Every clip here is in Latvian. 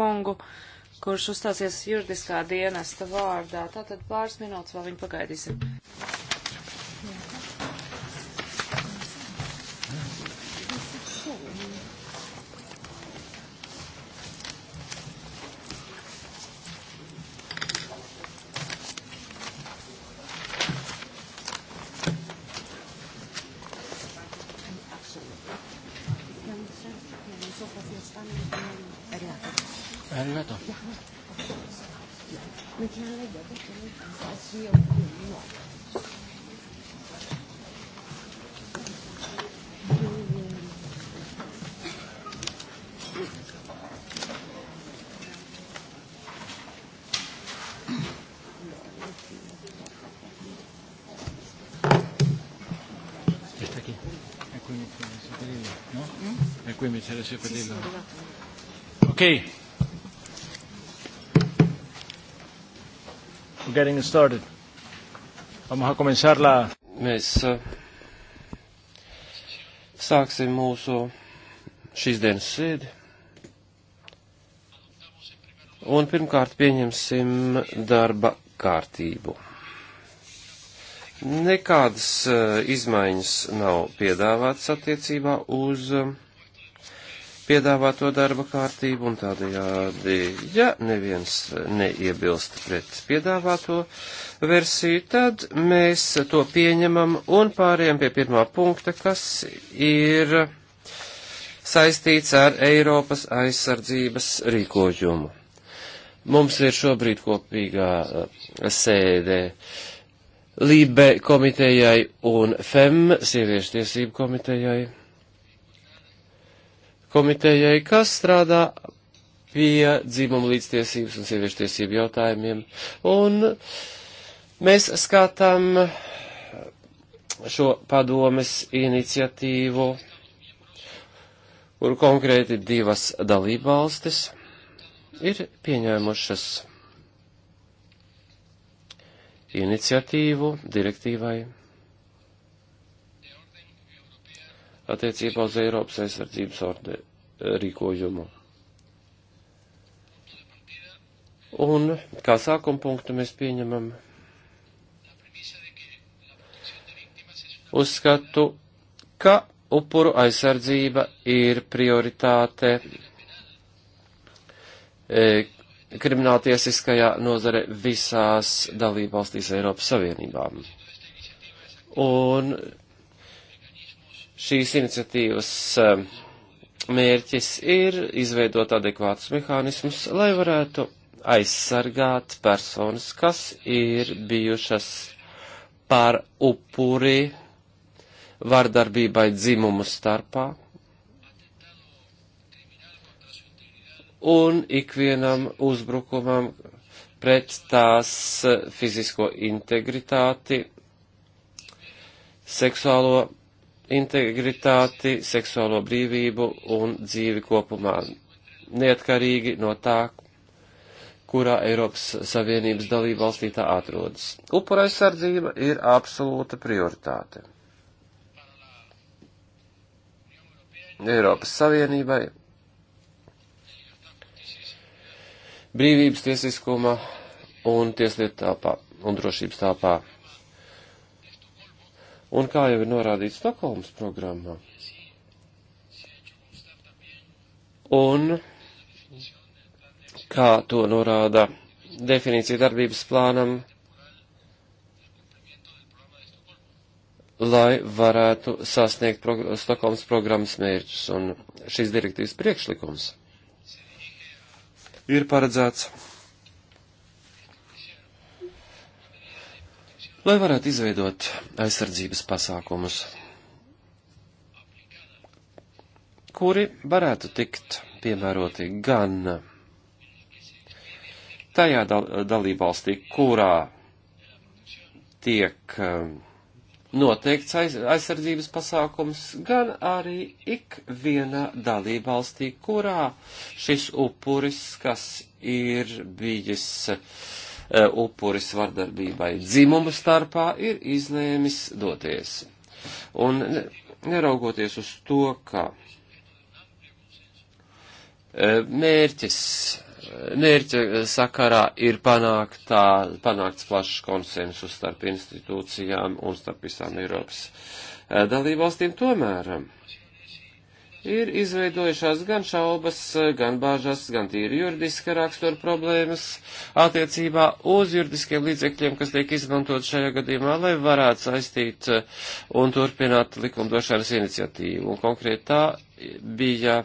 kungu, kurš uzstāsies juridiskā dienesta vārdā. Tātad pāris minūtes vēl viņu pagaidīsim. c'era Cepadella. Ok. We're getting started. Vamos a comenzar la... Mēs uh, sāksim mūsu šīs dienas sēdi. Un pirmkārt pieņemsim darba kārtību. Nekādas uh, izmaiņas nav piedāvātas attiecībā uz uh, piedāvāto darba kārtību un tādējādi, ja neviens neiebilst pret piedāvāto versiju, tad mēs to pieņemam un pāriem pie pirmā punkta, kas ir saistīts ar Eiropas aizsardzības rīkojumu. Mums ir šobrīd kopīgā eh, sēdē Lībe komitejai un FEM sieviešu tiesību komitejai komitejai, kas strādā pie dzimuma līdztiesības un sieviešu tiesību jautājumiem. Un mēs skatām šo padomes iniciatīvu, kur konkrēti divas dalībvalstis ir pieņēmušas iniciatīvu direktīvai attiecībā uz Eiropas aizsardzības ordeni rīkojumu. Un kā sākuma punktu mēs pieņemam uzskatu, ka upuru aizsardzība ir prioritāte e, krimināltiesiskajā nozare visās dalībvalstīs Eiropas Savienībām. Un šīs iniciatīvas e, mērķis ir izveidot adekvātus mehānismus, lai varētu aizsargāt personas, kas ir bijušas par upuri vardarbībai dzimumu starpā. Un ikvienam uzbrukumam pret tās fizisko integritāti, seksuālo integritāti, seksuālo brīvību un dzīvi kopumā, neatkarīgi no tā, kurā Eiropas Savienības dalība valstī tā atrodas. Upura aizsardzība ir absolūta prioritāte. Eiropas Savienībai brīvības tiesiskuma un tieslietu tāpā un drošības tāpā. Un kā jau ir norādīts Stokholmas programmā. Un kā to norāda definīcija darbības plānam, lai varētu sasniegt prog Stokholmas programmas mērķus. Un šīs direktīvas priekšlikums ir paredzēts lai varētu izveidot aizsardzības pasākumus, kuri varētu tikt piemēroti gan tajā dal dalībvalstī, kurā tiek um, noteikts aiz aizsardzības pasākums, gan arī ikvienā dalībvalstī, kurā šis upuris, kas ir bijis uh, Eh, upuris vardarbībai dzimumu starpā ir izlēmis doties. Un neraugoties uz to, ka eh, mērķis, mērķa sakarā ir panāktā, panākts plašs konsensus starp institūcijām un starp visām Eiropas eh, dalībvalstīm, tomēr ir izveidojušās gan šaubas, gan bāžas, gan tīri juridiska rakstura problēmas attiecībā uz juridiskiem līdzekļiem, kas tiek izmantot šajā gadījumā, lai varētu saistīt eh, un turpināt likumdošanas iniciatīvu. Un konkrēt tā bija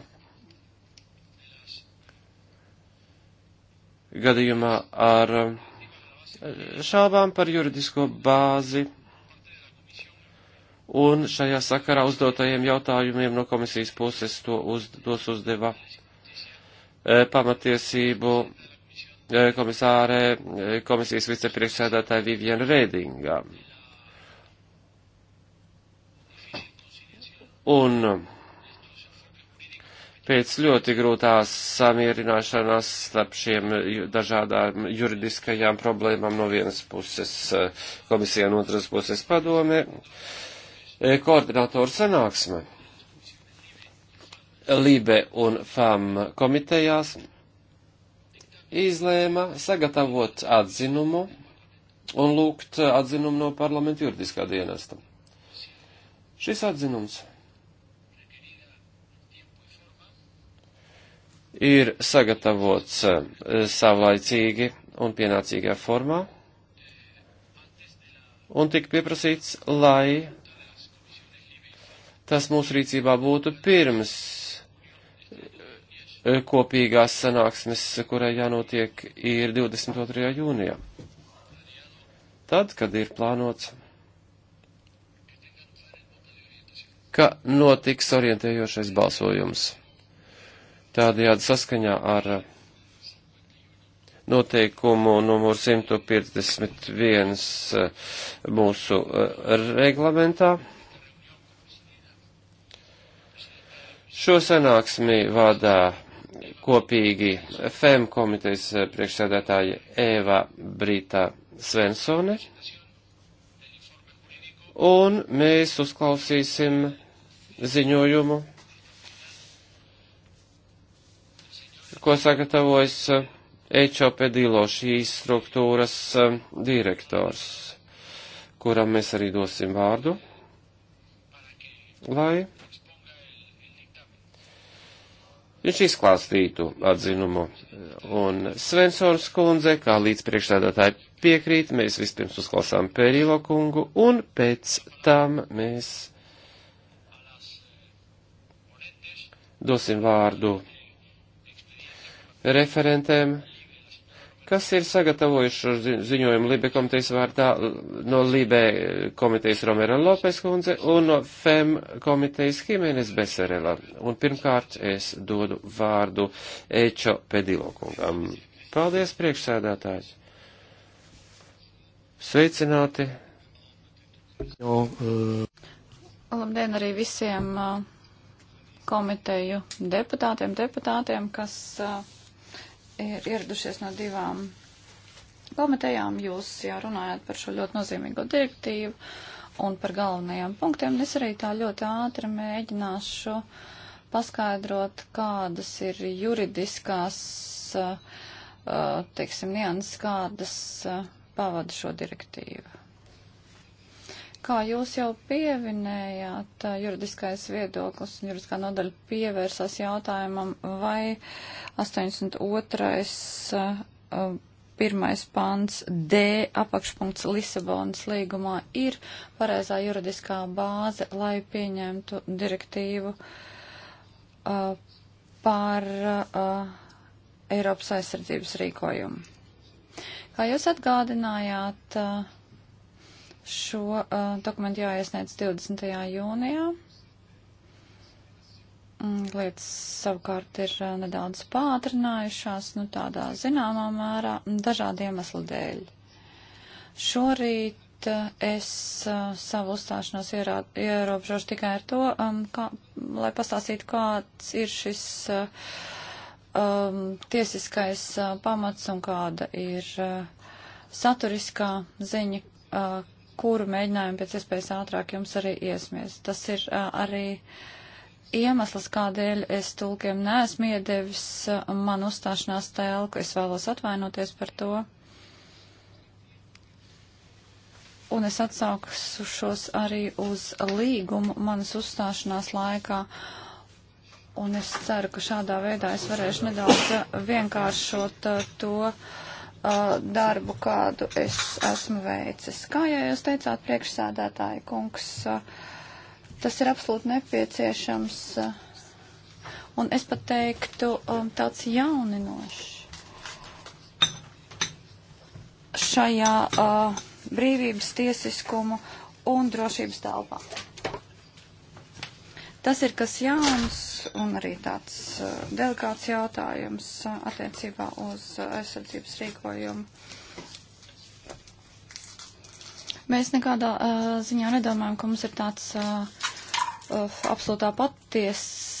gadījumā ar eh, šaubām par juridisko bāzi Un šajā sakarā uzdotajiem jautājumiem no komisijas puses to uz, tos uzdeva e, pamatiesību e, komisārē, e, komisijas vicepriekšsēdētāja Viviana Rēdinga. Un pēc ļoti grūtās samierināšanās starp šiem dažādām juridiskajām problēmām no vienas puses e, komisija, no otras puses padome, E, koordinatoru sanāksme Libe un FAM komitejās izlēma sagatavot atzinumu un lūgt atzinumu no parlamenta juridiskā dienesta. Šis atzinums ir sagatavots e, savlaicīgi un pienācīgā formā un tika pieprasīts, lai tas mūsu rīcībā būtu pirms e, kopīgās sanāksmes, kurai jānotiek ir 22. jūnijā. Tad, kad ir plānots, ka notiks orientējošais balsojums. Tādējādi saskaņā ar noteikumu numur 151 e, mūsu e, reglamentā Šo sanāksmi vadā kopīgi FEM komitejas priekšsēdētāja Ēva Brītā Svensone. Un mēs uzklausīsim ziņojumu, ko sagatavojas Ečopedilo šīs struktūras um, direktors, kuram mēs arī dosim vārdu, lai viņš izklāstītu atzinumu. Un Svensons kundze, kā līdzpriekšstādātāji piekrīt, mēs vispirms uzklausām Pērīlo kungu, un pēc tam mēs dosim vārdu referentēm, kas ir sagatavojuši šo ziņojumu Libe komitejas vārdā no Libe komitejas Romero Lopes kundze un no FEM komitejas Jimenez Beserela. Un pirmkārt es dodu vārdu Ečo Pedilo kungam. Paldies, priekšsēdētājs. Sveicināti. Jo, uh... Labdien arī visiem uh, komiteju deputātiem, deputātiem, kas. Uh ir ieradušies no divām komitejām. Jūs jau runājāt par šo ļoti nozīmīgo direktīvu un par galvenajiem punktiem. Es arī tā ļoti ātri mēģināšu paskaidrot, kādas ir juridiskās, eh, eh, teiksim, nianses, kādas eh, pavada šo direktīvu. Kā jūs jau pieminējāt, juridiskais viedoklis un juridiskā nodaļa pievērsās jautājumam, vai 82. pirmais pants D apakšpunkts Lisabonas līgumā ir pareizā juridiskā bāze, lai pieņemtu direktīvu par uh, Eiropas aizsardzības rīkojumu. Kā jūs atgādinājāt, uh, Šo uh, dokumentu jāiesniedz 20. jūnijā. Mm, lietas savukārt ir uh, nedaudz pātrinājušās, nu tādā zināmā mērā, mm, dažādu iemeslu dēļ. Šorīt uh, es uh, savu uzstāšanos ierā, ierobežošu tikai ar to, um, kā, lai pastāstītu, kāds ir šis uh, um, tiesiskais uh, pamats un kāda ir uh, saturiskā ziņa, uh, kuru mēģinājumu pēc iespējas ātrāk jums arī iesmies. Tas ir arī iemesls, kādēļ es tulkiem neesmu iedevis man uzstāšanās telku. Es vēlos atvainoties par to. Un es atsaukšos arī uz līgumu manas uzstāšanās laikā. Un es ceru, ka šādā veidā es varēšu nedaudz vienkāršot to. Uh, uh, darbu, kādu es esmu veicis. Kā jau jūs teicāt, priekšsēdētāji kungs, uh, tas ir absolūti nepieciešams uh, un es pat teiktu um, tāds jauninošs šajā uh, brīvības tiesiskumu un drošības telpā. Tas ir kas jauns un arī tāds uh, delikāts jautājums uh, attiecībā uz uh, aizsardzības rīkojumu. Mēs nekādā uh, ziņā nedomājam, ka mums ir tāds uh, uh, absolūtā patiesa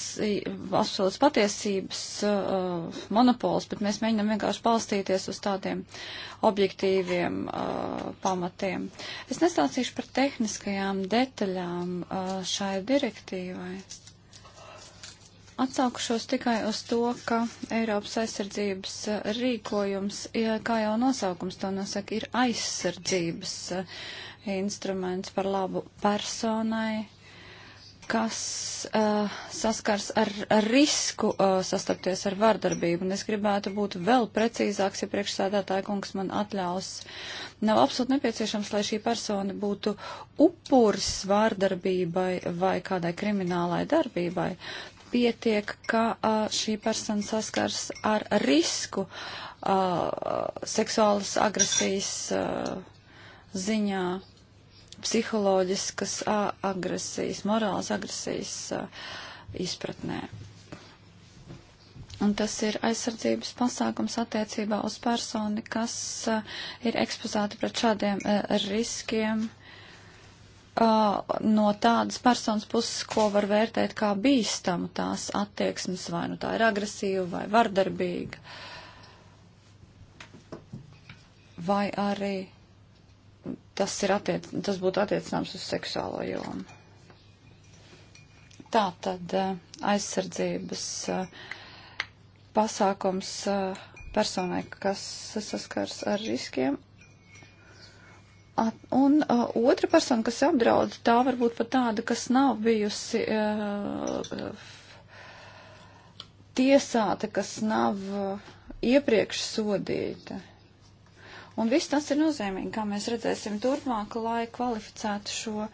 absolūts patiesības uh, monopols, bet mēs mēģinam vienkārši balstīties uz tādiem objektīviem uh, pamatiem. Es nestāstīšu par tehniskajām detaļām uh, šai direktīvai. Atsaukšos tikai uz to, ka Eiropas aizsardzības uh, rīkojums, kā jau nosaukums to nosaka, ir aizsardzības uh, instruments par labu personai, kas uh, saskars ar, ar risku uh, sastapties ar vardarbību. Un es gribētu būt vēl precīzāks, ja priekšsēdētāja kungs man atļaus. Nav absolūti nepieciešams, lai šī persona būtu upurs vārdarbībai vai kādai kriminālai darbībai pietiek, ka a, eh, šī persona saskars ar risku a, seksuālas agresijas a, ziņā psiholoģiskas agresijas, morāls agresijas izpratnē. Un tas ir aizsardzības pasākums attiecībā uz personi, kas ir ekspozēta pret šādiem riskiem no tādas personas puses, ko var vērtēt kā bīstamu tās attieksmes, vai nu tā ir agresīva vai vardarbīga, vai arī tas, ir attiec, tas būtu attiecināms uz seksuālo jomu. Tā tad eh, aizsardzības eh, pasākums eh, personai, kas saskars ar riskiem. At, un uh, otra persona, kas apdraud, tā varbūt pat tāda, kas nav bijusi uh, tiesāta, kas nav uh, iepriekš sodīta. Un viss tas ir nozīmīgi, kā mēs redzēsim turpmāk, lai kvalificētu šo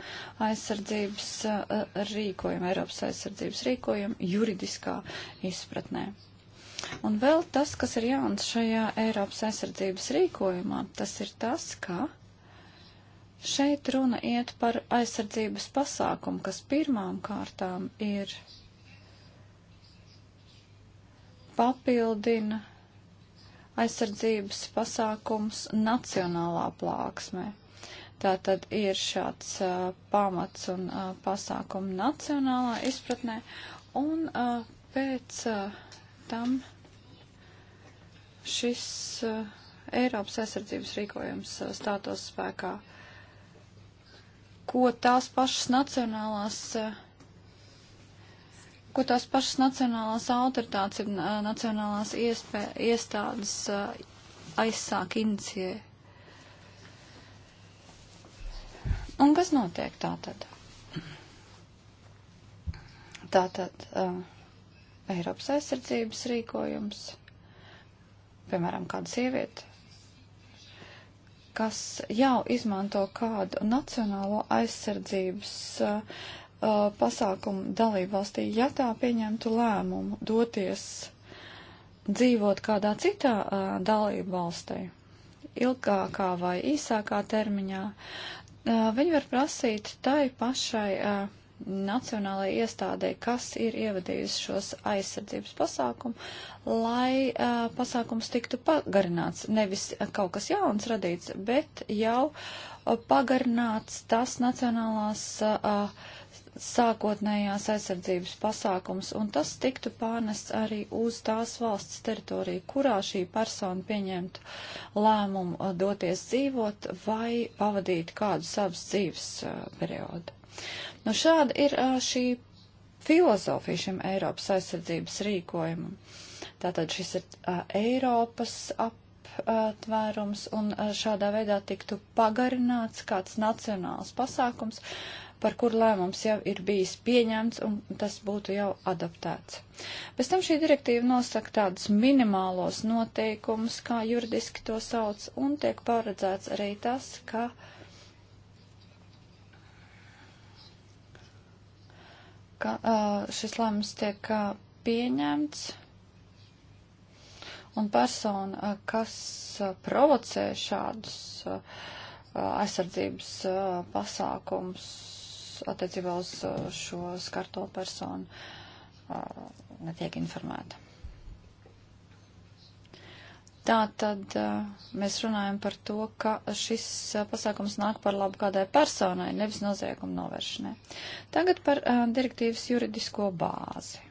aizsardzības uh, rīkojumu, Eiropas aizsardzības rīkojumu juridiskā izpratnē. Un vēl tas, kas ir jauns šajā Eiropas aizsardzības rīkojumā, tas ir tas, ka šeit runa iet par aizsardzības pasākumu, kas pirmām kārtām ir papildina aizsardzības pasākums nacionālā plāksmē. Tā tad ir šāds uh, pamats un uh, pasākumu nacionālā izpratnē, un uh, pēc uh, tam šis uh, Eiropas aizsardzības rīkojums uh, stātos spēkā, ko tās pašas nacionālās uh, ko tās pašas nacionālās autoritātes, nacionālās iespē, iestādes aizsāk inicijē. Un kas notiek tā tad? Tā tad uh, Eiropas aizsardzības rīkojums, piemēram, kāda sieviete, kas jau izmanto kādu nacionālo aizsardzības uh, uh, pasākumu dalību valstī, ja tā pieņemtu lēmumu doties dzīvot kādā citā uh, dalību valstī, ilgākā vai īsākā termiņā, uh, viņi var prasīt tai pašai uh, nacionālajai iestādē, kas ir ievadījusi šos aizsardzības pasākumu, lai uh, pasākums tiktu pagarināts. Nevis kaut kas jauns radīts, bet jau uh, pagarināts tas nacionālās uh, sākotnējās aizsardzības pasākums, un tas tiktu pārnests arī uz tās valsts teritoriju, kurā šī persona pieņemtu lēmumu uh, doties dzīvot vai pavadīt kādu savas dzīves uh, periodu. Nu, šāda ir uh, šī filozofija šim Eiropas aizsardzības rīkojumam. Tātad šis ir uh, Eiropas ap aptvērums un uh, šādā veidā tiktu pagarināts kāds nacionāls pasākums, par kur lēmums jau ir bijis pieņemts un tas būtu jau adaptēts. Pēc tam šī direktīva nosaka tādus minimālos noteikumus, kā juridiski to sauc, un tiek paredzēts arī tas, ka ka uh, šis lēmums tiek uh, pieņemts un persona, uh, kas uh, provocē šādus uh, aizsardzības uh, pasākums attiecībā uz uh, šo skarto personu uh, netiek informēta. Tā tad uh, mēs runājam par to, ka šis pasākums nāk par labu kādai personai, nevis noziegumu novēršanai. Tagad par direktīvas juridisko bāzi.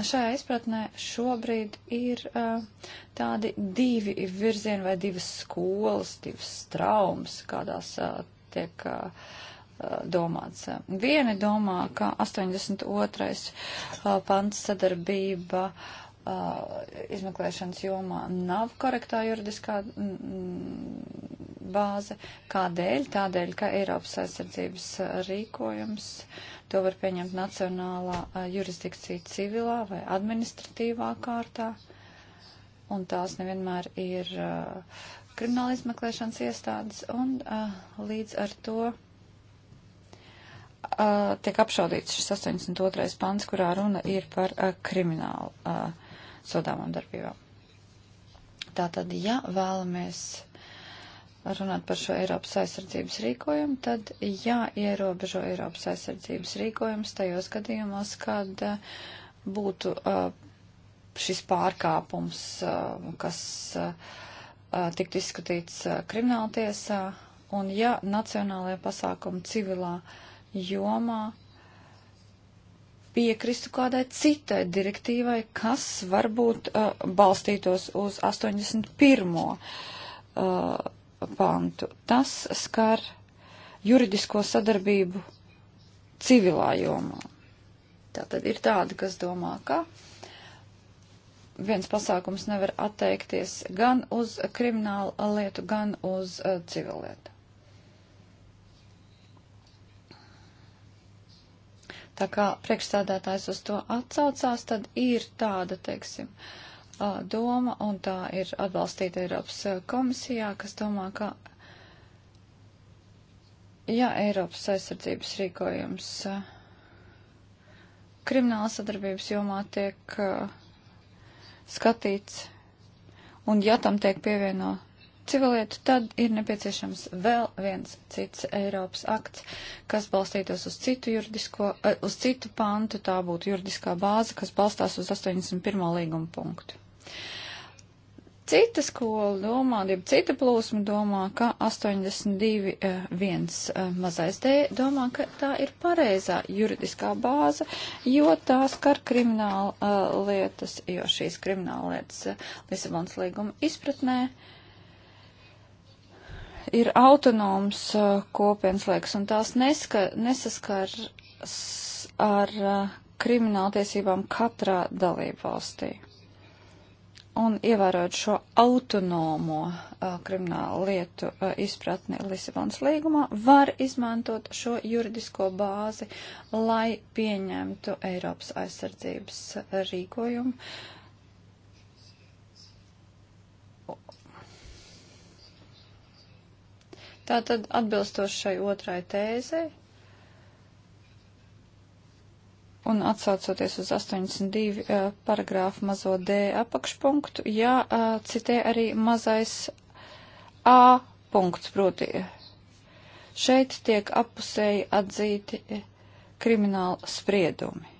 šajā izpratnē šobrīd ir uh, tādi divi virzieni vai divas skolas, divas traumas, kādās uh, tiek uh, uh domāts. Vieni domā, ka 82. Uh, pants sadarbība uh, izmeklēšanas jomā nav korektā juridiskā mm, mm, bāze. Kādēļ? Tādēļ, ka Eiropas aizsardzības rīkojums To var pieņemt nacionālā jurisdikcija civilā vai administratīvā kārtā, un tās nevienmēr ir krimināla izmeklēšanas iestādes, un līdz ar to tiek apšaudīts šis 82. pants, kurā runa ir par kriminālu sodāmām darbībām. Tātad, ja vēlamies runāt par šo Eiropas aizsardzības rīkojumu, tad jāierobežo Eiropas aizsardzības rīkojums tajos gadījumos, kad uh, būtu uh, šis pārkāpums, uh, kas tiktu izskatīts krimināla tiesā, un ja nacionālajie pasākumi civilā jomā piekristu kādai citai direktīvai, kas varbūt uh, balstītos uz 81. Uh, pantu. Tas skar juridisko sadarbību civilā jomā. Tātad ir tādi, kas domā, ka viens pasākums nevar atteikties gan uz kriminālu lietu, gan uz uh, eh, civilietu. Tā kā priekšstādātājs uz to atsaucās, tad ir tāda, teiksim, uh, doma, un tā ir atbalstīta Eiropas komisijā, kas domā, ka, ja Eiropas aizsardzības rīkojums krimināla sadarbības jomā tiek skatīts, un ja tam tiek pievieno civilietu, tad ir nepieciešams vēl viens cits Eiropas akts, kas balstītos uz citu, juridisko, uz citu pantu, tā būtu juridiskā bāze, kas balstās uz 81. līguma punktu. Cita skola domā, jeb cita plūsma domā, ka 82.1 eh, eh, mazais D domā, ka tā ir pareizā juridiskā bāze, jo tās kar krimināla uh, lietas, jo šīs krimināla lietas uh, Lisabons līguma izpratnē ir autonoms uh, kopienas liekas, un tās neska, nesaskars ar krimināltiesībām katrā dalību valstī un ievērot šo autonomo uh, kriminālu lietu uh, izpratni Lisabonas līgumā, var izmantot šo juridisko bāzi, lai pieņemtu Eiropas aizsardzības rīkojumu. Tātad atbilstoši šai otrai tēzei un atsaucoties uz 82 uh, paragrāfu mazo D apakšpunktu, jācitē uh, arī mazais A punkts, proti šeit tiek apusēji atzīti krimināli spriedumi.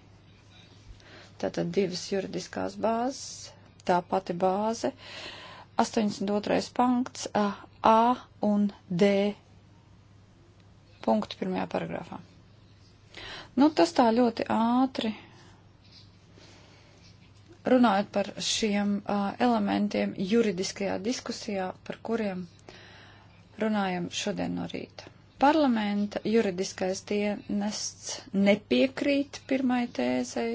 Tātad divas juridiskās bāzes, tā pati bāze, 82. punkts A, A un D punktu pirmajā paragrāfā. Nu, tas tā ļoti ātri. Runājot par šiem uh, elementiem juridiskajā diskusijā, par kuriem runājam šodien no rīta. Parlamenta juridiskais dienests nepiekrīt pirmai tēzei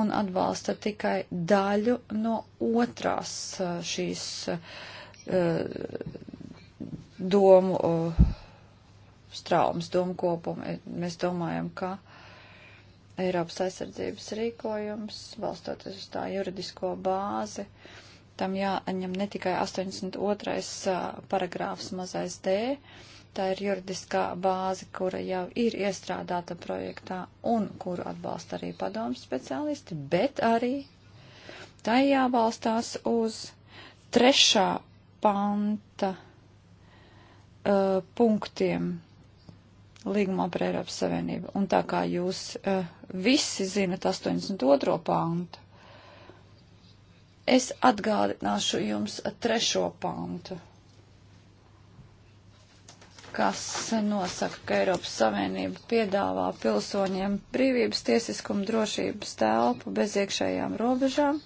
un atbalsta tikai daļu no otrās šīs uh, domu. Uh, straumas domu kopumu. Mēs domājam, ka Eiropas aizsardzības rīkojums, balstoties uz tā juridisko bāzi, tam jāņem ne tikai 82. paragrāfs mazais D, tā ir juridiskā bāze, kura jau ir iestrādāta projektā un kuru atbalsta arī padomu speciālisti, bet arī tai jābalstās uz trešā panta uh, punktiem līgumā par Eiropas Savienību. Un tā kā jūs uh, visi zinat 82. pāntu, es atgādināšu jums trešo pāntu, kas nosaka, ka Eiropas Savienība piedāvā pilsoņiem brīvības, tiesiskumu, drošības telpu bez iekšējām robežām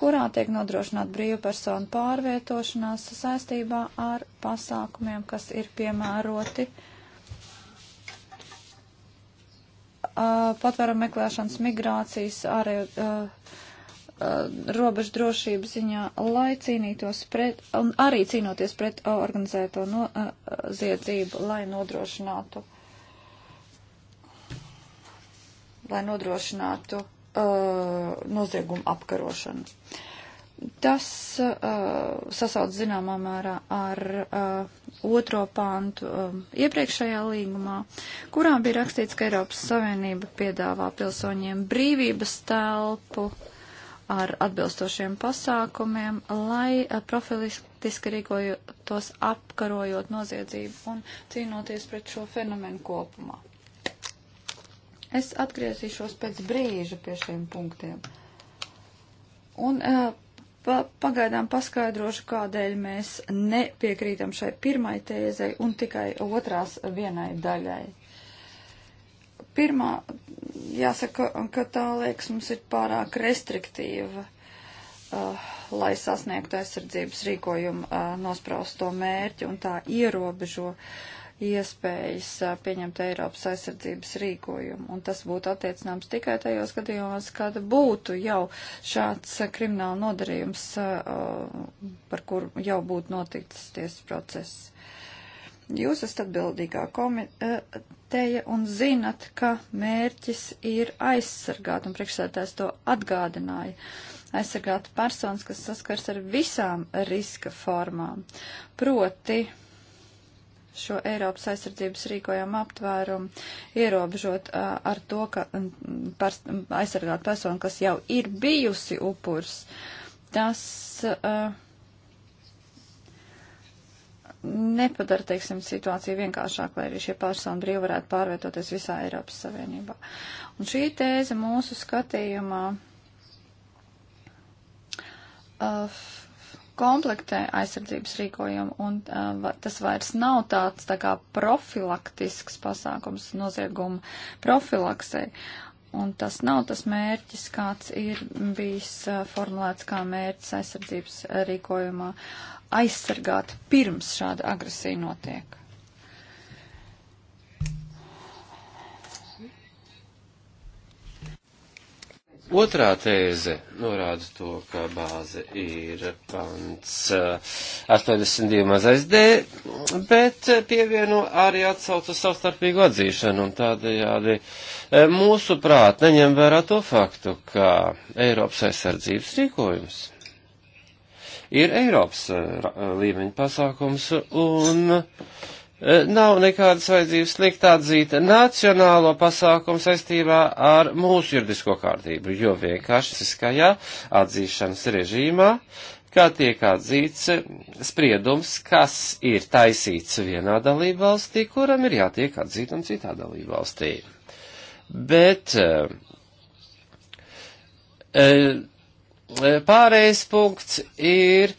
kurā tiek nodrošināta brīva persona pārvietošanās saistībā ar pasākumiem, kas ir piemēroti uh, Uh, patvērumu meklēšanas, migrācijas, arī uh, uh, robežu drošības ziņā, lai cīnītos pret, un arī cīnoties pret organizēto noziedzību, lai nodrošinātu, lai nodrošinātu uh, noziegumu apkarošanu. Uh, Tas uh, sasauc zināmā mērā ar uh, otro pāntu uh, iepriekšējā līgumā, kurā bija rakstīts, ka Eiropas Savienība piedāvā pilsoņiem brīvības telpu ar atbilstošiem pasākumiem, lai uh, profilistiski rīkojotos apkarojot noziedzību un cīnoties pret šo fenomenu kopumā. Es atgriezīšos pēc brīža pie šiem punktiem. Un uh, pa, pagaidām paskaidrošu, kādēļ mēs nepiekrītam šai pirmai tēzei un tikai otrās vienai daļai. Pirmā, jāsaka, ka tā liekas mums ir pārāk restriktīva, uh, lai sasniegtu aizsardzības rīkojumu uh, nospraustu to mērķi un tā ierobežo uh, iespējas pieņemt Eiropas aizsardzības rīkojumu. Un tas būtu attiecināms tikai tajos gadījumos, kad būtu jau šāds krimināla nodarījums, par kuru jau būtu noticis tiesas process. Jūs esat atbildīgā komiteja un zinat, ka mērķis ir aizsargāt, un priekšsētājs to atgādināja aizsargāt personas, kas saskars ar visām riska formām. Proti, uh, šo Eiropas aizsardzības rīkojumu aptvērumu ierobežot ar to, ka pers aizsargāt personu, kas jau ir bijusi upurs. Tas uh, nepadara, teiksim, situāciju vienkāršāk, lai arī šie personi brīvi varētu pārvietoties visā Eiropas Savienībā. Un šī tēze mūsu skatījumā uh, komplektē aizsardzības rīkojumu, un uh, tas vairs nav tāds tā kā profilaktisks pasākums nozieguma profilaksei. Un tas nav tas mērķis, kāds ir bijis uh, formulēts kā mērķis aizsardzības rīkojumā aizsargāt pirms šāda agresija notiek. Otrā tēze norāda to, ka bāze ir pants 82 eh, mazais D, bet pievieno arī atsaucu savstarpīgu atzīšanu un tādējādi eh, mūsu prāt neņem vērā to faktu, ka Eiropas aizsardzības rīkojums ir Eiropas eh, līmeņa pasākums un uh, E, nav nekādas vajadzības likt atzīt nacionālo pasākumu saistībā ar mūsu juridisko kārtību, jo vienkārši fiskajā atzīšanas režīmā, kā tiek atzīts spriedums, kas ir taisīts vienā dalību valstī, kuram ir jātiek atzītam citā dalību valstī. Bet e, e, pārējais punkts ir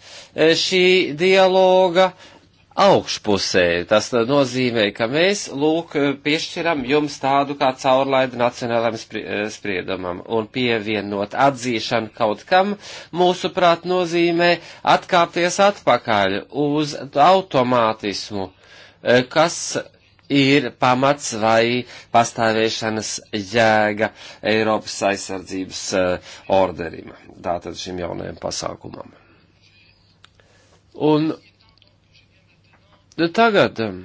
šī dialoga uh, augšpusē. Tas nozīmē, ka mēs, lūk, piešķiram jums tādu kā caurlaidu nacionālajam eh, spriedumam un pievienot atzīšanu kaut kam, mūsuprāt, nozīmē atkāpties atpakaļ uz automātismu, eh, kas ir pamats vai pastāvēšanas jēga Eiropas aizsardzības eh, orderim, tātad šim jaunajam pasākumam. Un Nu, tagad um,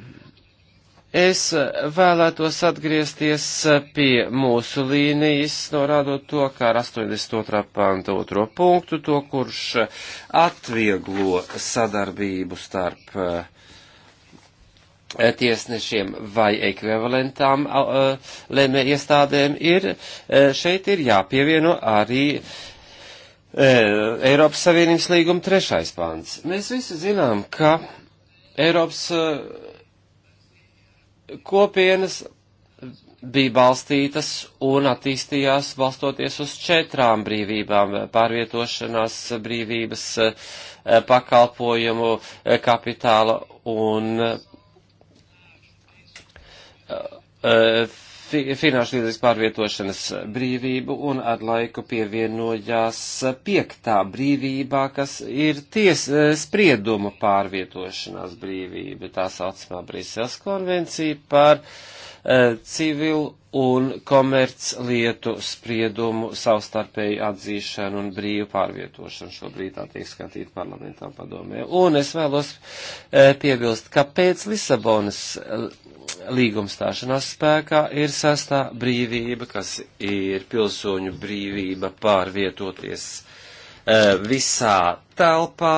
es uh, vēlētos atgriezties uh, pie mūsu līnijas, norādot to, kā ar 82. pānta otro punktu, to, kurš uh, atvieglo sadarbību starp tiesnešiem vai ekvivalentām lēmē iestādēm ir, šeit ir jāpievieno arī Eiropas Savienības līguma trešais pants. Mēs visi zinām, ka Eiropas eh, kopienas bija balstītas un attīstījās balstoties uz četrām brīvībām - pārvietošanās brīvības, eh, pakalpojumu, eh, kapitāla un fi, finanšu līdzekļu pārvietošanas brīvību un ar laiku pievienojās piektā brīvībā, kas ir ties, eh, spriedumu pārvietošanās brīvība, tā saucamā Brīseles konvencija par uh, eh, civilu un komerclietu spriedumu savstarpēju atzīšanu un brīvu pārvietošanu šobrīd tā tiek skatīta parlamentā padomē. Un es vēlos e, piebilst, ka pēc Lisabonas e, līguma stāšanās spēkā ir sastā brīvība, kas ir pilsoņu brīvība pārvietoties e, visā telpā,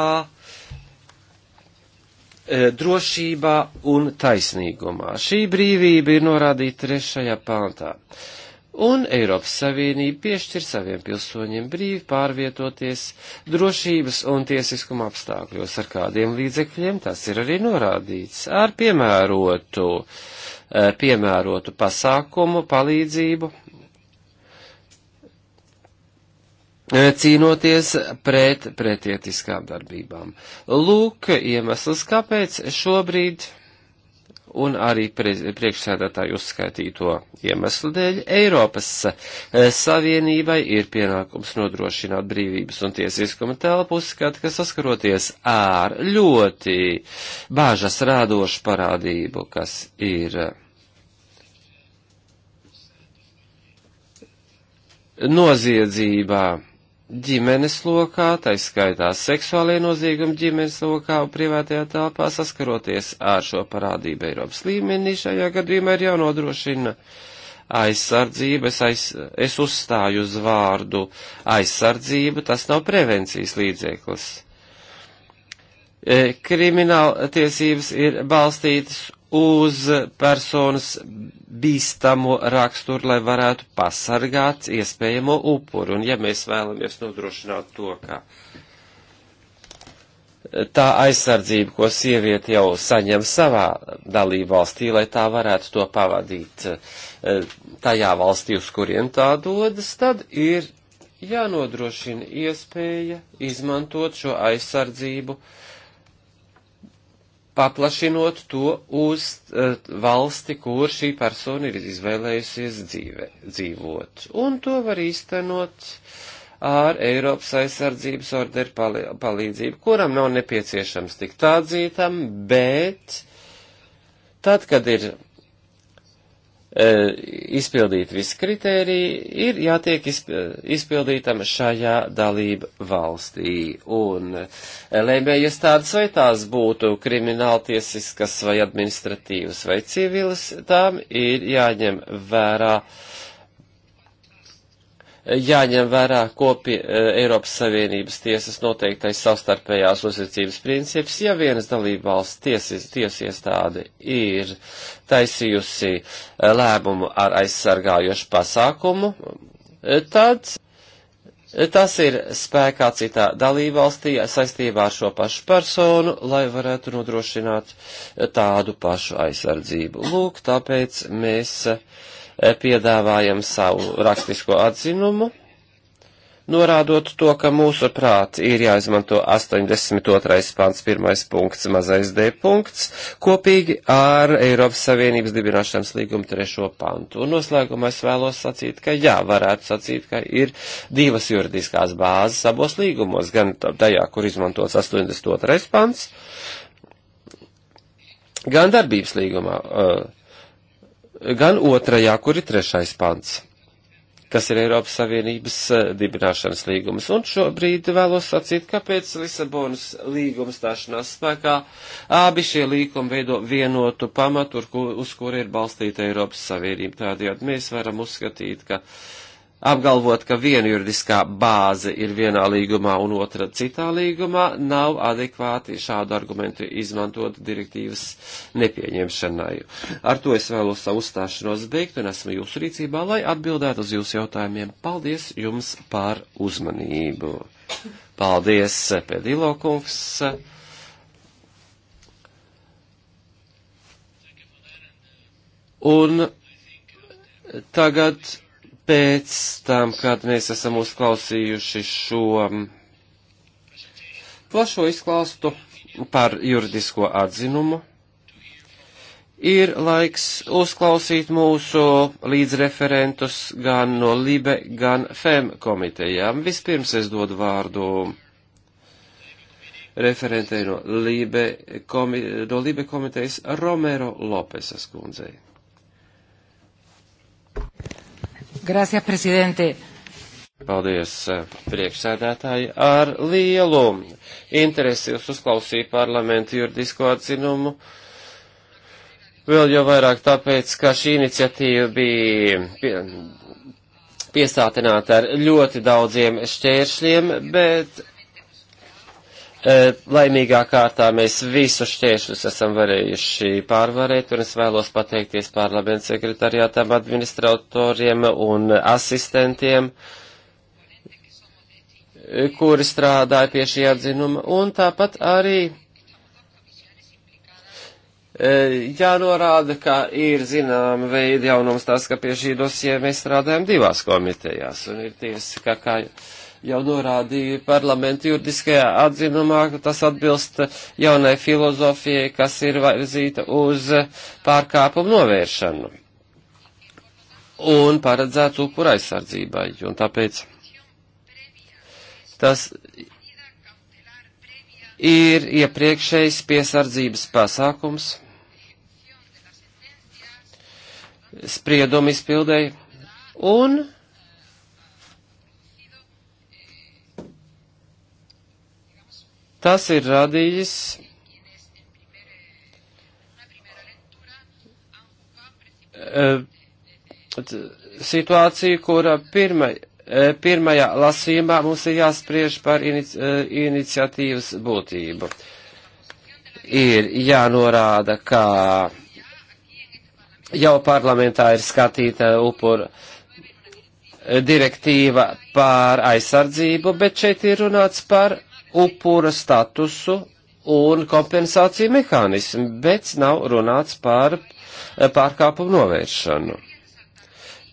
E, drošībā un taisnīgumā. Šī brīvība ir norādīta trešajā pāntā. Un Eiropas Savienība piešķir saviem pilsoņiem brīvi pārvietoties drošības un tiesiskuma apstākļos, ar kādiem līdzekļiem tas ir arī norādīts, ar piemērotu, e, piemērotu pasākumu palīdzību E, cīnoties pret pretietiskām darbībām. Lūk, iemesls, kāpēc šobrīd un arī priekšsēdētāju uzskaitīto iemeslu dēļ Eiropas e, Savienībai ir pienākums nodrošināt brīvības un tiesiskuma telpu uzskat, ka saskaroties ar ļoti bāžas rādošu parādību, kas ir e, noziedzībā ģimenes lokā, tai skaitā seksuālie noziegumi ģimenes lokā un privātajā telpā saskaroties ar šo parādību Eiropas līmenī, šajā gadījumā ir jānodrošina aizsardzība, es, aiz, es uzstāju uz vārdu aizsardzība, tas nav prevencijas līdzeklis. E, krimināltiesības ir balstītas uz personas bīstamo raksturu, lai varētu pasargāt iespējamo upuru. Un ja mēs vēlamies nodrošināt to, ka tā aizsardzība, ko sieviete jau saņem savā dalību valstī, lai tā varētu to pavadīt eh, tajā valstī, uz kuriem tā dodas, tad ir jānodrošina iespēja izmantot šo aizsardzību uh, paplašinot to uz uh, valsti, kur šī persona ir izvēlējusies dzīve, dzīvot. Un to var īstenot ar Eiropas aizsardzības orderu pali palīdzību, kuram nav nepieciešams tikt atzītam, bet tad, kad ir E, izpildīt visi kritēriji, ir jātiek e, izpildītam šajā dalība valstī. Un e, lēmējas tādas vai tās būtu krimināltiesiskas vai administratīvas vai civilas, tām ir jāņem vērā uh, jāņem vērā kopie e, Eiropas Savienības tiesas noteiktais savstarpējās uzredzības princips, ja vienas dalībvalsts tiesas, tiesu iestāde ir taisījusi e, lēmumu ar aizsargājošu pasākumu, e, tad tas ir spēkā citā dalībvalstī saistībā ar šo pašu personu, lai varētu nodrošināt tādu pašu aizsardzību. Lūk, tāpēc mēs uh, Eh, piedāvājam savu rakstisko atzinumu, norādot to, ka mūsu prāt ir jāizmanto 82. pants 1. punkts mazais D punkts kopīgi ar Eiropas Savienības dibināšanas līgumu 3. pantu. Un noslēgumā es vēlos sacīt, ka jā, varētu sacīt, ka ir divas juridiskās bāzes abos līgumos, gan tajā, kur izmantots 82. pants, gan darbības līgumā. Uh, gan otrajā, kur ir trešais pants, kas ir Eiropas Savienības eh, dibināšanas līgums. Un šobrīd vēlos sacīt, kāpēc Lisabonas līguma stāšanās spēkā abi šie līgumi veido vienotu pamatu, uz kuru ir balstīta Eiropas Savienība. Tādējādi mēs varam uzskatīt, ka. Uh, apgalvot, ka viena juridiskā bāze ir vienā līgumā un otra citā līgumā, nav adekvāti šādu argumentu izmantot direktīvas nepieņemšanai. Ar to es vēlos savu uzstāšanos beigt un esmu jūsu rīcībā, lai atbildētu uz jūsu jautājumiem. Paldies jums par uzmanību. Paldies, Pedilo kungs. Un tagad pēc tam, kad mēs esam uzklausījuši šo plašo izklāstu par juridisko atzinumu, ir laiks uzklausīt mūsu līdzreferentus gan no Libe, gan FEM komitejām. Vispirms es dodu vārdu referentei no Libe, komi, no Libe komitejas Romero Lopesas kundzei. Gracias, prezidente. Paldies, eh, priekšsēdētāji. Ar lielu interesi jūs uzklausīju parlamentu juridisko atzinumu. Vēl jau vairāk tāpēc, ka šī iniciatīva bija pie, piesātināta ar ļoti daudziem šķēršļiem, bet E, laimīgā kārtā mēs visus šķēršļus esam varējuši pārvarēt, un es vēlos pateikties parlamentu sekretariātām, administratoriem un asistentiem, kuri strādāja pie šī atzinuma, un tāpat arī e, jānorāda, ka ir zināma veida jaunums tas, ka pie šī dosie mēs strādājam divās komitejās, un ir tiesa, ka kā. kā jau norādīja parlamenta juridiskajā atzinumā, ka tas atbilst jaunai filozofijai, kas ir virzīta uz pārkāpumu novēršanu un paredzēts upur aizsardzībai. Un tāpēc tas ir iepriekšējs piesardzības pasākums spriedumu izpildēji un Tas ir radījis eh, situāciju, kura pirma, eh, pirmajā lasījumā mums ir jāspriež par inici, eh, iniciatīvas būtību. Ir jānorāda, ka jau parlamentā ir skatīta upura direktīva pār aizsardzību, bet šeit ir runāts par upura statusu un kompensāciju mehānismu, bet nav runāts par eh, pārkāpumu novēršanu.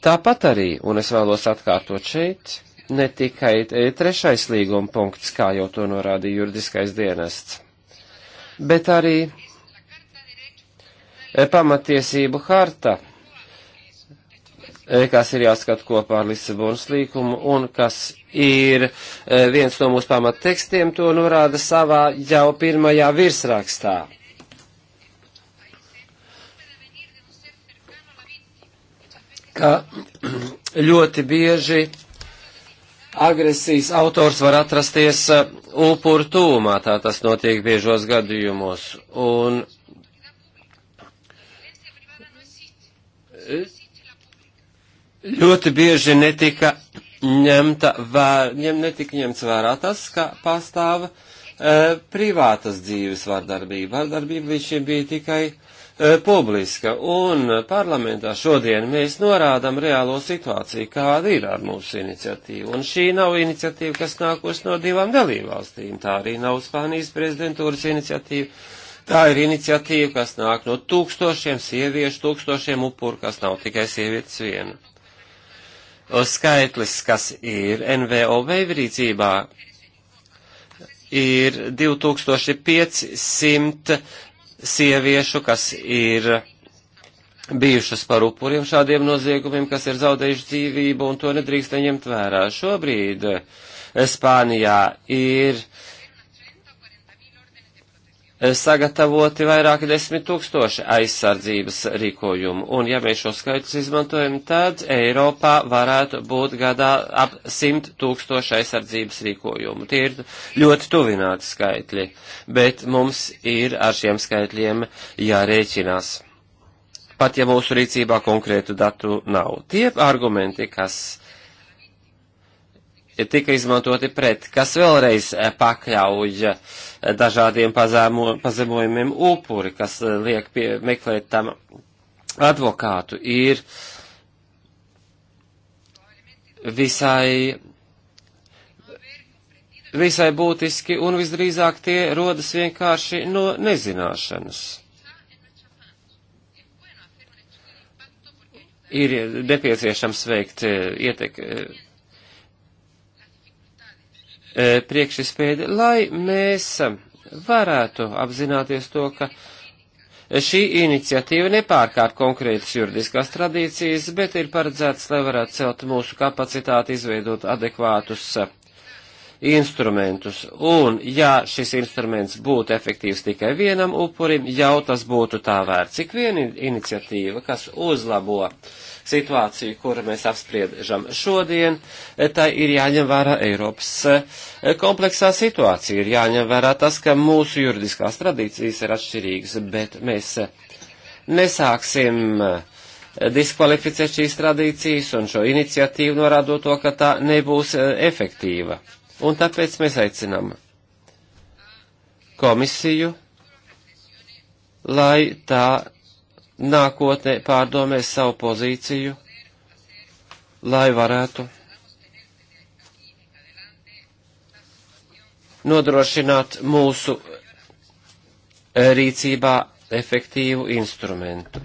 Tāpat arī, un es vēlos atkārtot šeit, ne tikai eh, trešais līguma punkts, kā jau to norādīja juridiskais dienests, bet arī eh, pamatiesību harta E, kas ir jāskat kopā ar Lisabonas līkumu un kas ir e, viens no mūsu pamattekstiem, to norāda savā jau pirmajā virsrakstā. Ka ļoti bieži agresijas autors var atrasties e, upuru tūmā, tā tas notiek biežos gadījumos. Un ļoti bieži netika ņemta vērā, ņem, netika ņemts vērā tas, ka pastāv e, privātas dzīves vardarbība. Vardarbība viņš bija tikai e, publiska, un parlamentā šodien mēs norādam reālo situāciju, kāda ir ar mūsu iniciatīvu. Un šī nav iniciatīva, kas nākos no divām dalībvalstīm, tā arī nav Spānijas prezidentūras iniciatīva. Tā ir iniciatīva, kas nāk no tūkstošiem sieviešu, tūkstošiem upuru, kas nav tikai sievietes viena skaitlis, kas ir NVO veivrīcībā, ir 2500 sieviešu, kas ir bijušas par upuriem šādiem noziegumiem, kas ir zaudējuši dzīvību, un to nedrīkst neņemt vērā. Šobrīd Spānijā ir uh, sagatavoti vairāki desmit tūkstoši aizsardzības rīkojumu. Un ja mēs šo skaitļus izmantojam, tad Eiropā varētu būt gadā ap simt tūkstoši aizsardzības rīkojumu. Tie ir ļoti tuvināti skaitļi, bet mums ir ar šiem skaitļiem jārēķinās. Pat ja mūsu rīcībā konkrētu datu nav. Tie argumenti, kas tika izmantoti pret, kas vēlreiz pakļauj uh, dažādiem pazēmo, pazemojumiem upuri, kas eh, liek pie, meklēt tam advokātu, ir visai, visai būtiski un visdrīzāk tie rodas vienkārši no nezināšanas. Ir nepieciešams veikt eh, ietek, E, priekšspēdi, lai mēs varētu apzināties to, ka šī iniciatīva nepārkārt konkrētas juridiskās tradīcijas, bet ir paredzēts, lai varētu celt mūsu kapacitāti, izveidot adekvātus uh, instrumentus. Un, ja šis instruments būtu efektīvs tikai vienam upurim, jau tas būtu tā vērts. Cik viena iniciatīva, kas uzlabo situāciju, kuru mēs apspriežam šodien, tai ir jāņem vērā Eiropas eh, kompleksā situācija. Ir jāņem vērā tas, ka mūsu juridiskās tradīcijas ir atšķirīgas, bet mēs eh, nesāksim eh, diskvalificēt šīs tradīcijas un šo iniciatīvu norādot to, ka tā nebūs efektīva. Un tāpēc mēs aicinām komisiju, lai tā nākotnē pārdomēs savu pozīciju, lai varētu nodrošināt mūsu rīcībā efektīvu instrumentu.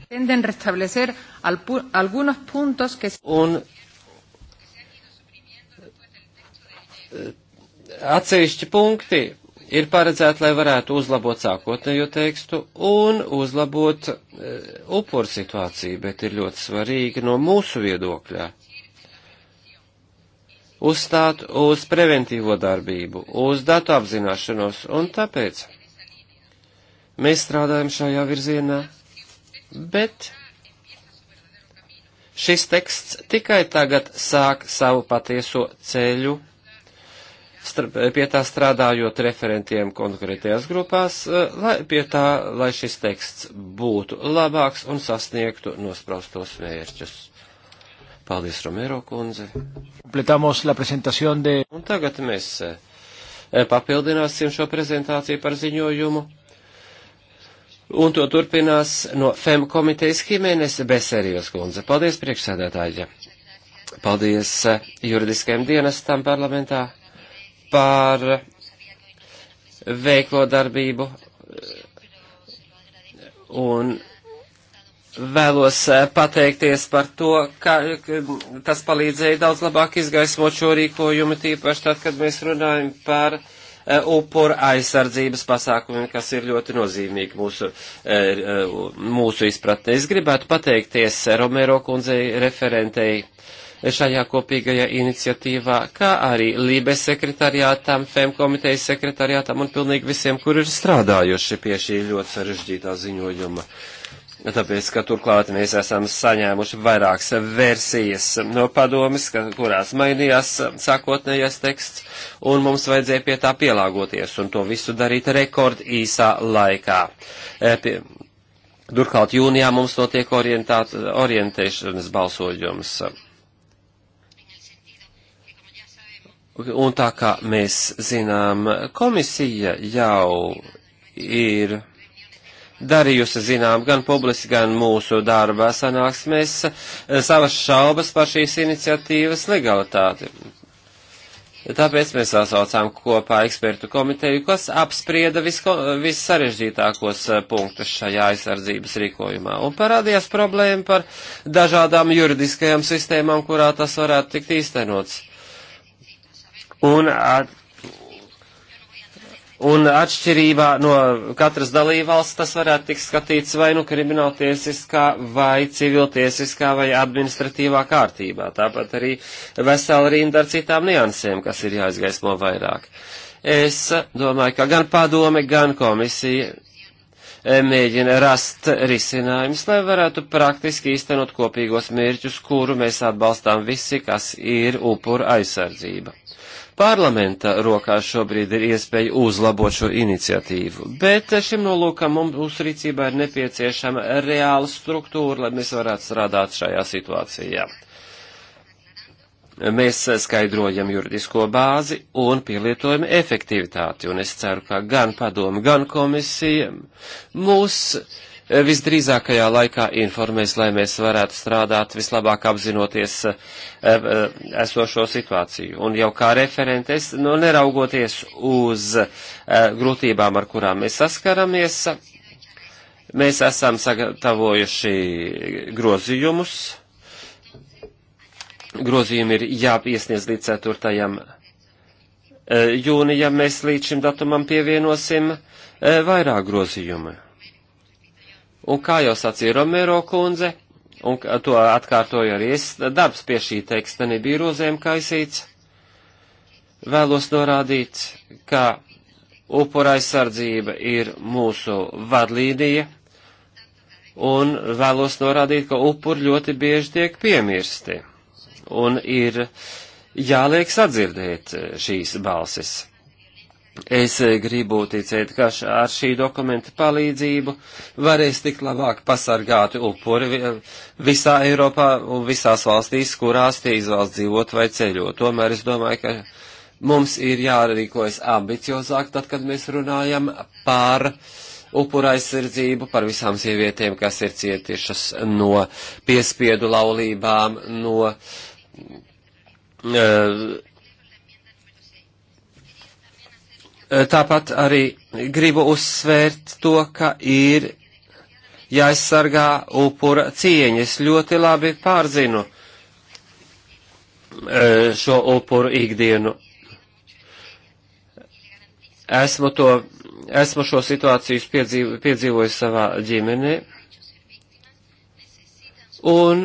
Un atsevišķi punkti ir paredzēti, lai varētu uzlabot sākotnējo tekstu un uzlabot e, upuru situāciju, bet ir ļoti svarīgi no mūsu viedokļa uzstāt uz preventīvo darbību, uz datu apzināšanos, un tāpēc mēs strādājam šajā virzienā, bet šis teksts tikai tagad sāk savu patieso ceļu starp, pie tā strādājot referentiem konkrētajās grupās, eh, lai, pie tā, lai šis teksts būtu labāks un sasniegtu nospraustos mērķus. Paldies, Romero kundze. De... Un tagad mēs eh, papildināsim šo prezentāciju par ziņojumu. Un to turpinās no FEM komitejas Himenes Beserijos kundze. Paldies, priekšsēdētāji. Paldies eh, juridiskajam dienestam parlamentā par veiklo darbību un vēlos eh, pateikties par to, ka tas palīdzēja daudz labāk izgaismot šo rīkojumu, tīpaši tad, kad mēs runājam par eh, upura aizsardzības pasākumiem, kas ir ļoti nozīmīgi mūsu, eh, mūsu izpratnē. Es gribētu pateikties Romero kundzei referentei šajā kopīgajā iniciatīvā, kā arī Lībe sekretariātam, FEM komitejas sekretariātam un pilnīgi visiem, kur ir strādājuši pie šī ļoti sarežģītā ziņojuma. Tāpēc, ka turklāt mēs esam saņēmuši vairākas versijas no padomis, ka, kurās mainījās sākotnējais teksts, un mums vajadzēja pie tā pielāgoties, un to visu darīt rekord īsā laikā. E, pie, Turklāt jūnijā mums notiek orientēšanas balsojums. Un tā kā mēs zinām, komisija jau ir darījusi zinām gan publiski, gan mūsu darba sanāksmēs savas šaubas par šīs iniciatīvas legalitāti. Tāpēc mēs sasaucām kopā ekspertu komiteju, kas apsprieda visko, vissarežģītākos punktus šajā aizsardzības rīkojumā. Un parādījās problēma par dažādām juridiskajām sistēmām, kurā tas varētu tikt īstenots un, at, un atšķirībā no katras dalībvalsts tas varētu tikt skatīts vai nu krimināltiesiskā, vai civiltiesiskā, vai administratīvā kārtībā. Tāpat arī vesela rinda ar citām niansēm, kas ir jāizgaismo vairāk. Es domāju, ka gan padome, gan komisija e, mēģina rast risinājumus, lai varētu praktiski īstenot kopīgos mērķus, kuru mēs atbalstām visi, kas ir upura aizsardzība. Parlamenta rokā šobrīd ir iespēja uzlabot šo iniciatīvu, bet šim nolūkam mums rīcībā ir nepieciešama reāla struktūra, lai mēs varētu strādāt šajā situācijā. Mēs skaidrojam juridisko bāzi un pielietojam efektivitāti, un es ceru, ka gan padomu, gan komisija mūs visdrīzākajā laikā informēs, lai mēs varētu strādāt vislabāk apzinoties eh, eh, esošo situāciju. Un jau kā referentes, nu, neraugoties uz eh, grūtībām, ar kurām mēs saskaramies, mēs esam sagatavojuši grozījumus. Grozījumi ir jāpiesniedz līdz 4. jūnijam. Mēs līdz šim datumam pievienosim vairāk grozījumu Un kā jau sacīja Romero kundze, un to atkārtoju arī es, darbs pie šī teksta nebija rozēm kaisīts. Vēlos norādīt, ka upura aizsardzība ir mūsu vadlīnija, un vēlos norādīt, ka upuri ļoti bieži tiek piemirsti, un ir jāliek sadzirdēt šīs balsis. Es eh, gribu ticēt, ka ar šī dokumenta palīdzību varēs tikt labāk pasargāti upuri eh, visā Eiropā un visās valstīs, kurās tie izvēlas dzīvot vai ceļot. Tomēr es domāju, ka mums ir jārīkojas ambiciozāk, tad, kad mēs runājam par upura aizsardzību, par visām sievietēm, kas ir cietušas no piespiedu laulībām, no. Uh, Eh, tāpat arī gribu uzsvērt to, ka ir jāaizsargā upura cieņa. Es ļoti labi pārzinu eh, šo upuru ikdienu. Esmu, to, esmu šo situāciju piedzīv, piedzīvojis savā ģimenē, un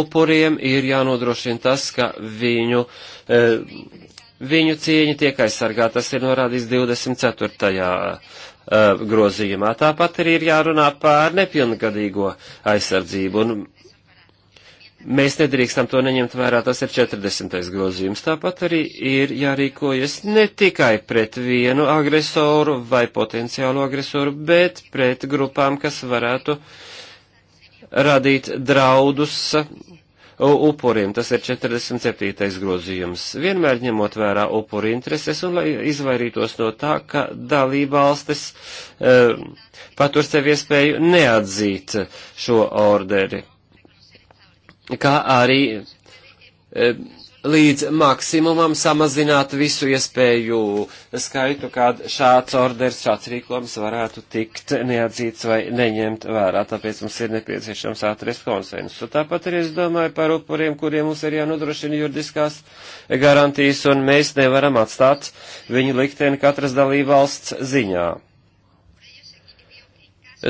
upuriem ir jānodrošina tas, ka viņu eh, viņu cieņa tiek aizsargāta. Tas ir norādīts 24. Eh, grozījumā. Tāpat arī ir jārunā par nepilngadīgo aizsardzību. Un mēs nedrīkstam to neņemt vērā, tas ir 40. grozījums. Tāpat arī ir jārīkojas ne tikai pret vienu agresoru vai potenciālu agresoru, bet pret grupām, kas varētu radīt draudus upuriem, tas ir 47. grozījums, vienmēr ņemot vērā upuri intereses un lai izvairītos no tā, ka dalībvalstis uh, patur sev iespēju neatzīt šo orderi. Kā arī uh, līdz maksimumam samazināt visu iespēju skaitu, kād šāds orders, šāds rīklums varētu tikt neatzīts vai neņemt vērā. Tāpēc mums ir nepieciešams ātris konsensus. Tāpat arī es domāju par upuriem, kuriem mums ir jānodrošina juridiskās garantijas, un mēs nevaram atstāt viņu likteni katras dalībvalsts ziņā.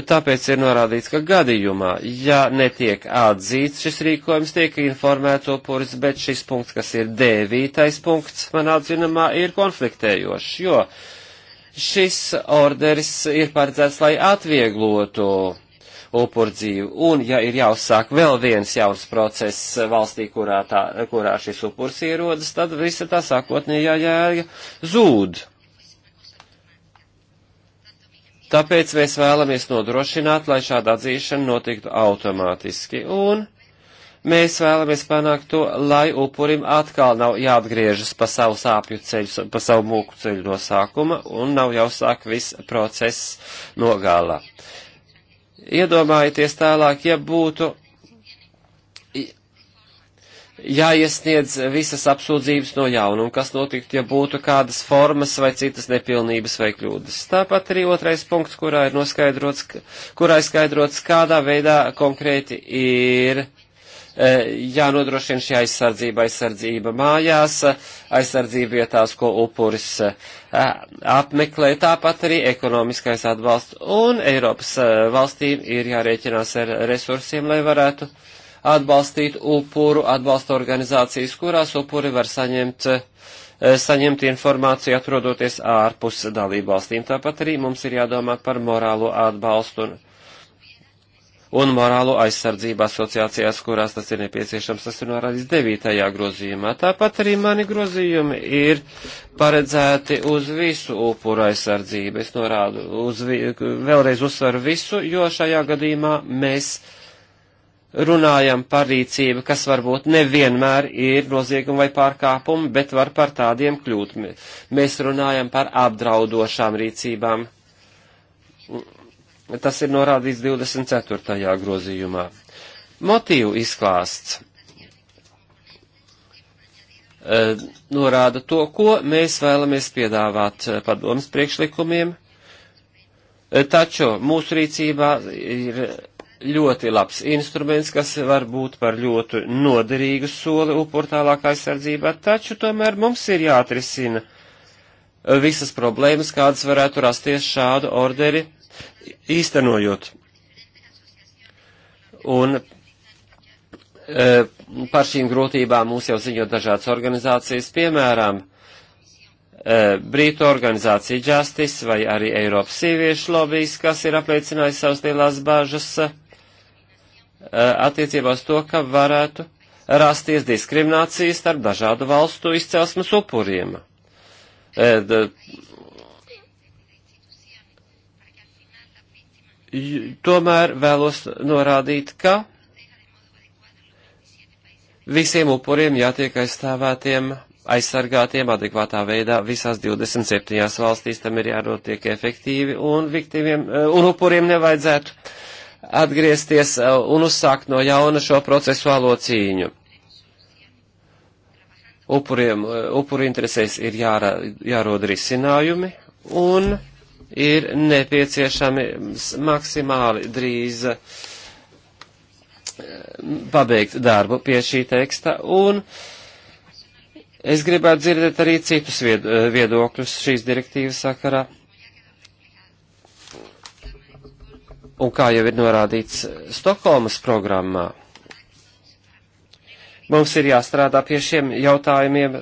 Tāpēc ir norādīts, ka gadījumā, ja netiek atzīts šis rīkojums, tiek informēto puris, bet šis punkts, kas ir devītais punkts, man atzinamā, ir konfliktējošs, jo šis orderis ir paredzēts, lai atvieglotu upur dzīvi. Un, ja ir jāuzsāk vēl viens jauns process valstī, kurā, tā, kurā šis upurs ierodas, tad visa tā sākotnējā jēga zūd. Tāpēc mēs vēlamies nodrošināt, lai šāda atzīšana notiktu automātiski, un mēs vēlamies panākt to, lai upurim atkal nav jāatgriežas pa savu sāpju ceļu, pa savu mūku ceļu no sākuma, un nav jāuzsāk viss process no gala. Iedomājieties tālāk, ja būtu jāiesniedz visas apsūdzības no jauna, un kas notiktu, ja būtu kādas formas vai citas nepilnības vai kļūdas. Tāpat arī otrais punkts, kurā ir noskaidrots, kurā ir skaidrots, kādā veidā konkrēti ir e, jānodrošina šī aizsardzība, aizsardzība mājās, aizsardzība vietās, ko upuris e, apmeklē, tāpat arī ekonomiskais atbalsts, un Eiropas e, valstīm ir jārēķinās ar resursiem, lai varētu uh, atbalstīt upuru atbalsta organizācijas, kurās upuri var saņemt, eh, saņemt informāciju atrodoties ārpus dalībvalstīm. Tāpat arī mums ir jādomā par morālo atbalstu un, un morālo aizsardzību asociācijās, kurās tas ir nepieciešams. Tas ir norādīts devītajā grozījumā. Tāpat arī mani grozījumi ir paredzēti uz visu upuru aizsardzību. Es norādu, uz, vēlreiz uzsveru visu, jo šajā gadījumā mēs runājam par rīcību, kas varbūt nevienmēr ir nozieguma vai pārkāpuma, bet var par tādiem kļūt. Mēs runājam par apdraudošām rīcībām. Tas ir norādīts 24. grozījumā. Motīvu izklāsts e, norāda to, ko mēs vēlamies piedāvāt e, padomas priekšlikumiem, e, taču mūsu rīcībā ir ļoti labs instruments, kas var būt par ļoti noderīgu soli upur tālāk aizsardzībā, taču tomēr mums ir jāatrisina eh, visas problēmas, kādas varētu rasties šādu orderi īstenojot. Un e, par šīm grūtībām mūs jau ziņo dažādas organizācijas, piemēram, eh, Brītu organizācija Justice vai arī Eiropas sieviešu lobijas, kas ir apliecinājis savas lielās bāžas. E, Eh, attiecībā uz to, ka varētu rasties diskriminācijas starp dažādu valstu izcelsmes upuriem. Eh, tomēr vēlos norādīt, ka visiem upuriem jātiek aizstāvētiem, aizsargātiem adekvātā veidā visās 27 valstīs, tam ir jānotiek efektīvi, un, viktīviem, eh, un upuriem nevajadzētu atgriezties eh, un uzsākt no jauna šo procesuālo cīņu. Upuriem, eh, upuri interesēs ir jāra, jārod risinājumi un ir nepieciešami maksimāli drīz eh, pabeigt darbu pie šī teksta un es gribētu dzirdēt arī citus viedokļus šīs direktīvas sakarā un kā jau ir norādīts Stokholmas programmā, mums ir jāstrādā pie šiem jautājumiem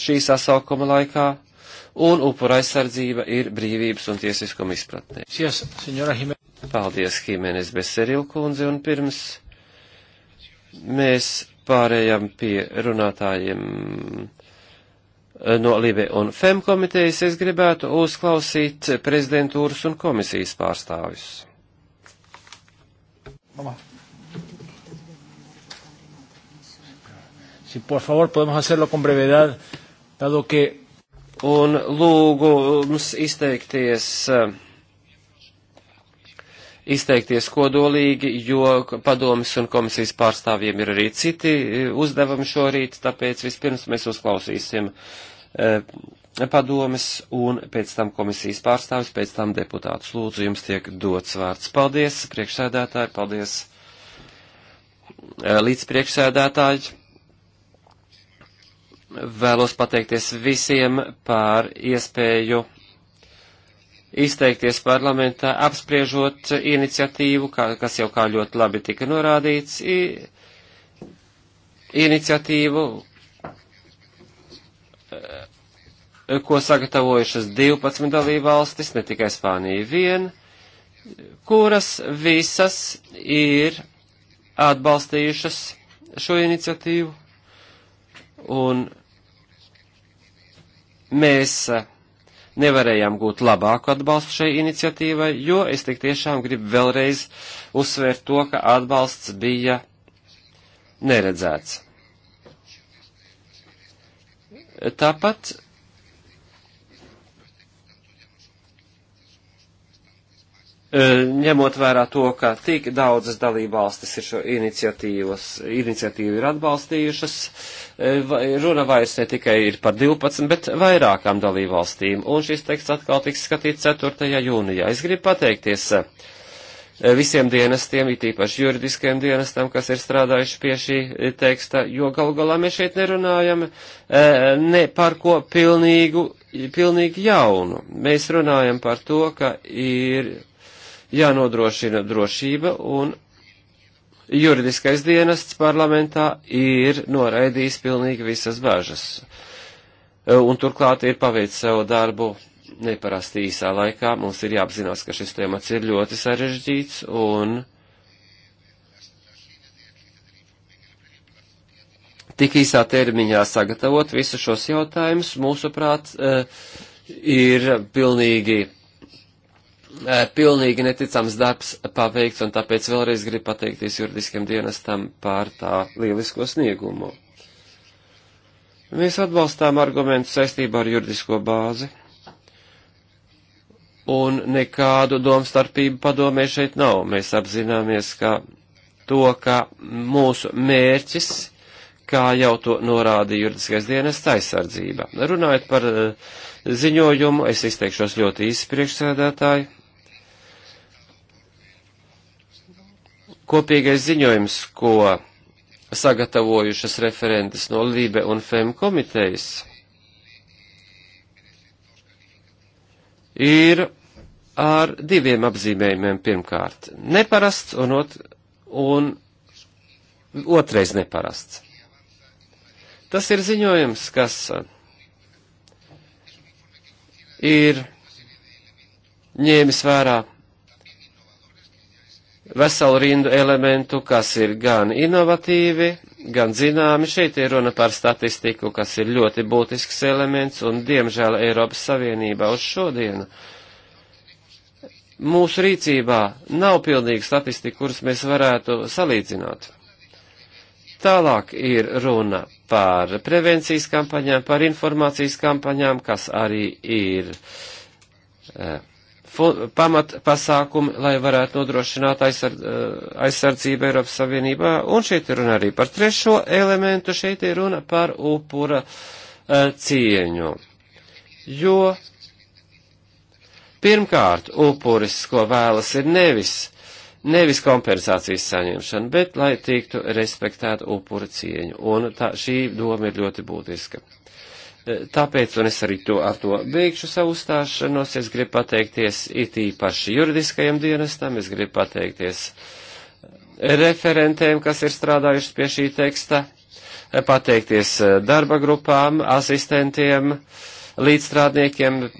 šī sasaukuma laikā, un upura aizsardzība ir brīvības un tiesiskuma izpratnē. Yes, Paldies, Himenes Beseril kundze, un pirms mēs pārējām pie runātājiem eh, no Libe un FEM komitejas, es gribētu uzklausīt prezidentūras un komisijas pārstāvis. Vamos. Si por favor podemos hacerlo con brevedad, dado que. Un lūgu mums izteikties, eh, izteikties kodolīgi, jo padomis un komisijas pārstāvjiem ir arī citi eh, uzdevumi šorīt, tāpēc vispirms mēs uzklausīsim eh, padomes un pēc tam komisijas pārstāvis, pēc tam deputātus. Lūdzu, jums tiek dots vārds. Paldies, priekšsēdētāji, paldies eh, līdz priekšsēdētāji. Vēlos pateikties visiem par iespēju izteikties parlamentā, apspriežot iniciatīvu, kā, kas jau kā ļoti labi tika norādīts, i, iniciatīvu, ko sagatavojušas 12 dalībvalstis, ne tikai Spānija vien, kuras visas ir atbalstījušas šo iniciatīvu. Un mēs nevarējām gūt labāku atbalstu šai iniciatīvai, jo es tik tiešām gribu vēlreiz uzsvērt to, ka atbalsts bija neredzēts. Tāpat E, ņemot vērā to, ka tik daudzas dalībvalstis ir šo iniciatīvu ir atbalstījušas, e, runa vairs ne tikai ir par 12, bet vairākām dalībvalstīm, un šis teksts atkal tiks skatīts 4. jūnijā. Es gribu pateikties e, visiem dienestiem, it īpaši juridiskajiem dienestam, kas ir strādājuši pie šī teksta, jo galu galā mēs šeit nerunājam ne par ko pilnīgu, pilnīgi jaunu. Mēs runājam par to, ka ir jānodrošina drošība un juridiskais dienests parlamentā ir noraidījis pilnīgi visas bažas. E, un turklāt ir paveicis savu darbu neparasti īsā laikā. Mums ir jāapzinās, ka šis temats ir ļoti sarežģīts un tik īsā termiņā sagatavot visus šos jautājumus, mūsuprāt, e, ir pilnīgi Eh, pilnīgi neticams darbs paveikts, un tāpēc vēlreiz gribu pateikties juridiskiem dienestam par tā lielisko sniegumu. Mēs atbalstām argumentu saistībā ar juridisko bāzi, un nekādu domstarpību padomē šeit nav. Mēs apzināmies, ka to, ka mūsu mērķis, kā jau to norāda juridiskais dienests, aizsardzība. Runājot par eh, ziņojumu, es izteikšos ļoti īsi priekšsēdētāji Kopīgais ziņojums, ko sagatavojušas referentes no Lībe un FEM komitejas, ir ar diviem apzīmējumiem pirmkārt - neparasts un, ot un otrais neparasts. Tas ir ziņojums, kas ir ņēmis vērā veselu rindu elementu, kas ir gan inovatīvi, gan zināmi. Šeit ir runa par statistiku, kas ir ļoti būtisks elements, un diemžēl Eiropas Savienībā uz šodienu mūsu rīcībā nav pilnīga statistika, kuras mēs varētu salīdzināt. Tālāk ir runa par prevencijas kampaņām, par informācijas kampaņām, kas arī ir. Eh, pamat pasākumi, lai varētu nodrošināt aizsardz, eh, aizsardzību Eiropas Savienībā. Un šeit ir runa arī par trešo elementu, šeit ir runa par upura uh, cieņu. Jo pirmkārt, upuris, ko vēlas, ir nevis, nevis kompensācijas saņemšana, bet lai tiktu respektēta upura cieņa. Un tā, šī doma ir ļoti būtiska. Tāpēc, un es arī to ar to beigšu savu stāšanos, es gribu pateikties it īpaši juridiskajam dienestam, es gribu pateikties referentēm, kas ir strādājuši pie šī teksta, pateikties eh, darba grupām, asistentiem, līdzstrādniekiem eh,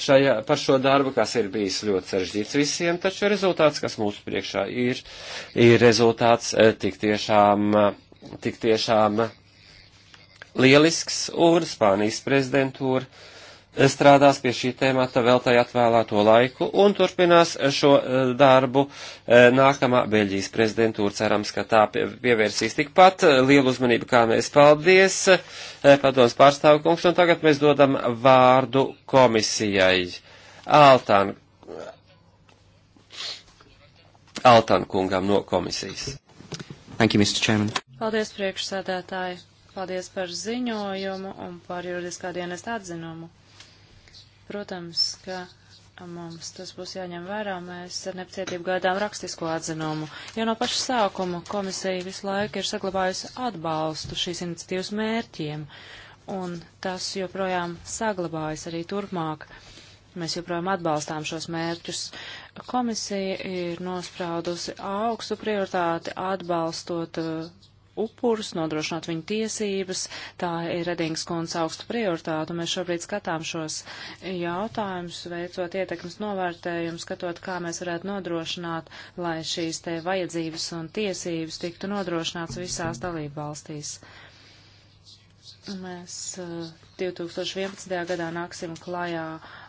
šajā, par šo darbu, kas ir bijis ļoti sarežģīts visiem, taču rezultāts, kas mūsu priekšā ir, ir rezultāts eh, tik tiešām, tik tiešām lielisks, un Spānijas prezidentūra eh, strādās pie šī tēmata vēl tajā atvēlēto laiku un turpinās šo eh, darbu eh, nākamā Beļģijas prezidentūra. Cerams, ka tā pievērsīs tikpat lielu uzmanību, kā mēs paldies padoms pārstāvu kungs, un tagad mēs dodam vārdu komisijai. Altan, Altan kungam no komisijas. Thank you, Mr. Chairman. Paldies, priekšsēdētāji. Paldies par ziņojumu un par juridiskā dienesta atzinumu. Protams, ka mums tas būs jāņem vērā. Mēs ar nepacietību gaidām rakstisko atzinumu. Jau no paša sākuma komisija visu laiku ir saglabājusi atbalstu šīs iniciatīvas mērķiem, un tas joprojām saglabājas arī turpmāk. Mēs joprojām atbalstām šos mērķus. Komisija ir nospraudusi augstu prioritāti atbalstot uh, upurus, nodrošināt viņu tiesības. Tā ir Redings kundze augstu prioritātu. Mēs šobrīd skatām šos jautājumus, veicot ietekmes novērtējumu, skatot, kā mēs varētu nodrošināt, lai šīs te vajadzības un tiesības tiktu nodrošināts visās dalību valstīs. Mēs 2011. Eh, gadā nāksim klajā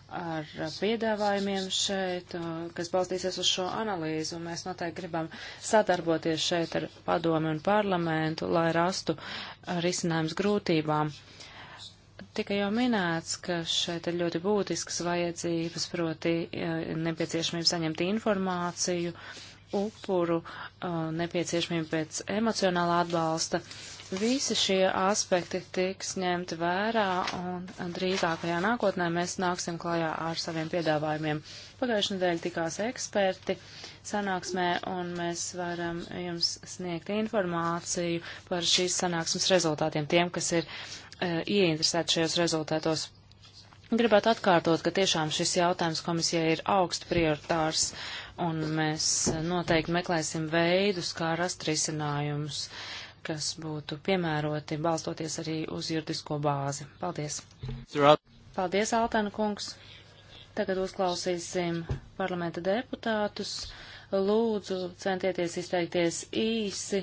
ar piedāvājumiem šeit, uh, kas balstīsies uz šo analīzi, un mēs noteikti gribam sadarboties šeit ar padomi un parlamentu, lai rastu uh, risinājums grūtībām. Tika jau minēts, ka šeit ir ļoti būtiskas vajadzības, proti uh, nepieciešamība saņemt informāciju, upuru, nepieciešamība pēc emocionāla atbalsta Visi šie aspekti tiks ņemti vērā un drīzākajā nākotnē mēs nāksim klajā ar saviem piedāvājumiem. Pagājušajā nedēļā tikās eksperti sanāksmē un mēs varam jums sniegt informāciju par šīs sanāksmes rezultātiem tiem, kas ir e, ieinteresēti šajos rezultātos. Gribētu atkārtot, ka tiešām šis jautājums komisijai ir augst prioritārs un mēs noteikti meklēsim veidus, kā rast risinājumus. Uh, kas būtu piemēroti, balstoties arī uz juridisko bāzi. Paldies! Paldies, Altena kungs! Tagad uzklausīsim parlamenta deputātus. Lūdzu, centieties izteikties īsi,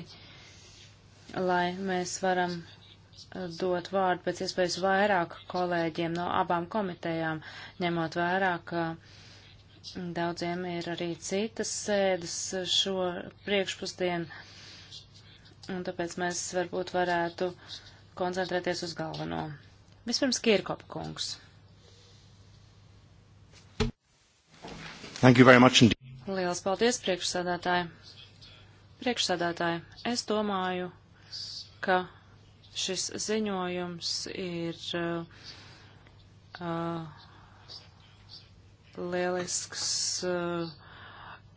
lai mēs varam eh, dot vārdu pēc iespējas vairāk kolēģiem no abām komitejām, ņemot vērā, ka daudziem ir arī citas sēdes šo priekšpusdienu un tāpēc mēs varbūt varētu koncentrēties uz galveno. Vispirms Kirkop kungs. Lielas paldies, priekšsādātāji. Priekšsādātāji, es domāju, ka šis ziņojums ir uh, uh lielisks. Uh,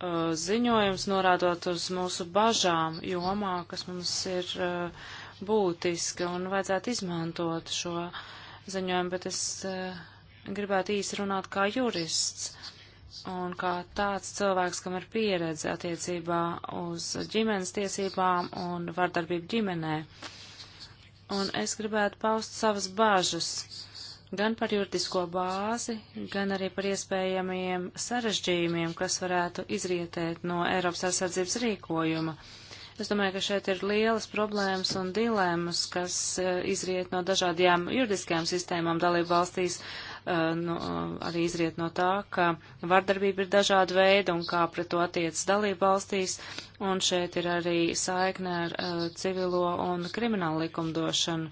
uh, ziņojums, norādot uz mūsu bažām jomā, kas mums ir uh, būtiska un vajadzētu izmantot šo ziņojumu, bet es uh, gribētu īsi runāt kā jurists un kā tāds cilvēks, kam ir pieredze attiecībā uz ģimenes tiesībām un vardarbību ģimenē. Un es gribētu paust savas bažas gan par juridisko bāzi, gan arī par iespējamiem sarežģījumiem, kas varētu izrietēt no Eiropas aizsardzības rīkojuma. Es domāju, ka šeit ir lielas problēmas un dilemmas, kas eh, izriet no dažādajām juridiskajām sistēmām dalību valstīs, nu, arī izriet no tā, ka vardarbība ir dažāda veida un kā pret to attiecas dalību valstīs, un šeit ir arī saikne ar eh, civilo un kriminālu likumdošanu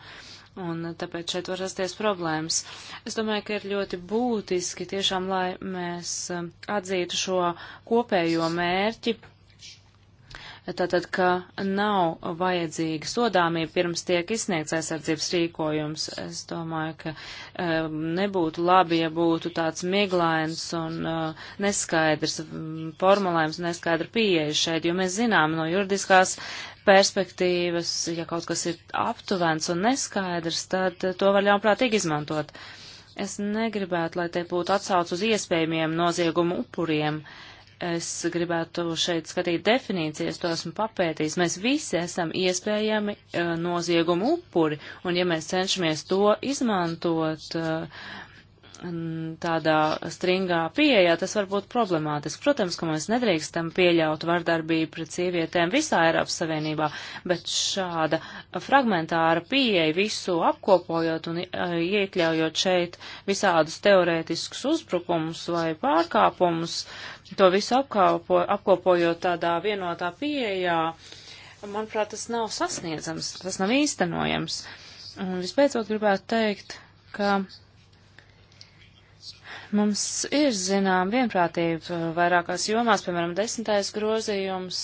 un tāpēc šeit var rasties problēmas. Es domāju, ka ir ļoti būtiski tiešām, lai mēs um, atzītu šo kopējo mērķi, tātad, ka nav vajadzīga sodāmība pirms tiek izsniegts aizsardzības rīkojums. Es domāju, ka e, nebūtu labi, ja būtu tāds miglains un e, neskaidrs um, formulējums, neskaidra pieeja šeit, jo mēs zinām no juridiskās perspektīvas, ja kaut kas ir aptuvens un neskaidrs, tad to var ļaunprātīgi izmantot. Es negribētu, lai te būtu atsauc uz iespējamiem noziegumu upuriem. Es gribētu šeit skatīt definīcijas, to esmu papētījis. Mēs visi esam iespējami eh, noziegumu upuri, un ja mēs cenšamies to izmantot, uh, tādā stringā pieejā, tas var būt problemātiski. Protams, ka mēs nedrīkstam pieļaut vardarbību pret sievietēm visā Eiropas Savienībā, bet šāda fragmentāra pieeja visu apkopojot un e, iekļaujot šeit visādus teorētiskus uzbrukumus vai pārkāpumus, to visu apkopo, apkopojot tādā vienotā pieejā, manuprāt, tas nav sasniedzams, tas nav īstenojams. Un vispēcot gribētu teikt, ka Mums ir zinām vienprātība vairākās jomās, piemēram, desmitais grozījums.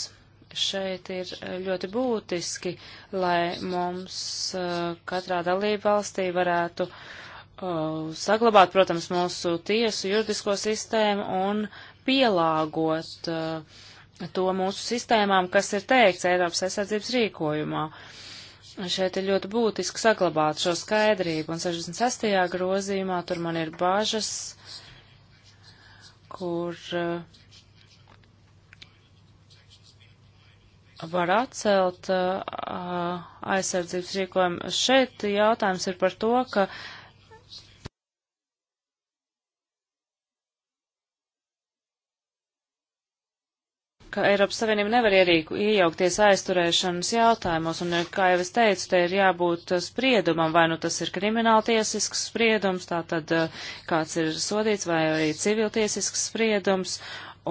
Šeit ir ļoti būtiski, lai mums eh, katrā dalība valstī varētu eh, saglabāt, protams, mūsu tiesu juridisko sistēmu un pielāgot eh, to mūsu sistēmām, kas ir teikts Eiropas aizsardzības rīkojumā. Šeit ir ļoti būtiski saglabāt šo skaidrību, un 66. grozījumā tur man ir bažas, kur eh, var atcelt eh, aizsardzības rīkojumu. Šeit jautājums ir par to, ka ka Eiropas Savienība nevar ierīku iejaukties aizturēšanas jautājumos, un, kā jau es teicu, te ir jābūt spriedumam, vai nu tas ir krimināltiesisks spriedums, tā tad eh, kāds ir sodīts, vai arī civiltiesisks spriedums,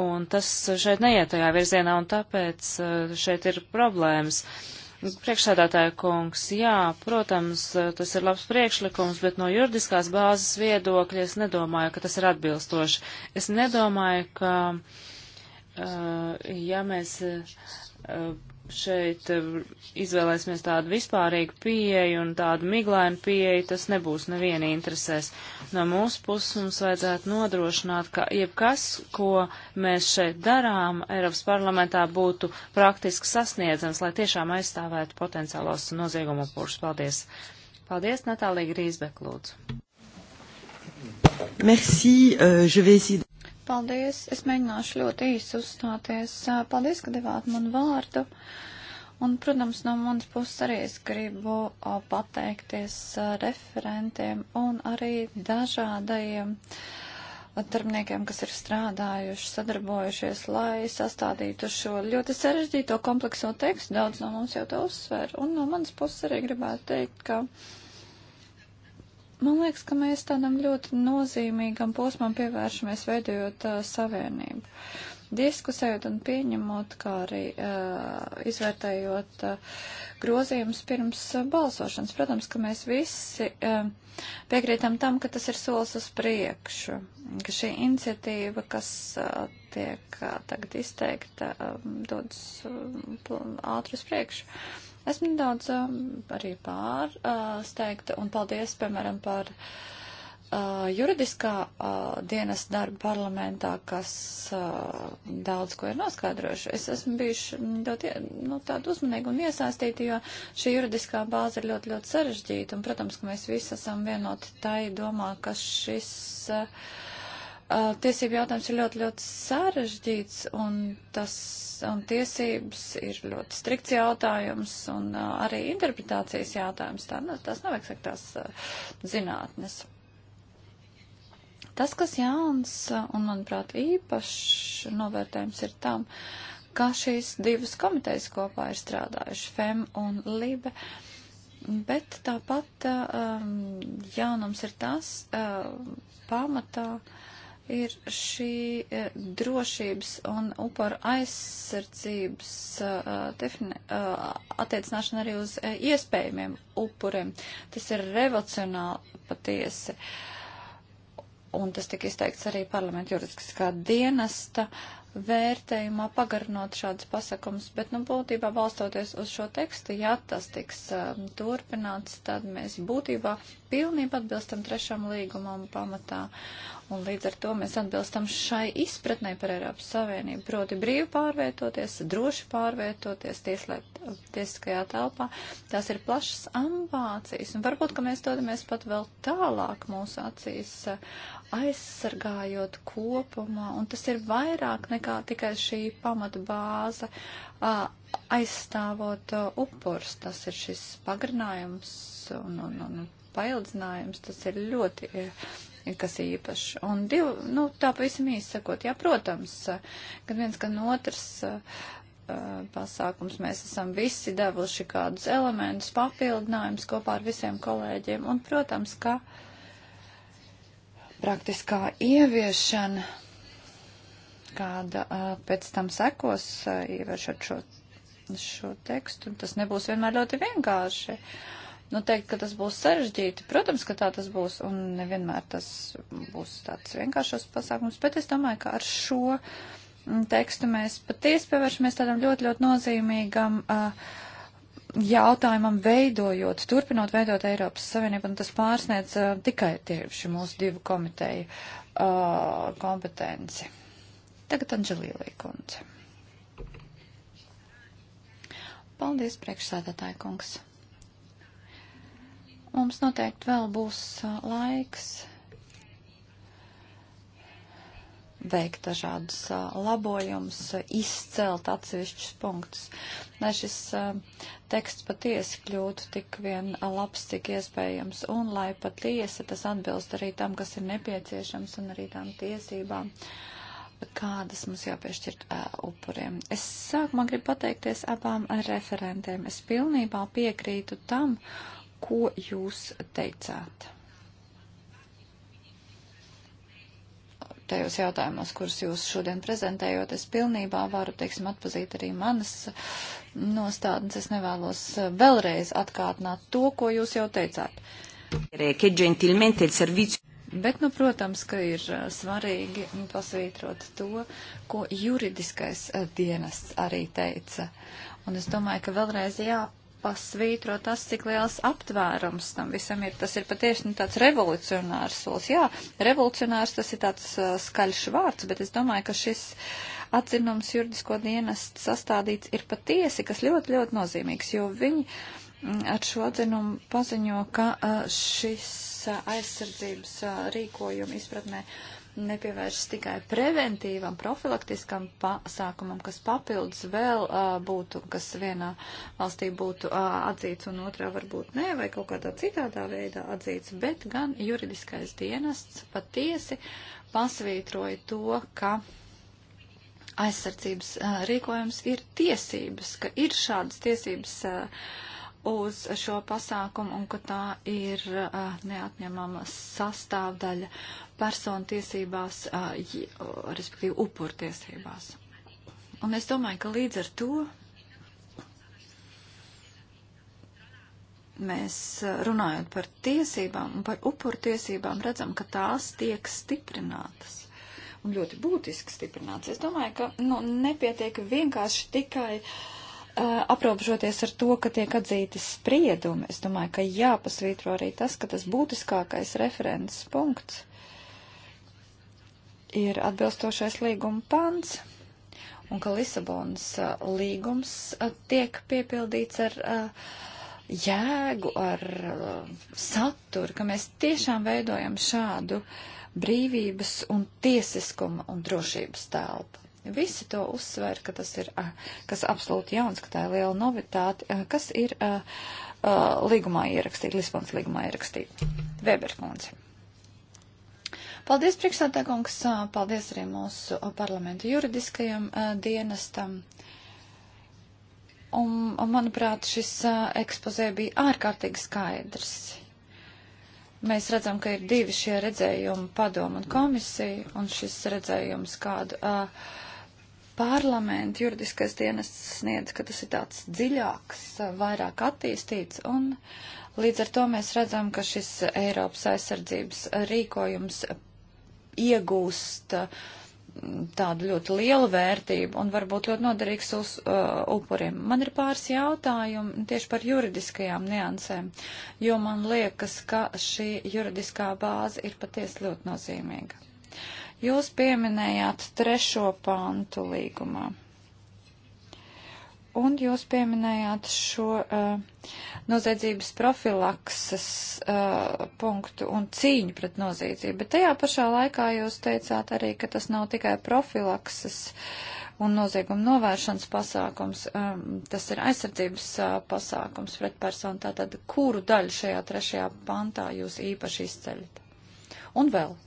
un tas šeit neiet tajā virzienā, un tāpēc eh, šeit ir problēmas. Priekšsēdētāja kungs, jā, protams, eh, tas ir labs priekšlikums, bet no juridiskās bāzes viedokļa es nedomāju, ka tas ir atbilstoši. Es nedomāju, ka. Uh, Uh, ja mēs uh, šeit uh, izvēlēsimies tādu vispārīgu pieeju un tādu miglainu pieeju, tas nebūs neviena interesēs. No mūsu puses mums vajadzētu nodrošināt, ka jebkas, ko mēs šeit darām, Eiropas parlamentā būtu praktiski sasniedzams, lai tiešām aizstāvētu potenciālos noziegumu upurus. Paldies! Paldies, Natālija Grīsbek, lūdzu! Merci, uh, je vais essayer. Paldies. Es mēģināšu ļoti īsi uzstāties. Paldies, ka devāt man vārdu. Un, protams, no manas puses arī es gribu pateikties referentiem un arī dažādajiem darbniekiem, kas ir strādājuši, sadarbojušies, lai sastādītu šo ļoti sarežģīto komplekso tekstu. Daudz no mums jau to uzsver. Un no manas puses arī gribētu teikt, ka. Uh, Man liekas, ka mēs tādam ļoti nozīmīgam posmam pievēršamies veidojot uh, savienību. Diskusējot un pieņemot, kā arī uh, izvērtējot uh, grozījumus pirms uh, balsošanas. Protams, ka mēs visi uh, piekrītam tam, ka tas ir solis uz priekšu, ka šī iniciatīva, kas uh, tiek uh, tagad izteikta, uh, dodas uh, ātri uz priekšu. Uh, Esmu nedaudz um, arī pārsteigta uh, un paldies, piemēram, par uh, juridiskā uh, dienas darbu parlamentā, kas uh, daudz ko ir noskaidrojuši. Es esmu bijuši ļoti nu, tāda uzmanīga un iesaistīta, jo šī juridiskā bāze ir ļoti, ļoti sarežģīta. Un, protams, ka mēs visi esam vienoti tai domā, ka šis. Uh, tiesību jautājums ir ļoti, ļoti sarežģīts, un, tas, un tiesības ir ļoti strikts jautājums, un uh, arī interpretācijas jautājums. Tā, nu, tās nav eksaktās uh, zinātnes. Tas, kas jauns, un, manuprāt, īpašs novērtējums ir tam, ka šīs divas komitejas kopā ir strādājuši FEM un LIBE. Bet tāpat um, jaunums ir tas uh, pamatā, uh, ir šī e, drošības un upuru aizsardzības uh, attiecināšana arī uz uh, iespējamiem upuriem. Tas ir revolucionāli patiesi. Un tas tika izteikts arī parlamenta juridiskā dienesta vērtējumā pagarinot šādas pasakums, bet, nu, būtībā balstoties uz šo tekstu, ja tas tiks uh, turpināts, tad mēs būtībā pilnībā atbilstam trešam līgumam pamatā. Un līdz ar to mēs atbilstam šai izpratnē par Eiropas Savienību, proti brīvi pārvietoties, droši pārvietoties tieslēt, tiesiskajā telpā. Tās ir plašas ambācijas, un varbūt, ka mēs dodamies pat vēl tālāk mūsu acīs, aizsargājot kopumā, un tas ir vairāk nekā tikai šī pamata bāze, aizstāvot upurs, tas ir šis pagrinājums un, un, un paildzinājums, tas ir ļoti e, kas īpašs. Un divi, nu, tā pavisam īsi sakot, jā, protams, e, gan viens, gan otrs e, pasākums mēs esam visi devuši kādus elementus, papildinājumus kopā ar visiem kolēģiem. Un, protams, ka praktiskā ieviešana, kāda pēc tam sekos, ievēršot šo, šo tekstu, tas nebūs vienmēr ļoti vienkārši. Uh, Nu, teikt, ka tas būs sarežģīti, protams, ka tā tas būs, un nevienmēr tas būs tāds vienkāršos pasākums, bet es domāju, ka ar šo mm, tekstu mēs patiesi pievēršamies tādam ļoti, ļoti nozīmīgam uh, jautājumam veidojot, turpinot veidot Eiropas Savienību, un tas pārsniedz uh, tikai tieši mūsu divu komiteju uh, kompetenci. Tagad Anģelīlī kundze. Paldies, priekšsādātāja kungs. Mums noteikti vēl būs laiks veikt dažādus labojumus, izcelt atsevišķus punktus, lai šis teksts patiesi kļūtu tik vien labs, cik iespējams, un lai patiesi tas atbilst arī tam, kas ir nepieciešams, un arī tām tiesībām, kādas mums jāpiešķirt upuriem. Es sākumā gribu pateikties abām referentēm. Es pilnībā piekrītu tam, ko jūs teicāt. Tajos jautājumos, kurus jūs šodien prezentējot, es pilnībā varu, teiksim, atpazīt arī manas nostādnes. Es nevēlos vēlreiz atkārtināt to, ko jūs jau teicāt. Bet, nu, protams, ka ir uh, svarīgi pasvītrot to, ko juridiskais uh, dienests arī teica. Un es domāju, ka vēlreiz jā pasvītro tas, cik liels aptvērums tam visam ir. Tas ir patiešām nu, tāds revolucionārs solis. Jā, revolucionārs tas ir tāds uh, skaļš vārds, bet es domāju, ka šis atzinums juridisko dienestu sastādīts ir patiesi, kas ļoti, ļoti nozīmīgs, jo viņi mm, ar šo atzinumu paziņo, ka uh, šis uh, aizsardzības uh, rīkojuma izpratnē nepievēršas tikai preventīvam, profilaktiskam pasākumam, kas papildus vēl uh, būtu, kas vienā valstī būtu uh, atzīts un otrā varbūt nē, vai kaut kādā citādā veidā atzīts, bet gan juridiskais dienests patiesi pasvītroja to, ka aizsardzības uh, rīkojums ir tiesības, ka ir šādas tiesības. Uh, uz šo pasākumu un ka tā ir uh, neatņemama sastāvdaļa personu tiesībās, uh, respektīvi upur tiesībās. Un es domāju, ka līdz ar to mēs runājot par tiesībām un par upur tiesībām redzam, ka tās tiek stiprinātas. Un ļoti būtiski stiprināts. Es domāju, ka nu, nepietiek vienkārši tikai uh, aprobežoties ar to, ka tiek atzīti spriedumi. Es domāju, ka jāpasvītro arī tas, ka tas būtiskākais referents punkts ir atbilstošais līguma pants un ka Lisabonas līgums tiek piepildīts ar jēgu, ar saturu, ka mēs tiešām veidojam šādu brīvības un tiesiskuma un drošības telpu. Visi to uzsver, ka tas ir eh, kas absolūti jauns, ka tā ir liela novitāte, eh, kas ir uh, uh, līgumā ierakstīta, Lisbonas līgumā ierakstīta. Weberkundze. Paldies, priekšsādākungs, paldies arī mūsu parlamentu juridiskajam uh, dienestam. Un, un, manuprāt, šis ekspozē bija ārkārtīgi skaidrs. Mēs redzam, ka ir divi šie redzējumi, padomu un komisija, un šis redzējums kādu. Uh, Parlamenta juridiskais dienests sniedz, ka tas ir tāds dziļāks, vairāk attīstīts, un līdz ar to mēs redzam, ka šis Eiropas aizsardzības rīkojums iegūst mm, tādu ļoti lielu vērtību un varbūt ļoti noderīgs uz uh, upuriem. Man ir pāris jautājumi tieši par juridiskajām niansēm, jo man liekas, ka šī juridiskā bāze ir patiesi ļoti nozīmīga. Jūs pieminējāt trešo pantu līgumā. Un jūs pieminējāt šo uh, noziedzības profilakses uh, punktu un cīņu pret noziedzību, bet tajā pašā laikā jūs teicāt arī, ka tas nav tikai profilakses un nozieguma novēršanas pasākums, um, tas ir aizsardzības uh, pasākums pret personu. Tātad, kuru daļu šajā trešajā pantā jūs īpaši izceļat? Un vēl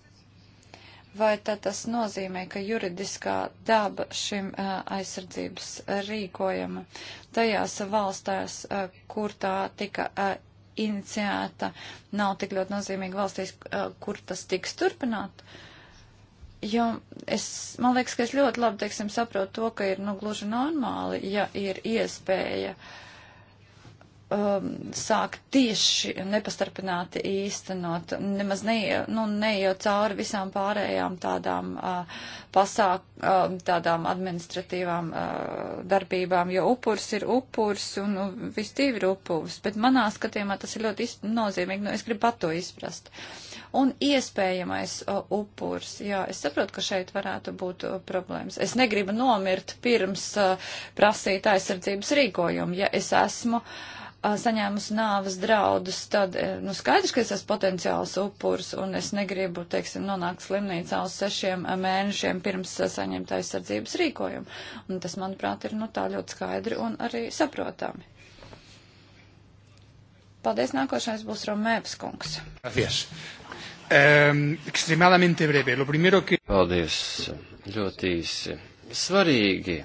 Vai tad tas nozīmē, ka juridiskā daba šim aizsardzības rīkojuma tajās valstās, kur tā tika iniciēta, nav tik ļoti nozīmīga valstīs, kur tas tiks turpināt? Jo es, man liekas, ka es ļoti labi, teiksim, saprotu to, ka ir, nu, gluži normāli, ja ir iespēja uh, um, sāk tieši nepastarpināti īstenot, nemaz ne, nu, ne jau cauri visām pārējām tādām, uh, pasāk, uh, tādām administratīvām uh, darbībām, jo upurs ir upurs un nu, viss divi ir upurs, bet manā skatījumā tas ir ļoti nozīmīgi, nu es gribu pat to izprast. Un iespējamais uh, upurs, jā, es saprotu, ka šeit varētu būt uh, problēmas. Es negribu nomirt pirms uh, prasīt aizsardzības rīkojumu, ja es esmu uh, saņēmusi nāvas draudus, tad, e, nu, skaidrs, ka es esmu potenciāls upurs un es negribu, teiksim, nonākt slimnīcā uz sešiem e, mēnešiem pirms e, saņemt aizsardzības rīkojumu. Un tas, manuprāt, ir, nu, tā ļoti skaidri un arī saprotami. Paldies, nākošais būs Romēps kungs. Paldies. Um, extremadamente breve. Lo primero que... Paldies. Ļoti īsi. Svarīgi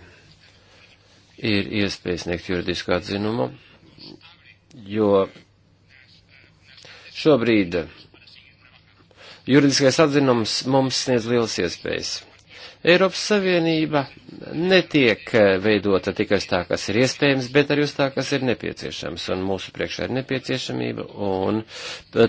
ir iespējas sniegt juridisku atzinumu jo šobrīd juridiskais atzinums mums sniedz lielas iespējas. Eiropas Savienība netiek veidota tikai uz tā, kas ir iespējams, bet arī uz tā, kas ir nepieciešams. Un mūsu priekšā ir nepieciešamība, un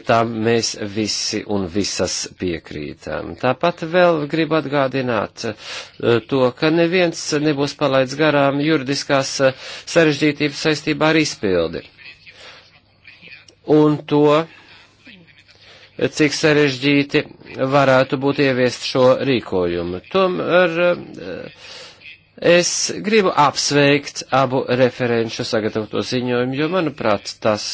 tam mēs visi un visas piekrītam. Tāpat vēl gribu atgādināt eh, to, ka neviens nebūs palaids garām juridiskās eh, sarežģītības saistībā ar izpildi un to, cik sarežģīti varētu būt ieviest šo rīkojumu. Tomēr eh, es gribu apsveikt abu referenšu sagatavoto ziņojumu, jo, manuprāt, tas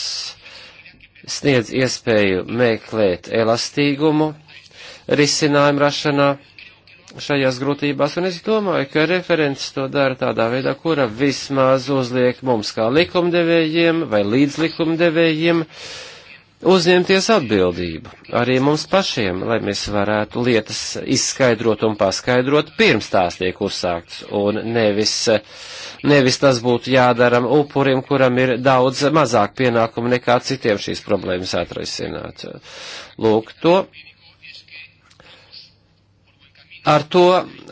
sniedz iespēju meklēt elastīgumu risinājumu rašanā šajās grūtībās, un es domāju, ka referents to dara tādā veidā, kura vismaz uzliek mums kā likumdevējiem vai līdzlikumdevējiem uzņemties atbildību. Arī mums pašiem, lai mēs varētu lietas izskaidrot un paskaidrot pirms tās tiek uzsākts, un nevis, nevis tas būtu jādara upurim, kuram ir daudz mazāk pienākumu nekā citiem šīs problēmas atrisināt. Lūk, to Ar to,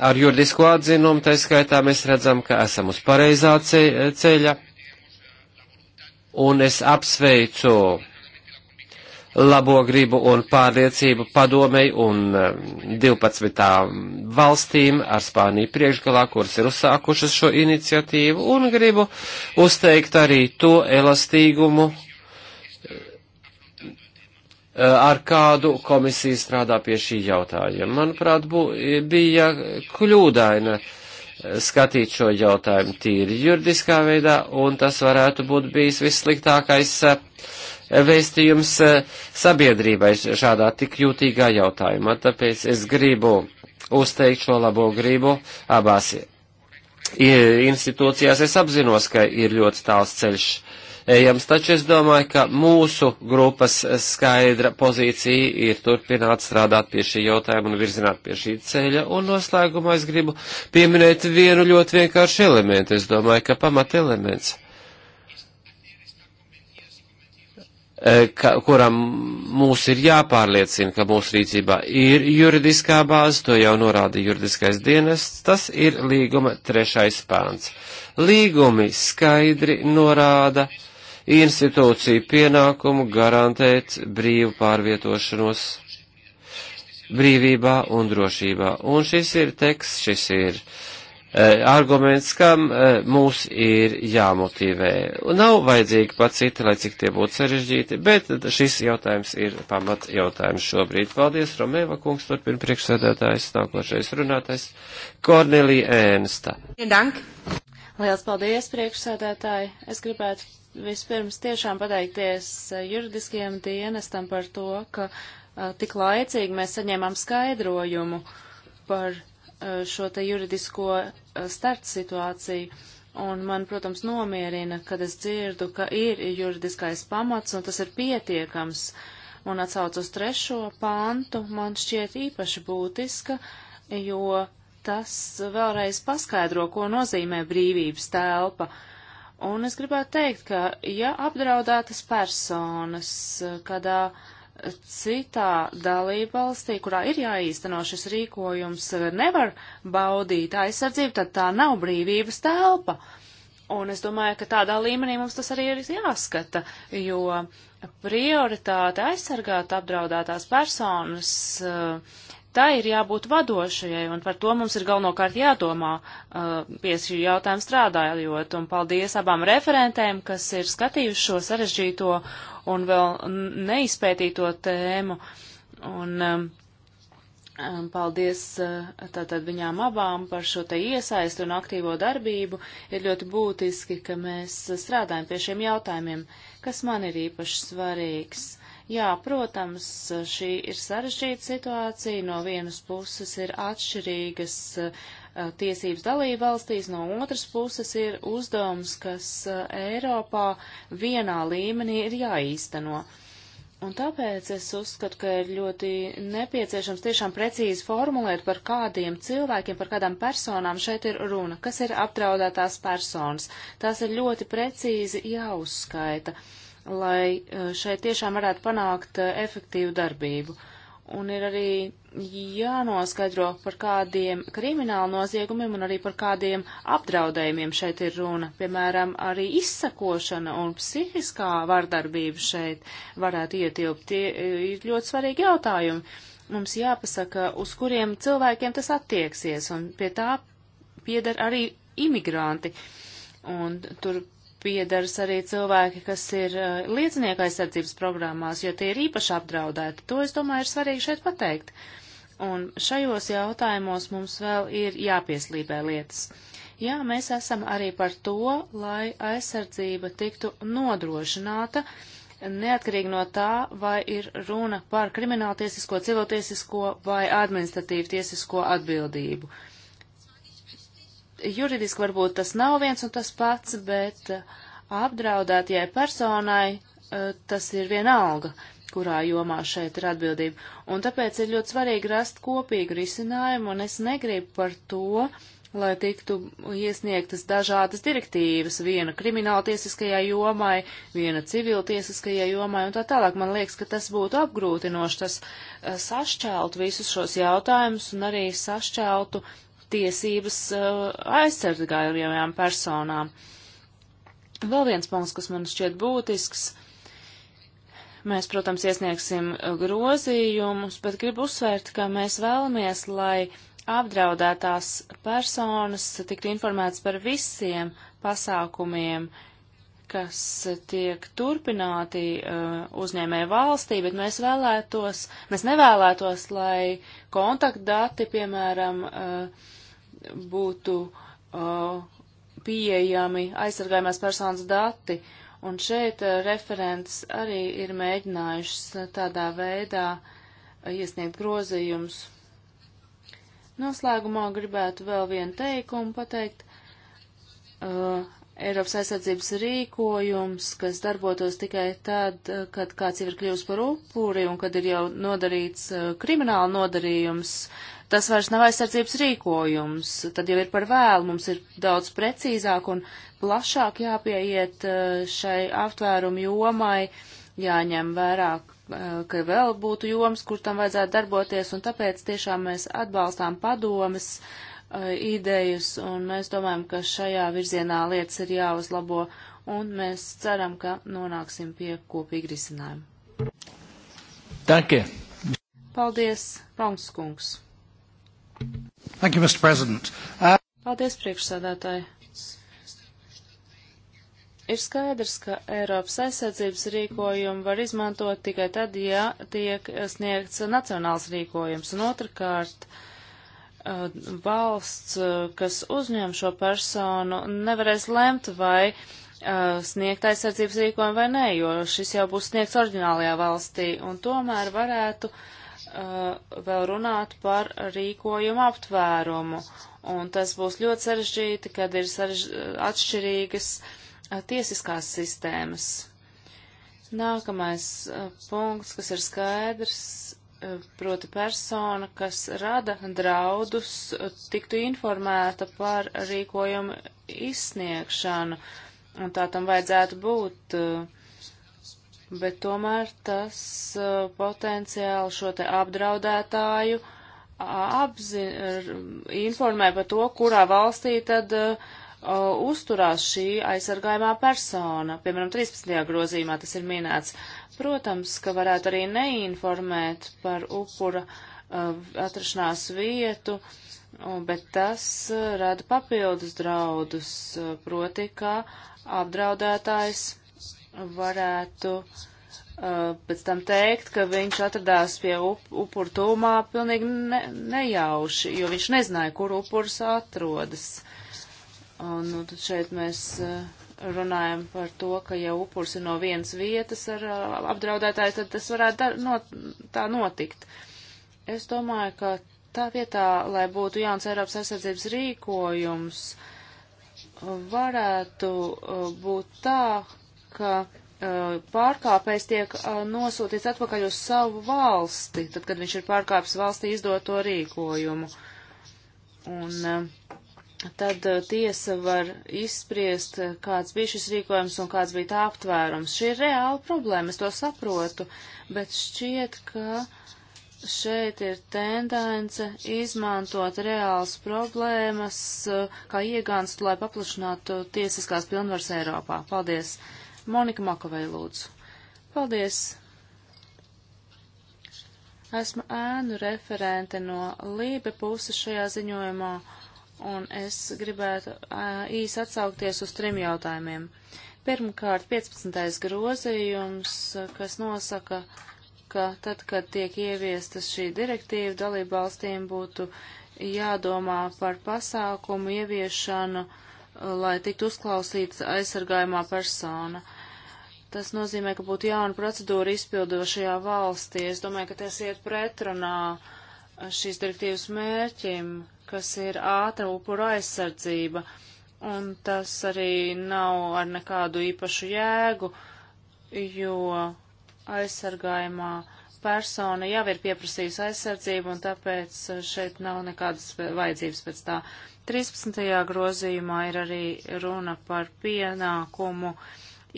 ar juridisko atzinumu, tā skaitā mēs redzam, ka esam uz pareizā ceļa, un es apsveicu labo gribu un pārliecību padomei un 12 eh, valstīm ar Spāniju priekšgalā, kuras ir uzsākušas šo iniciatīvu, un gribu uzteikt arī to elastīgumu, Eh, ar kādu komisiju strādā pie šī jautājuma. Manuprāt, bū, eh, bija kļūdaina eh, skatīt šo jautājumu tīri juridiskā veidā, un tas varētu būt bijis vissliktākais vēstījums sabiedrībai šādā tik jūtīgā jautājumā. Tāpēc es gribu uzteikt šo labo gribu abās institūcijās. Es apzinos, ka ir ļoti tāls ceļš ejams, taču es domāju, ka mūsu grupas skaidra pozīcija ir turpināt strādāt pie šī jautājuma un virzināt pie šī ceļa, un noslēgumā es gribu pieminēt vienu ļoti vienkāršu elementu, es domāju, ka pamat elements. E, ka, kuram mūs ir jāpārliecina, ka mūsu rīcībā ir juridiskā bāze, to jau norāda juridiskais dienests, tas ir līguma trešais pāns. Līgumi skaidri norāda, uh, institūciju pienākumu garantēt brīvu pārvietošanos brīvībā un drošībā. Un šis ir teksts, šis ir e, arguments, kam e, mūs ir jāmotivē. Nav vajadzīgi pat citi, lai cik tie būtu sarežģīti, bet šis jautājums ir pamat jautājums šobrīd. Paldies, Romēva kungs, turpina priekšsēdētājs, nākošais runātājs, Kornelija Ēnsta. Dank. Liels paldies, priekšsēdētāji. Es gribētu vispirms tiešām pateikties eh, juridiskajam dienestam par to, ka eh, tik laicīgi mēs saņēmām skaidrojumu par eh, šo te juridisko starta situāciju. Un man, protams, nomierina, kad es dzirdu, ka ir juridiskais pamats un tas ir pietiekams. Un atsauc uz trešo pāntu man šķiet īpaši būtiska, jo tas vēlreiz paskaidro, ko nozīmē brīvības telpa. Uh, Un es gribētu teikt, ka ja apdraudētas personas eh, kādā eh, citā dalībvalstī, kurā ir jāīsteno šis rīkojums, eh, nevar baudīt aizsardzību, tad tā nav brīvības telpa. Un es domāju, ka tādā līmenī mums tas arī ir jāskata, jo prioritāte aizsargāt apdraudētās personas uh, tai ir jābūt vadošajai, un par to mums ir galvenokārt jādomā uh, pie šī jautājuma strādājot. Un paldies abām referentēm, kas ir skatījuši šo sarežģīto un vēl neizpētīto tēmu. Un, um, um Paldies uh, tātad viņām abām par šo te iesaistu un aktīvo darbību. Ir ļoti būtiski, ka mēs strādājam pie šiem jautājumiem, kas man ir īpaši svarīgs Jā, protams, šī ir sarežģīta situācija. No vienas puses ir atšķirīgas eh, tiesības dalība valstīs, no otras puses ir uzdevums, kas eh, Eiropā vienā līmenī ir jāīsteno. Un tāpēc es uzskatu, ka ir ļoti nepieciešams tiešām precīzi formulēt, par kādiem cilvēkiem, par kādām personām šeit ir runa, kas ir apdraudētās personas. Tās ir ļoti precīzi jāuzskaita. Uh, lai e, šeit tiešām varētu panākt e, efektīvu darbību. Un ir arī jānoskaidro, par kādiem kriminālu noziegumiem un arī par kādiem apdraudējumiem šeit ir runa. Piemēram, arī izsakošana un psihiskā vardarbība šeit varētu ietilpt. Tie e, ir ļoti svarīgi jautājumi. Mums jāpasaka, uz kuriem cilvēkiem tas attieksies, un pie tā pieder arī imigranti. Un tur piedaras arī cilvēki, kas ir eh, liecinieku aizsardzības programmās, jo tie ir īpaši apdraudēti. To, es domāju, ir svarīgi šeit pateikt. Un šajos jautājumos mums vēl ir jāpieslīpē lietas. Jā, mēs esam arī par to, lai aizsardzība tiktu nodrošināta, neatkarīgi no tā, vai ir runa par krimināltiesisko, civiltiesisko vai administratīvu tiesisko atbildību. Uh, juridiski varbūt tas nav viens un tas pats, bet eh, apdraudētajai personai eh, tas ir vienalga, kurā jomā šeit ir atbildība. Un tāpēc ir ļoti svarīgi rast kopīgu risinājumu, un es negribu par to, lai tiktu iesniegtas dažādas direktīvas, viena krimināltiesiskajai jomai, viena civiltiesiskajai jomai un tā tālāk. Man liekas, ka tas būtu apgrūtinoši, tas eh, sašķelt visus šos jautājumus un arī sašķeltu uh, tiesības eh, aizsargājumajām personām. Vēl viens punkts, kas man šķiet būtisks. Mēs, protams, iesniegsim eh, grozījumus, bet gribu uzsvērt, ka mēs vēlamies, lai apdraudētās personas tiktu informētas par visiem pasākumiem, uh, kas tiek turpināti uh, uzņēmē valstī, bet mēs vēlētos, mēs nevēlētos, lai kontaktdati, piemēram, uh, būtu uh, pieejami aizsargājumās personas dati. Un šeit uh, referents arī ir mēģinājušas uh, tādā veidā uh, iesniegt grozījumus. Noslēgumā gribētu vēl vienu teikumu pateikt. Uh, Eiropas aizsardzības rīkojums, kas darbotos tikai tad, eh, kad kāds jau ir kļuvis par upuri un kad ir jau nodarīts eh, krimināla nodarījums, tas vairs nav aizsardzības rīkojums. Tad jau ir par vēlu, mums ir daudz precīzāk un plašāk jāpieiet eh, šai aptvērumu jomai, jāņem vairāk, ka vēl būtu joms, kur tam vajadzētu darboties, un tāpēc tiešām mēs atbalstām padomas Uh, idejas, un mēs domājam, ka šajā virzienā lietas ir jāuzlabo, un mēs ceram, ka nonāksim pie kopīgi risinājumu. Danke. Paldies, Roms kungs. Thank you, Mr. President. Uh... Paldies, priekšsādātāji. Ir skaidrs, ka Eiropas aizsardzības rīkojumu var izmantot tikai tad, ja tiek sniegts nacionāls rīkojums, un otrkārt, uh, Uh, valsts, uh, kas uzņem šo personu, nevarēs lemt, vai uh, sniegt aizsardzības rīkojumu vai nē, jo šis jau būs sniegts oriģinālajā valstī, un tomēr varētu vēl runāt par rīkojumu aptvērumu, un tas būs ļoti sarežģīti, kad ir sarež... atšķirīgas tiesiskās sistēmas. Nākamais punkts, kas ir skaidrs, proti persona, kas rada draudus, tiktu informēta par rīkojumu izsniegšanu, un tā tam vajadzētu būt, bet tomēr tas eh, potenciāli šo te apdraudētāju apzi, informē par to, kurā valstī tad uh, uzturās šī aizsargājumā persona. Piemēram, 13. grozījumā tas ir minēts. Protams, ka varētu arī neinformēt par upura uh, atrašanās vietu, bet tas uh, rada papildus draudus, uh, proti, kā apdraudētājs varētu pēc tam teikt, ka viņš atradās pie up upuru tūmā pilnīgi ne nejauši, jo viņš nezināja, kur upurs atrodas. Un nu, šeit mēs uh, runājam par to, ka ja upurs ir no vienas vietas ar apdraudētāju, tad tas varētu dar, not, tā notikt. Es domāju, ka tā vietā, lai būtu jauns Eiropas aizsardzības rīkojums, varētu būt tā, ka pārkāpējs tiek nosūtīts atpakaļ uz savu valsti, tad, kad viņš ir pārkāpis valstī izdoto rīkojumu. Un tad uh, tiesa var izspriest, uh, kāds bija šis rīkojums un kāds bija tā aptvērums. Šī ir reāla problēma, es to saprotu, bet šķiet, ka šeit ir tendence izmantot reāls problēmas uh, kā iegānstu, lai paplašinātu tiesiskās pilnvaras Eiropā. Paldies. Monika Makovei lūdzu. Paldies. Esmu ēnu referente no Lībe puses šajā ziņojumā un es gribētu īsi atsaukties uz trim jautājumiem. Pirmkārt, 15. grozījums, kas nosaka, ka tad, kad tiek ieviestas šī direktīva, dalību valstīm būtu jādomā par pasākumu ieviešanu, lai tiktu uzklausīts aizsargājumā persona. Tas nozīmē, ka būtu jauna procedūra izpildošajā valstī. Es domāju, ka tas iet pretrunā uh, šīs direktīvas mērķim, kas ir ātra upura aizsardzība, un tas arī nav ar nekādu īpašu jēgu, jo aizsargājumā persona jau ir pieprasījusi aizsardzību, un tāpēc šeit nav nekādas vajadzības pēc tā. 13. grozījumā ir arī runa par pienākumu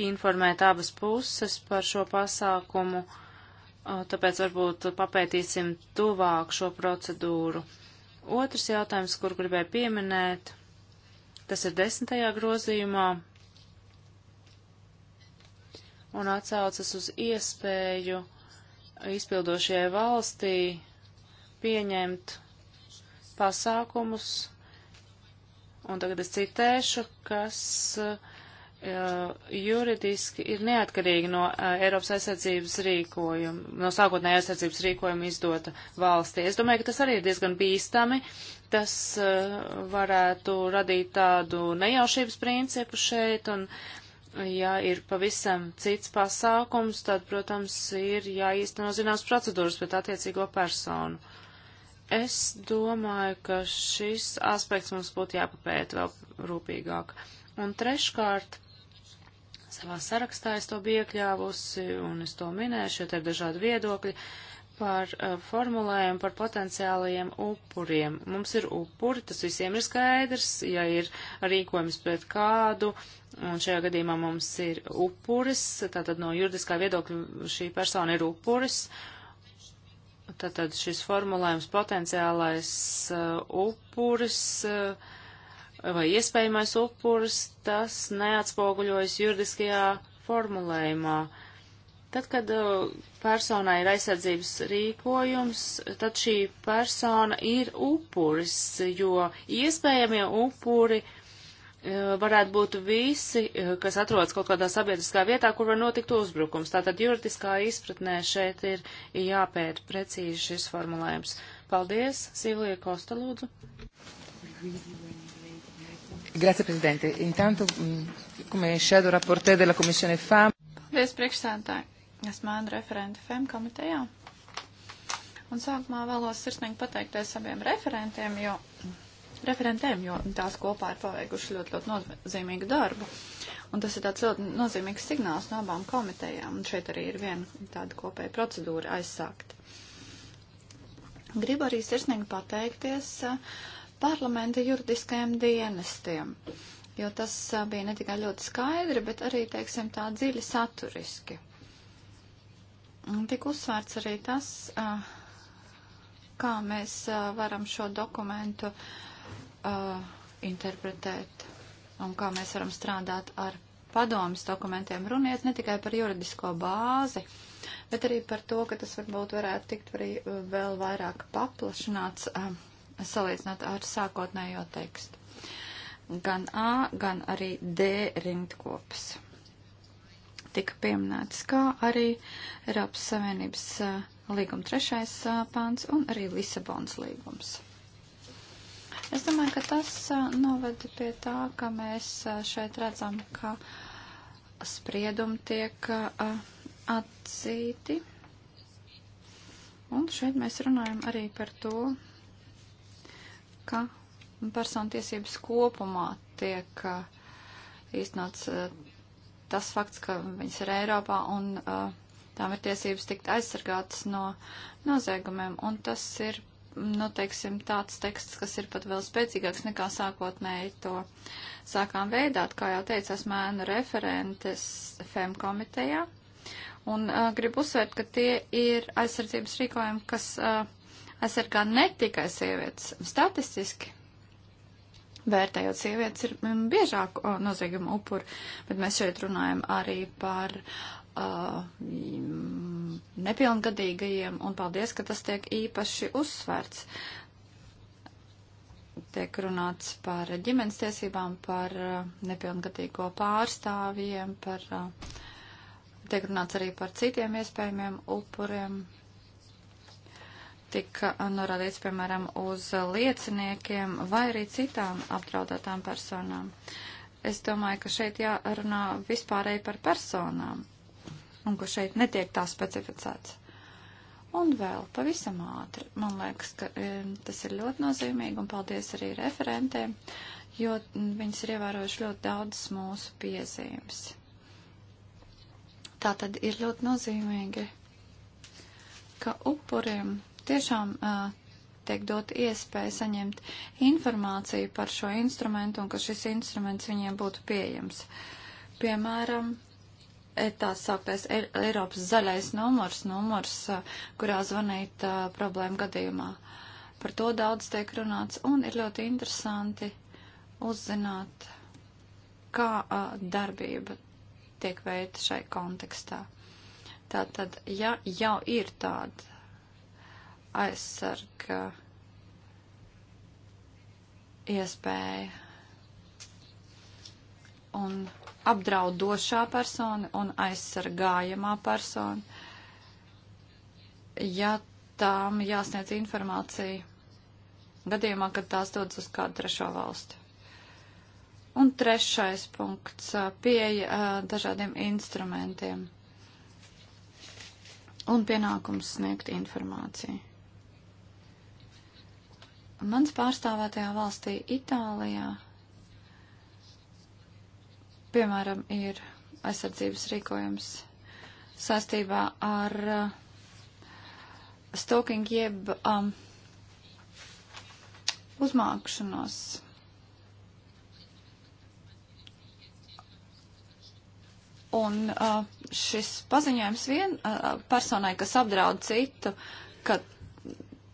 informēt abas puses par šo pasākumu. Uh, tāpēc varbūt papētīsim tuvāk šo procedūru. Otrs jautājums, kur gribēju pieminēt, tas ir desmitajā grozījumā un atsaucas uz iespēju izpildošajai valstī pieņemt pasākumus, un tagad es citēšu, kas uh, Uh, juridiski ir neatkarīgi no uh, Eiropas aizsardzības rīkojuma, no sākotnējā aizsardzības rīkojuma izdota valstī. Es domāju, ka tas arī ir diezgan bīstami. Tas uh, varētu radīt tādu nejaušības principu šeit, un ja ir pavisam cits pasākums, tad, protams, ir jāīsteno zināmas procedūras pret attiecīgo personu. Es domāju, ka šis aspekts mums būtu jāpapēta vēl rūpīgāk. Un treškārt, Savā sarakstā es to biju iekļāvusi un es to minēšu, jo te ir dažādi viedokļi par uh, eh, formulējumu par potenciālajiem upuriem. Mums ir upuri, tas visiem ir skaidrs, ja ir rīkojums pret kādu, un šajā gadījumā mums ir upuris, tātad no juridiskā viedokļa šī persona ir upuris, tātad šis formulējums potenciālais uh, upuris. Uh, vai iespējamais upuris, tas neatspoguļojas juridiskajā formulējumā. Tad, kad uh, personai ir aizsardzības rīkojums, tad šī persona ir upuris, jo iespējamie upuri uh, varētu būt visi, uh, kas atrodas kaut kādā sabiedriskā vietā, kur var notikt uzbrukums. Tātad juridiskā izpratnē šeit ir jāpēta precīzi šis formulējums. Paldies, Silvija Kosta, lūdzu. Really Grazie, Presidente. Intanto, mm, come shadow rapporteur della Commissione FAM. Paldies, priekšsēdētāji. Esmu Andra referente FEM komitejā. Un sākumā vēlos sirsnīgi pateikties abiem referentiem, jo, referentiem, jo tās kopā ir paveikuši ļoti, ļoti nozīmīgu darbu. Un tas ir tāds ļoti nozīmīgs signāls no abām komitejām. Un šeit arī ir viena tāda kopēja procedūra aizsākt. Gribu arī sirsnīgi pateikties uh, parlamenta juridiskajiem dienestiem, jo tas bija ne tikai ļoti skaidri, bet arī, teiksim, tā dziļi saturiski. Tik uzsvērts arī tas, kā mēs varam šo dokumentu interpretēt un kā mēs varam strādāt ar padomas dokumentiem. Runiet ne tikai par juridisko bāzi, bet arī par to, ka tas varbūt varētu tikt arī vēl vairāk paplašināts. Uh, salīdzinot ar sākotnējo tekstu. Gan A, gan arī D rindkopas tika pieminētas, kā arī Eiropas Savienības līguma trešais pāns un arī Lisabonas līgums. Es domāju, ka tas noveda pie tā, ka mēs šeit redzam, ka spriedumi tiek atzīti. Un šeit mēs runājam arī par to, ka personu tiesības kopumā tiek uh, īstenots uh, tas fakts, ka viņas ir Eiropā un uh, tām ir tiesības tikt aizsargātas no noziegumiem. Un tas ir, nu, teiksim, tāds teksts, kas ir pat vēl spēcīgāks nekā sākotnēji to sākām veidāt. Kā jau teicu, esmu ēnu referentes FEM komitejā. Un uh, gribu uzsvērt, ka tie ir aizsardzības rīkojumi, kas uh, aizsargā ne tikai sievietes. Statistiski vērtējot sievietes ir mm, biežāk nozieguma upuri, bet mēs šeit runājam arī par uh, nepilngadīgajiem, un paldies, ka tas tiek īpaši uzsvērts. Tiek runāts par ģimenes tiesībām, par uh, nepilngadīgo pārstāvjiem, par, uh, tiek runāts arī par citiem iespējamiem upuriem, tika norādīts, piemēram, uz lieciniekiem vai arī citām apdraudētām personām. Es domāju, ka šeit jārunā vispārēji par personām un ka šeit netiek tā specificēts. Un vēl pavisam ātri, man liekas, ka tas ir ļoti nozīmīgi un paldies arī referentēm, jo viņas ir ievērojuši ļoti daudz mūsu piezīmes. Tā tad ir ļoti nozīmīgi, ka upuriem tiešām tiek dot iespēja saņemt informāciju par šo instrumentu un ka šis instruments viņiem būtu pieejams. Piemēram, e, tā sauktais e, Eiropas zaļais numurs, numurs, kurā zvanīt uh, problēmu gadījumā. Par to daudz tiek runāts un ir ļoti interesanti uzzināt, kā uh, darbība tiek veikta šai kontekstā. Tātad, ja jau ir tāda aizsarga iespēja un apdraudošā persona un aizsargājamā persona. Ja tām jāsniedz informācija gadījumā, kad tās dodas uz kādu trešo valsti. Un trešais punkts - pieeja dažādiem instrumentiem un pienākums sniegt informāciju. Mans pārstāvētajā valstī, Itālijā, piemēram, ir aizsardzības rīkojums saistībā ar uh, stalking jeb um, uzmākšanos. Un uh, šis paziņojums vien uh, personai, kas apdraud citu, ka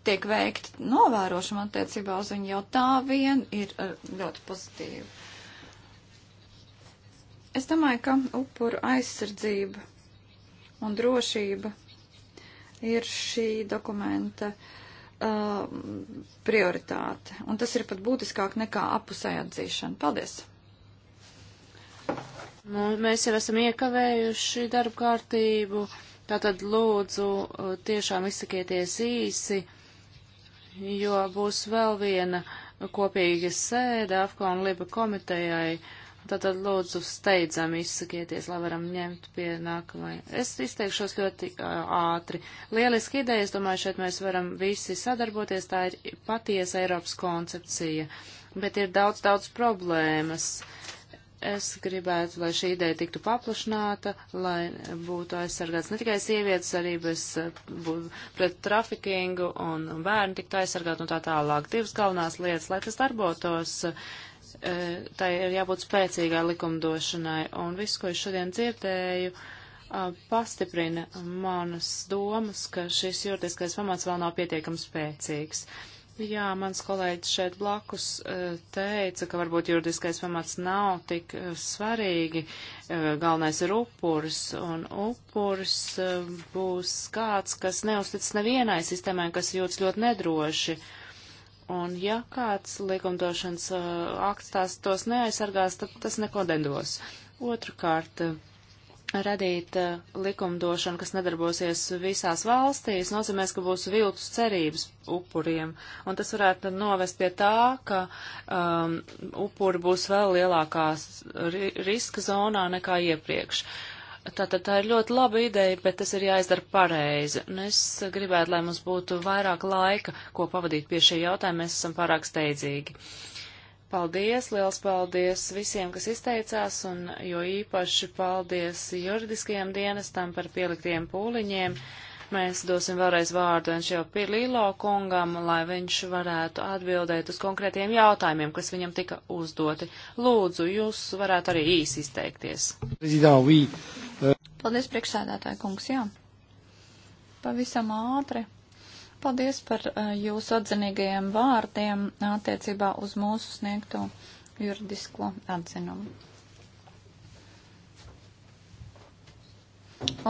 tiek veikta novērošana attiecībā uz viņu, jau tā vien ir eh, ļoti pozitīva. Es domāju, ka upuru aizsardzība un drošība ir šī dokumenta uh, prioritāte. Un tas ir pat būtiskāk nekā apusēja atzīšana. Paldies! Nu, mēs jau esam iekavējuši darbu kārtību, tātad lūdzu eh, tiešām izsakieties īsi jo būs vēl viena kopīga sēde Afgānu Liba komitejai. Tātad lūdzu steidzam izsakieties, lai varam ņemt pie nākamajai. Es izteikšos ļoti ātri. Lieliski ideja, es domāju, šeit mēs varam visi sadarboties, tā ir patiesa Eiropas koncepcija, bet ir daudz, daudz problēmas. Uh, Es gribētu, lai šī ideja tiktu paplašināta, lai būtu aizsargāts ne tikai sievietes, arī bez, pret trafikingu un bērnu tiktu aizsargāt un tā tālāk. Divas galvenās lietas, lai tas darbotos, e, tai ir jābūt spēcīgai likumdošanai. Un viss, ko es šodien dzirdēju, pastiprina manas domas, ka šis juridiskais pamats vēl nav pietiekami spēcīgs. Uh, Jā, mans kolēģis šeit blakus eh, teica, ka varbūt juridiskais pamats nav tik eh, svarīgi. Eh, galvenais ir upuris, un upuris būs kāds, kas neuztic nevienai sistēmai, kas jūtas ļoti nedroši. Un ja kāds likumdošanas akts tās tos neaizsargās, tad tas neko nedos. Otrakārt, uh, radīt uh, likumdošanu, kas nedarbosies visās valstīs, nozīmēs, ka būs viltus cerības upuriem. Un tas varētu novest pie tā, ka um, upuri būs vēl lielākā ri riska zonā nekā iepriekš. Tātad tā ir ļoti laba ideja, bet tas ir jāizdara pareizi. Un es gribētu, lai mums būtu vairāk laika, ko pavadīt pie šī jautājuma. Mēs esam pārāk steidzīgi. Uh, Paldies, liels paldies visiem, kas izteicās, un jo īpaši paldies juridiskajam dienestam par pieliktiem pūliņiem. Mēs dosim vēlreiz vārdu Enšio Pilīlo kungam, lai viņš varētu atbildēt uz konkrētiem jautājumiem, kas viņam tika uzdoti. Lūdzu, jūs varētu arī īsi izteikties. Paldies, priekšsēdētāji kungs, jā. Pavisam ātri Paldies par jūsu atzinīgajiem vārdiem attiecībā uz mūsu sniegto juridisko atzinumu.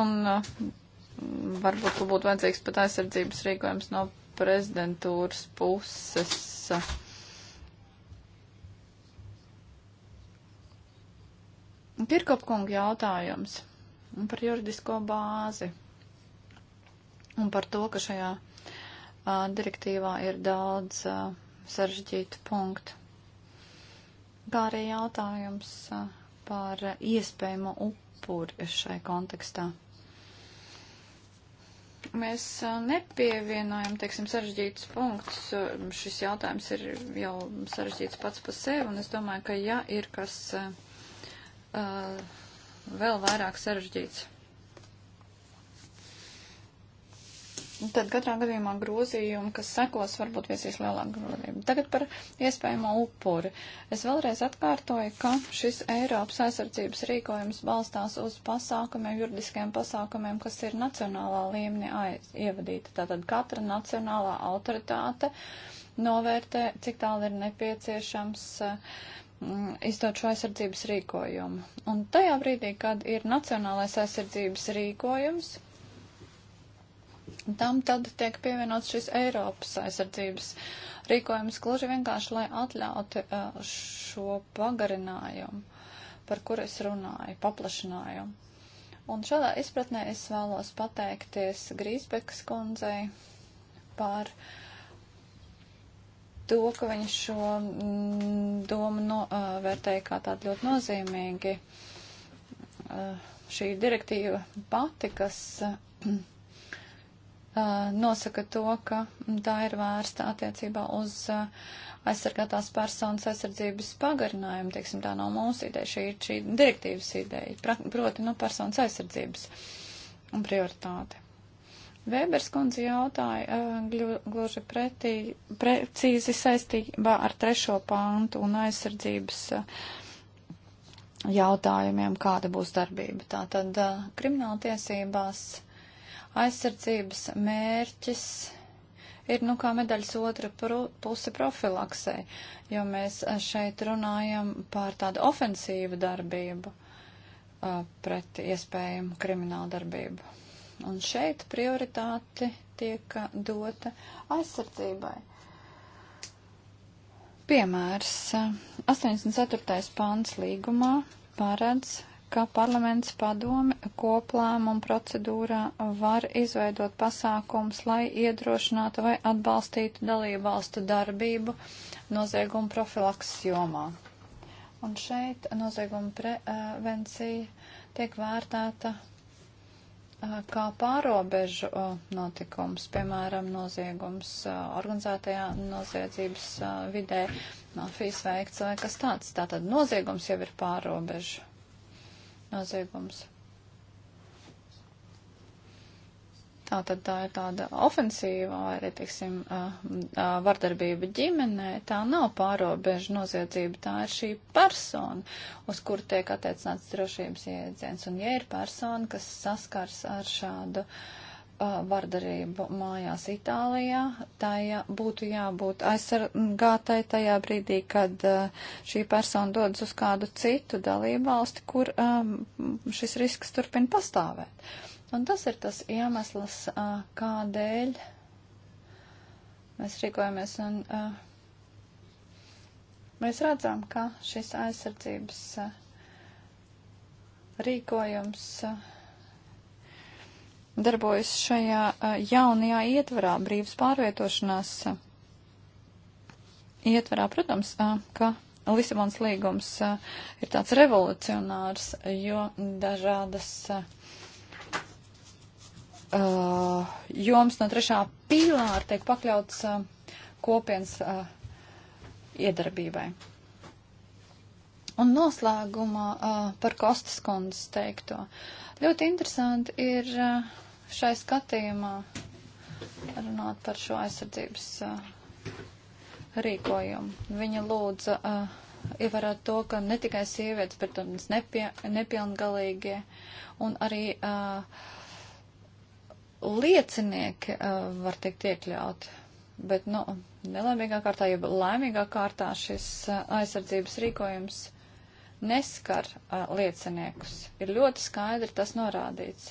Un varbūt būtu vajadzīgs pat aizsardzības rīkojums no prezidentūras puses. Kirkopkunga jautājums par juridisko bāzi un par to, ka šajā direktīvā ir daudz sarežģītu punktu. Kā arī jautājums par iespējamo upuri šai kontekstā. Mēs nepievienojam, teiksim, sarežģītus punktus. Šis jautājums ir jau sarežģīts pats par sevi, un es domāju, ka ja ir kas vēl vairāk sarežģīts Nu, tad katrā gadījumā grozījumi, kas sekos, varbūt viesīs lielāku grūtību. Tagad par iespējamo upuri. Es vēlreiz atkārtoju, ka šis Eiropas aizsardzības rīkojums balstās uz pasākumiem, juridiskiem pasākumiem, kas ir nacionālā līmenī aiz, ievadīti. Tātad katra nacionālā autoritāte novērtē, cik tālu ir nepieciešams uh, izdot šo aizsardzības rīkojumu. Un tajā brīdī, kad ir nacionālais aizsardzības rīkojums, Tam tad tiek pievienots šis Eiropas aizsardzības rīkojums gluži vienkārši, lai atļautu šo pagarinājumu, par kur es runāju, paplašinājumu. Un šādā izpratnē es vēlos pateikties Grīsbekas kundzei par to, ka viņa šo mm, domu novērtēja kā tādu ļoti nozīmīgi. Šī direktīva pati, kas Eh, nosaka to, ka tā ir vērsta attiecībā uz eh, aizsargātās personas aizsardzības pagarinājumu, teiksim, tā nav mūsu ideja, šī ir šī direktīvas ideja, proti, nu, personas aizsardzības un prioritāte. Vēbers kundze jātāja eh, gluži pretī, precīzi saistībā ar trešo pāntu un aizsardzības jautājumiem, kāda būs darbība. Tātad krimināla tiesībās Aizsardzības mērķis ir nu kā medaļas otra puse profilaksē, jo mēs šeit runājam par tādu ofensīvu darbību uh, pret iespējamu kriminālu darbību. Un šeit prioritāte tiek dota aizsardzībai. Piemērs 84. pāns līgumā paredz, ka parlaments padome koplēmuma procedūrā var izveidot pasākums, lai iedrošinātu vai atbalstītu dalībvalstu darbību nozieguma profilakses jomā. Un šeit nozieguma prevencija tiek vērtēta kā pārobežu notikums, piemēram, noziegums organizētajā noziedzības vidē, mafijas veikts vai kas tāds. Tātad noziegums jau ir pārobežu noziegums. Tā tad tā ir tāda ofensīva, arī, teiksim, vardarbība ģimenē. Tā nav pārobežu noziedzība, tā ir šī persona, uz kuru tiek attiecināts drošības iedziens. Un ja ir persona, kas saskars ar šādu uh, Uh, vardarību mājās Itālijā, tai būtu jābūt aizsargātai tajā brīdī, kad uh, šī persona dodas uz kādu citu dalību valsti, kur um, šis risks turpina pastāvēt. Un tas ir tas iemesls, uh, kādēļ mēs rīkojamies un mēs redzam, ka šis aizsardzības rīkojums uh, darbojas šajā jaunajā ietvarā, brīvas pārvietošanās ietvarā. Protams, ka Lisabons līgums ir tāds revolucionārs, jo dažādas joms no trešā pīlāra tiek pakļauts kopienas iedarbībai. Un noslēgumā par Kostas kundzes teikto. Ļoti interesanti ir uh, šai skatījumā runāt par šo aizsardzības uh, rīkojumu. Viņa lūdza uh, ievērot to, ka ne tikai sievietes, bet arī nepie, nepilngalīgie un arī uh, liecinieki uh, var tikt iekļauti. Bet, nu, nelaimīgā kārtā, jeb laimīgā kārtā šis uh, aizsardzības rīkojums neskar uh, lieciniekus. Ir ļoti skaidri tas norādīts.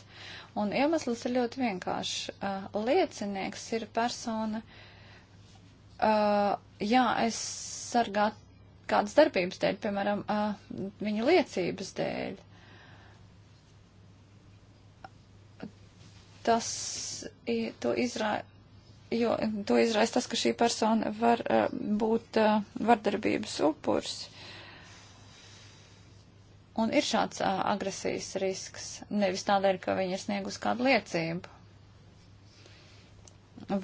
Un iemesls ir ļoti vienkāršs. Uh, liecinieks ir persona uh, jāaizsargā kādas darbības dēļ, piemēram, uh, viņa liecības dēļ. Tas, to izrāda jo to izraisa tas, ka šī persona var uh, būt uh, vardarbības upurs. Un ir šāds uh, agresijas risks, nevis tādēļ, ka viņi ir sniegus kādu liecību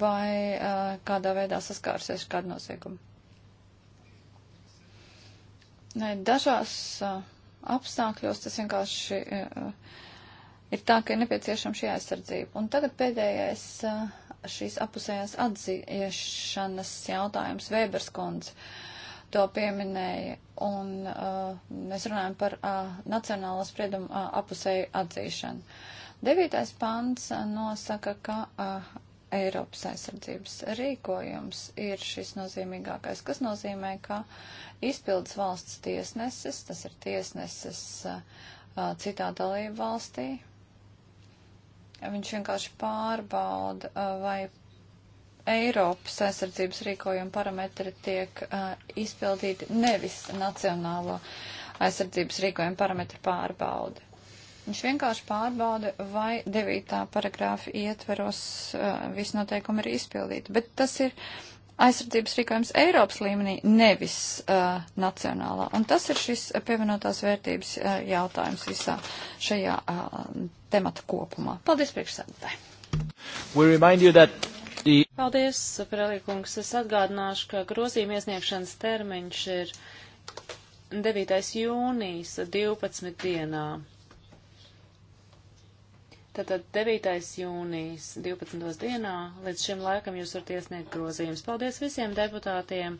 vai uh, kādā veidā saskārsies kādu noziegumu. Nē, dažās uh, apstākļos tas vienkārši uh, ir tā, ka ir nepieciešama šī aizsardzība. Un tagad pēdējais uh, šīs apusējās atzīšanas jautājums Vēberskundze. Uh, to pieminēja, un uh, mēs runājam par uh, nacionālo spriedumu uh, apusēju atzīšanu. Devītais pants uh, nosaka, ka uh, Eiropas aizsardzības rīkojums ir šis nozīmīgākais, kas nozīmē, ka izpildes valsts tiesneses, tas ir tiesneses uh, citā dalību valstī, viņš vienkārši pārbauda, uh, vai Eiropas aizsardzības rīkojuma parametri tiek uh, izpildīti nevis nacionālo aizsardzības rīkojuma parametru pārbaudi. Viņš vienkārši pārbauda, vai 9. paragrāfa ietveros uh, visi noteikumi ir izpildīti. Bet tas ir aizsardzības rīkojums Eiropas līmenī, nevis uh, nacionālā. Un tas ir šis pievienotās vērtības uh, jautājums visā šajā uh, temata kopumā. Paldies priekšsēdētāji! Paldies, Prelīkungs. Es atgādināšu, ka grozījuma iesniegšanas termiņš ir 9. jūnijas 12 dienā. Tātad 9. jūnijas 12. dienā līdz šim laikam jūs varat iesniegt grozījumus. Paldies visiem deputātiem,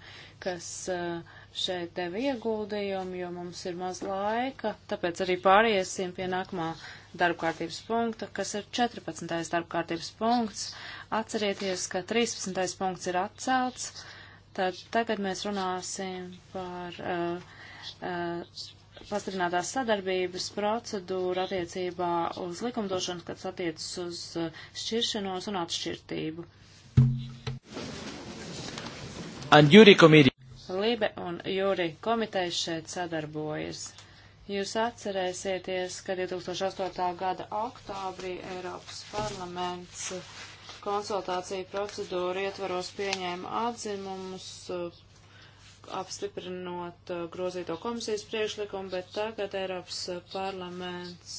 kas eh, šeit deva ieguldījumu, jo mums ir maz laika, tāpēc arī pāriesim pie nākamā darbkārtības punkta, kas ir 14. darbkārtības punkts. Atcerieties, ka 13. punkts ir atcelts, tad tagad mēs runāsim par uh, uh, pastrinātās sadarbības procedūru attiecībā uz likumdošanu, kas attiecas uz uh, šķiršanos un atšķirtību. Lībe un Jūri komitejas šeit sadarbojas. Jūs atcerēsieties, ka 2008. gada oktobrī Eiropas parlaments konsultāciju procedūru ietvaros pieņēma atzinumus, uh, apstiprinot uh, grozīto komisijas priekšlikumu, bet tagad Eiropas uh, parlaments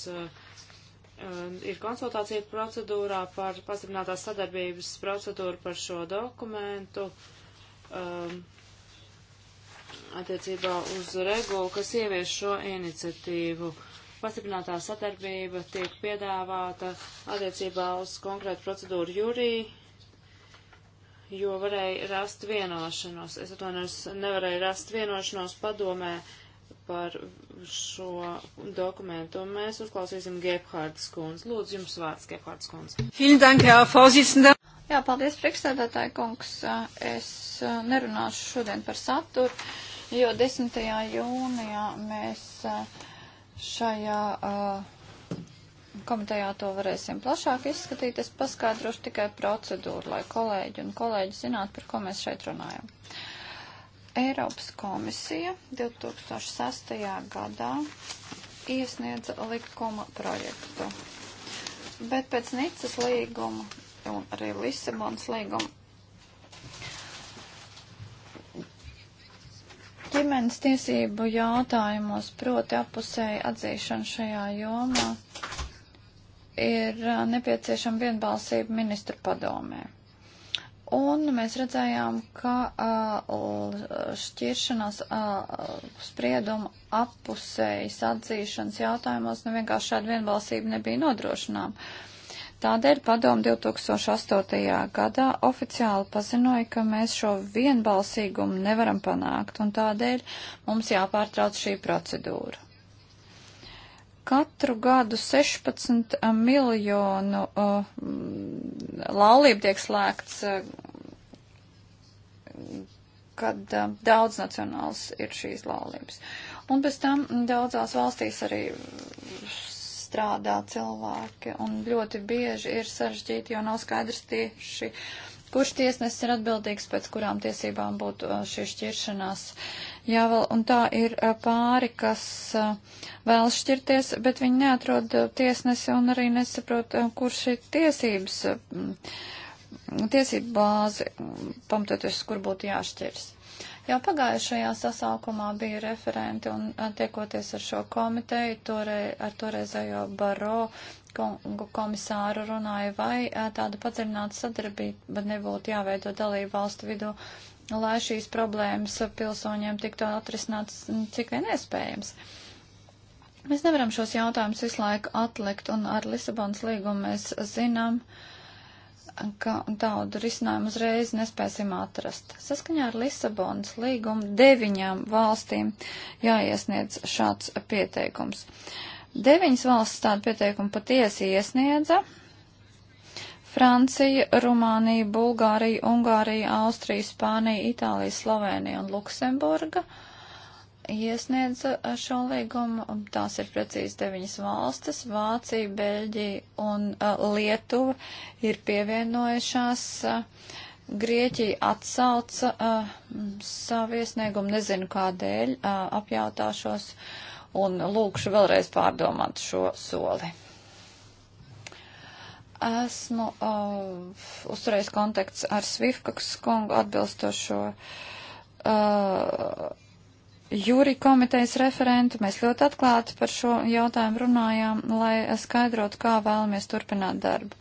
ir konsultācija procedūrā par pastiprinātās sadarbības procedūru par šo dokumentu. Um, attiecībā uz regulu, kas ievies šo iniciatīvu. Pastiprinātā sadarbība tiek piedāvāta attiecībā uz konkrētu procedūru jūrī, jo varēja rast vienošanos. Es atvainojos, nevarēju rast vienošanos padomē par šo dokumentu. Un mēs uzklausīsim Gebhardas kundz. Lūdzu, jums vārds, Gebhardas kundz. Vielen Dank, Herr Vorsitzender. Jā, paldies, priekšstādātāji kungs. Es eh, nerunāšu šodien par saturu jo 10. jūnijā mēs šajā komitejā to varēsim plašāk izskatīt. Es paskaidrošu tikai procedūru, lai kolēģi un kolēģi zinātu, par ko mēs šeit runājam. Eiropas komisija 2006. gadā iesniedza likuma projektu. Bet pēc Nicas līguma un arī Lisabonas līguma ģimenes tiesību jautājumos, proti apusēja atzīšana šajā jomā, ir nepieciešama vienbalsība ministru padomē. Un mēs redzējām, ka šķiršanās spriedumu apusējas atzīšanas jautājumos nu vienkārši šāda vienbalsība nebija nodrošināma Tādēļ padomu 2008. gadā oficiāli paziņoja, ka mēs šo vienbalsīgumu nevaram panākt, un tādēļ mums jāpārtrauc šī procedūra. Katru gadu 16 miljonu uh, laulību tiek slēgts, uh, kad uh, daudz nacionāls ir šīs laulības. Un bez tam daudzās valstīs arī strādā cilvēki, un ļoti bieži ir sarežģīti, jo nav skaidrs tieši, kurš tiesnesis ir atbildīgs, pēc kurām tiesībām būtu šī šķiršanās jāvēl. Un tā ir pāri, kas vēl šķirties, bet viņi neatrod tiesnesi un arī nesaprot, kurš ir tiesības, tiesība bāzi, pamatoties, kur būtu jāšķirs. Jau pagājušajā sasaukumā bija referenti un tiekoties ar šo komiteju, torej, ar toreizējo baro kungu komisāru runāja, vai tāda padziļināta sadarbība nebūtu jāveido dalību valstu vidū, lai šīs problēmas pilsoņiem tiktu atrisināts cik vien iespējams. Mēs nevaram šos jautājumus visu laiku atlikt, un ar Lisabonas līgumu mēs zinām, uh, ka tādu risinājumu uzreiz nespēsim atrast. Saskaņā ar Lisabonas līgumu deviņām valstīm jāiesniedz šāds pieteikums. Deviņas valsts tādu pieteikumu patiesi iesniedza. Francija, Rumānija, Bulgārija, Ungārija, Austrija, Spānija, Itālija, Slovenija un Luksemburga. Uh, iesniedza šo līgumu. Tās ir precīzi deviņas valstis - Vācija, Beļģija un uh, Lietuva ir pievienojušās. Uh, Grieķija atsauca uh, savu iesniegumu, nezinu kādēļ, uh, apjautāšos un lūkšu vēlreiz pārdomāt šo soli. Esmu uh, uzturējis kontakts ar Svifkaks kungu atbilstošo. Uh, jūri komitejas referentu. Mēs ļoti atklāti par šo jautājumu runājām, lai skaidrotu, kā vēlamies turpināt darbu.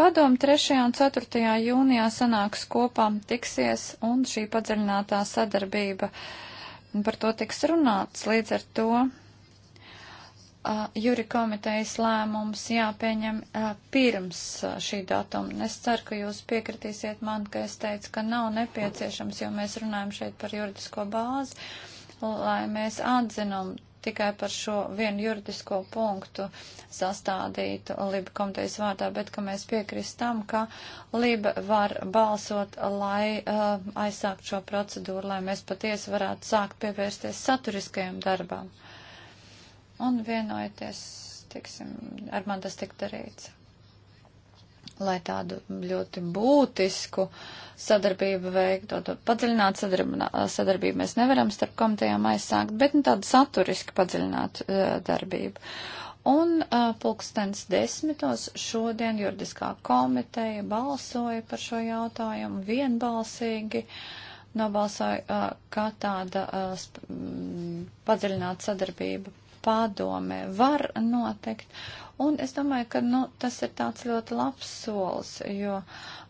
Padomu 3. un 4. jūnijā sanāks kopā tiksies un šī padziļinātā sadarbība. Par to tiks runāts. Līdz ar to uh, jūri komitejas lēmums jāpieņem uh, pirms uh, šī datuma. Es ceru, ka jūs piekritīsiet man, ka es teicu, ka nav nepieciešams, jo mēs runājam šeit par juridisko bāzi. Uh, lai mēs atzinumu tikai par šo vienu juridisko punktu sastādītu Liba komitejas vārdā, bet ka mēs piekrist tam, ka Liba var balsot, lai uh, aizsākt šo procedūru, lai mēs patiesi varētu sākt pievērsties saturiskajam darbam. Un vienojoties, tiksim, ar man tas tik darīts lai tādu ļoti būtisku sadarbību veiktu, tādu padziļinātu sadarbību mēs nevaram starp komitejām aizsākt, bet nu, tādu saturiski padziļinātu uh, e, darbību. Un uh, pulkstens desmitos šodien juridiskā komiteja balsoja par šo jautājumu vienbalsīgi. Nobalsoja, uh, kā tāda uh, padziļināta sadarbība padomē var notikt. Un es domāju, ka nu, tas ir tāds ļoti labs solis, jo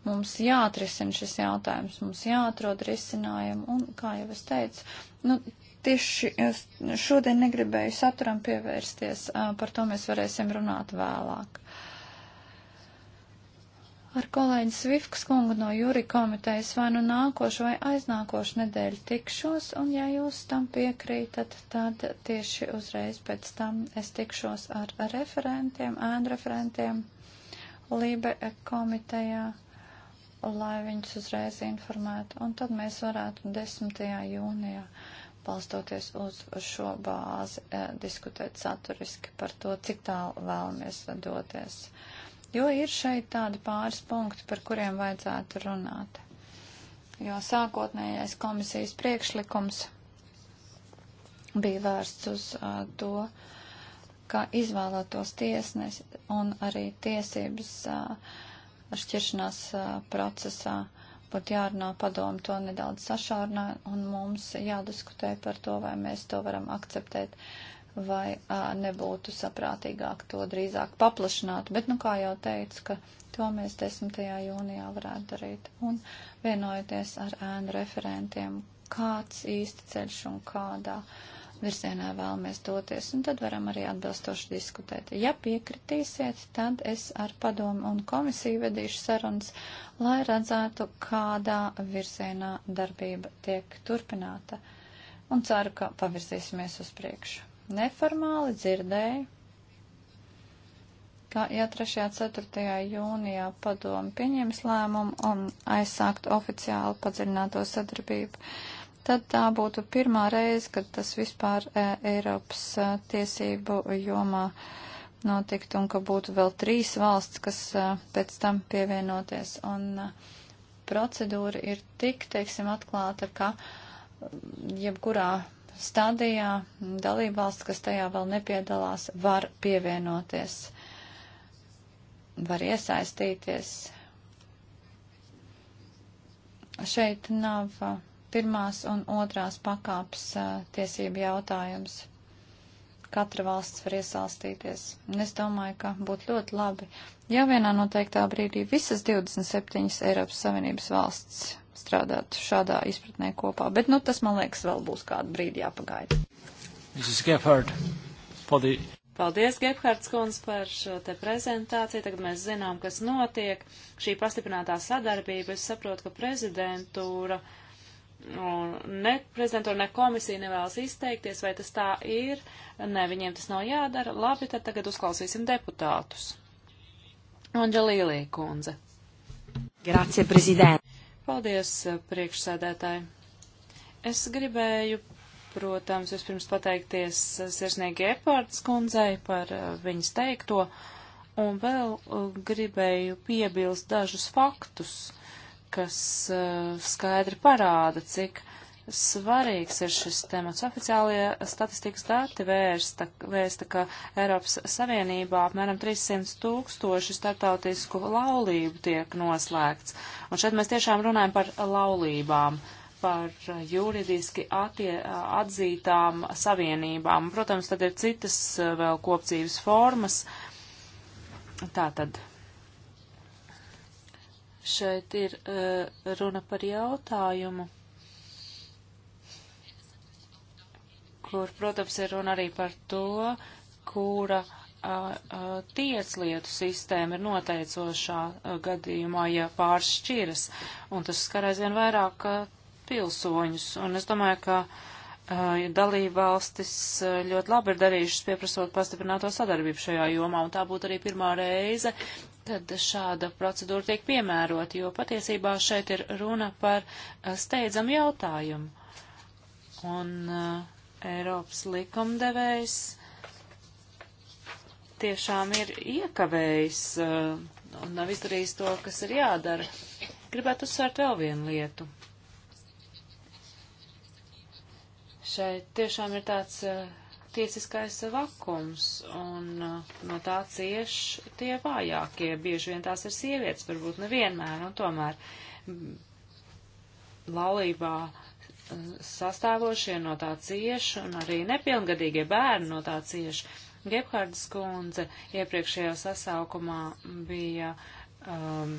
mums jāatrisina šis jautājums, mums jāatrod risinājumu. Un, kā jau es teicu, nu, tieši šodien negribēju saturam pievērsties, par to mēs varēsim runāt vēlāk. Uh, ar kolēģi Svifkas kungu no jūri komitejas vai nu nākošu vai aiznākošu nedēļu tikšos, un ja jūs tam piekrītat, tad tieši uzreiz pēc tam es tikšos ar referentiem, ēnreferentiem Lībe komitejā, lai viņus uzreiz informētu, un tad mēs varētu 10. jūnijā balstoties uz šo bāzi eh, diskutēt saturiski par to, cik tālu vēlamies doties. Uh, Jo ir šeit tādi pāris punkti, par kuriem vajadzētu runāt. Jo sākotnējais komisijas priekšlikums bija vērsts uz uh, to, kā izvēlētos tiesnesi un arī tiesības uh, šķiršanās uh, procesā būtu jārunā padomu to nedaudz sašaurināja un mums jādiskutē par to, vai mēs to varam akceptēt. Uh, vai a, nebūtu saprātīgāk to drīzāk paplašināt. Bet, nu, kā jau teicu, ka to mēs 10. jūnijā varētu darīt. Un vienojoties ar ēnu referentiem, kāds īsti ceļš un kādā virzienā vēlamies doties, un tad varam arī atbilstoši diskutēt. Ja piekritīsiet, tad es ar padomu un komisiju vedīšu sarunas, lai redzētu, kādā virzienā darbība tiek turpināta. Un ceru, ka pavirzīsimies uz priekšu. Neformāli dzirdēju, ka ja 3. 4. jūnijā padomu pieņems lēmumu un aizsākt oficiāli padziļināto sadarbību, tad tā būtu pirmā reize, kad tas vispār e, Eiropas e, tiesību jomā notikt un ka būtu vēl trīs valsts, kas e, pēc tam pievienoties. Un e, procedūra ir tik, teiksim, atklāta, ka jebkurā stadijā dalībvalsts, kas tajā vēl nepiedalās, var pievienoties, var iesaistīties. Šeit nav uh, pirmās un otrās pakāps uh, tiesību jautājums. Katra valsts var iesaistīties. Un es domāju, ka būtu ļoti labi, ja vienā noteiktā brīdī visas 27 Eiropas Savienības valsts strādāt šādā izpratnē kopā. Bet, nu, tas, man liekas, vēl būs kādu brīdi jāpagaida. Gephardt. Paldies. Paldies, Gebhards Kunz, par šo te prezentāciju. Tagad mēs zinām, kas notiek. Šī pastiprinātā sadarbība, es saprotu, ka prezidentūra, nu, ne prezidentūra, ne komisija nevēlas izteikties, vai tas tā ir. Ne, viņiem tas nav jādara. Labi, tad tagad uzklausīsim deputātus. Anģelīlī Kunze. Grazie, prezident. Paldies, eh, priekšsēdētāji. Es gribēju, protams, vispirms pateikties eh, sirsnīgi Epārds kundzei par eh, viņas teikto, un vēl gribēju piebilst dažus faktus, kas skaidri parāda, cik svarīgs ir šis temats. Oficiālie statistikas dati vērsta, vēsta, ka Eiropas Savienībā apmēram 300 tūkstoši startautisku laulību tiek noslēgts. Un šeit mēs tiešām runājam par laulībām, par juridiski atie, atzītām savienībām. Protams, tad ir citas eh, vēl kopdzīves formas. Tātad šeit ir uh, runa par jautājumu kur, protams, ir runa arī par to, kura tieslietu sistēma ir noteicošā a, gadījumā, ja pāršķiras, un tas skar aizvien vairāk a, pilsoņus. Un es domāju, ka a, dalība valstis ļoti labi ir darījušas pieprasot pastiprināto sadarbību šajā jomā, un tā būtu arī pirmā reize, kad šāda procedūra tiek piemērota, jo patiesībā šeit ir runa par steidzamu jautājumu. Un uh, Eiropas likumdevējs tiešām ir iekavējis uh, un nav izdarījis to, kas ir jādara. Gribētu uzsvērt vēl vienu lietu. Šeit tiešām ir tāds uh, tiesiskais vakums, un uh, no tā cieš tie vājākie. Bieži vien tās ir sievietes, varbūt nevienmēr, un tomēr laulībā uh, sastāvošie no tā cieši un arī nepilngadīgie bērni no tā cieši. Gebhardas kundze iepriekšējā sasaukumā bija um,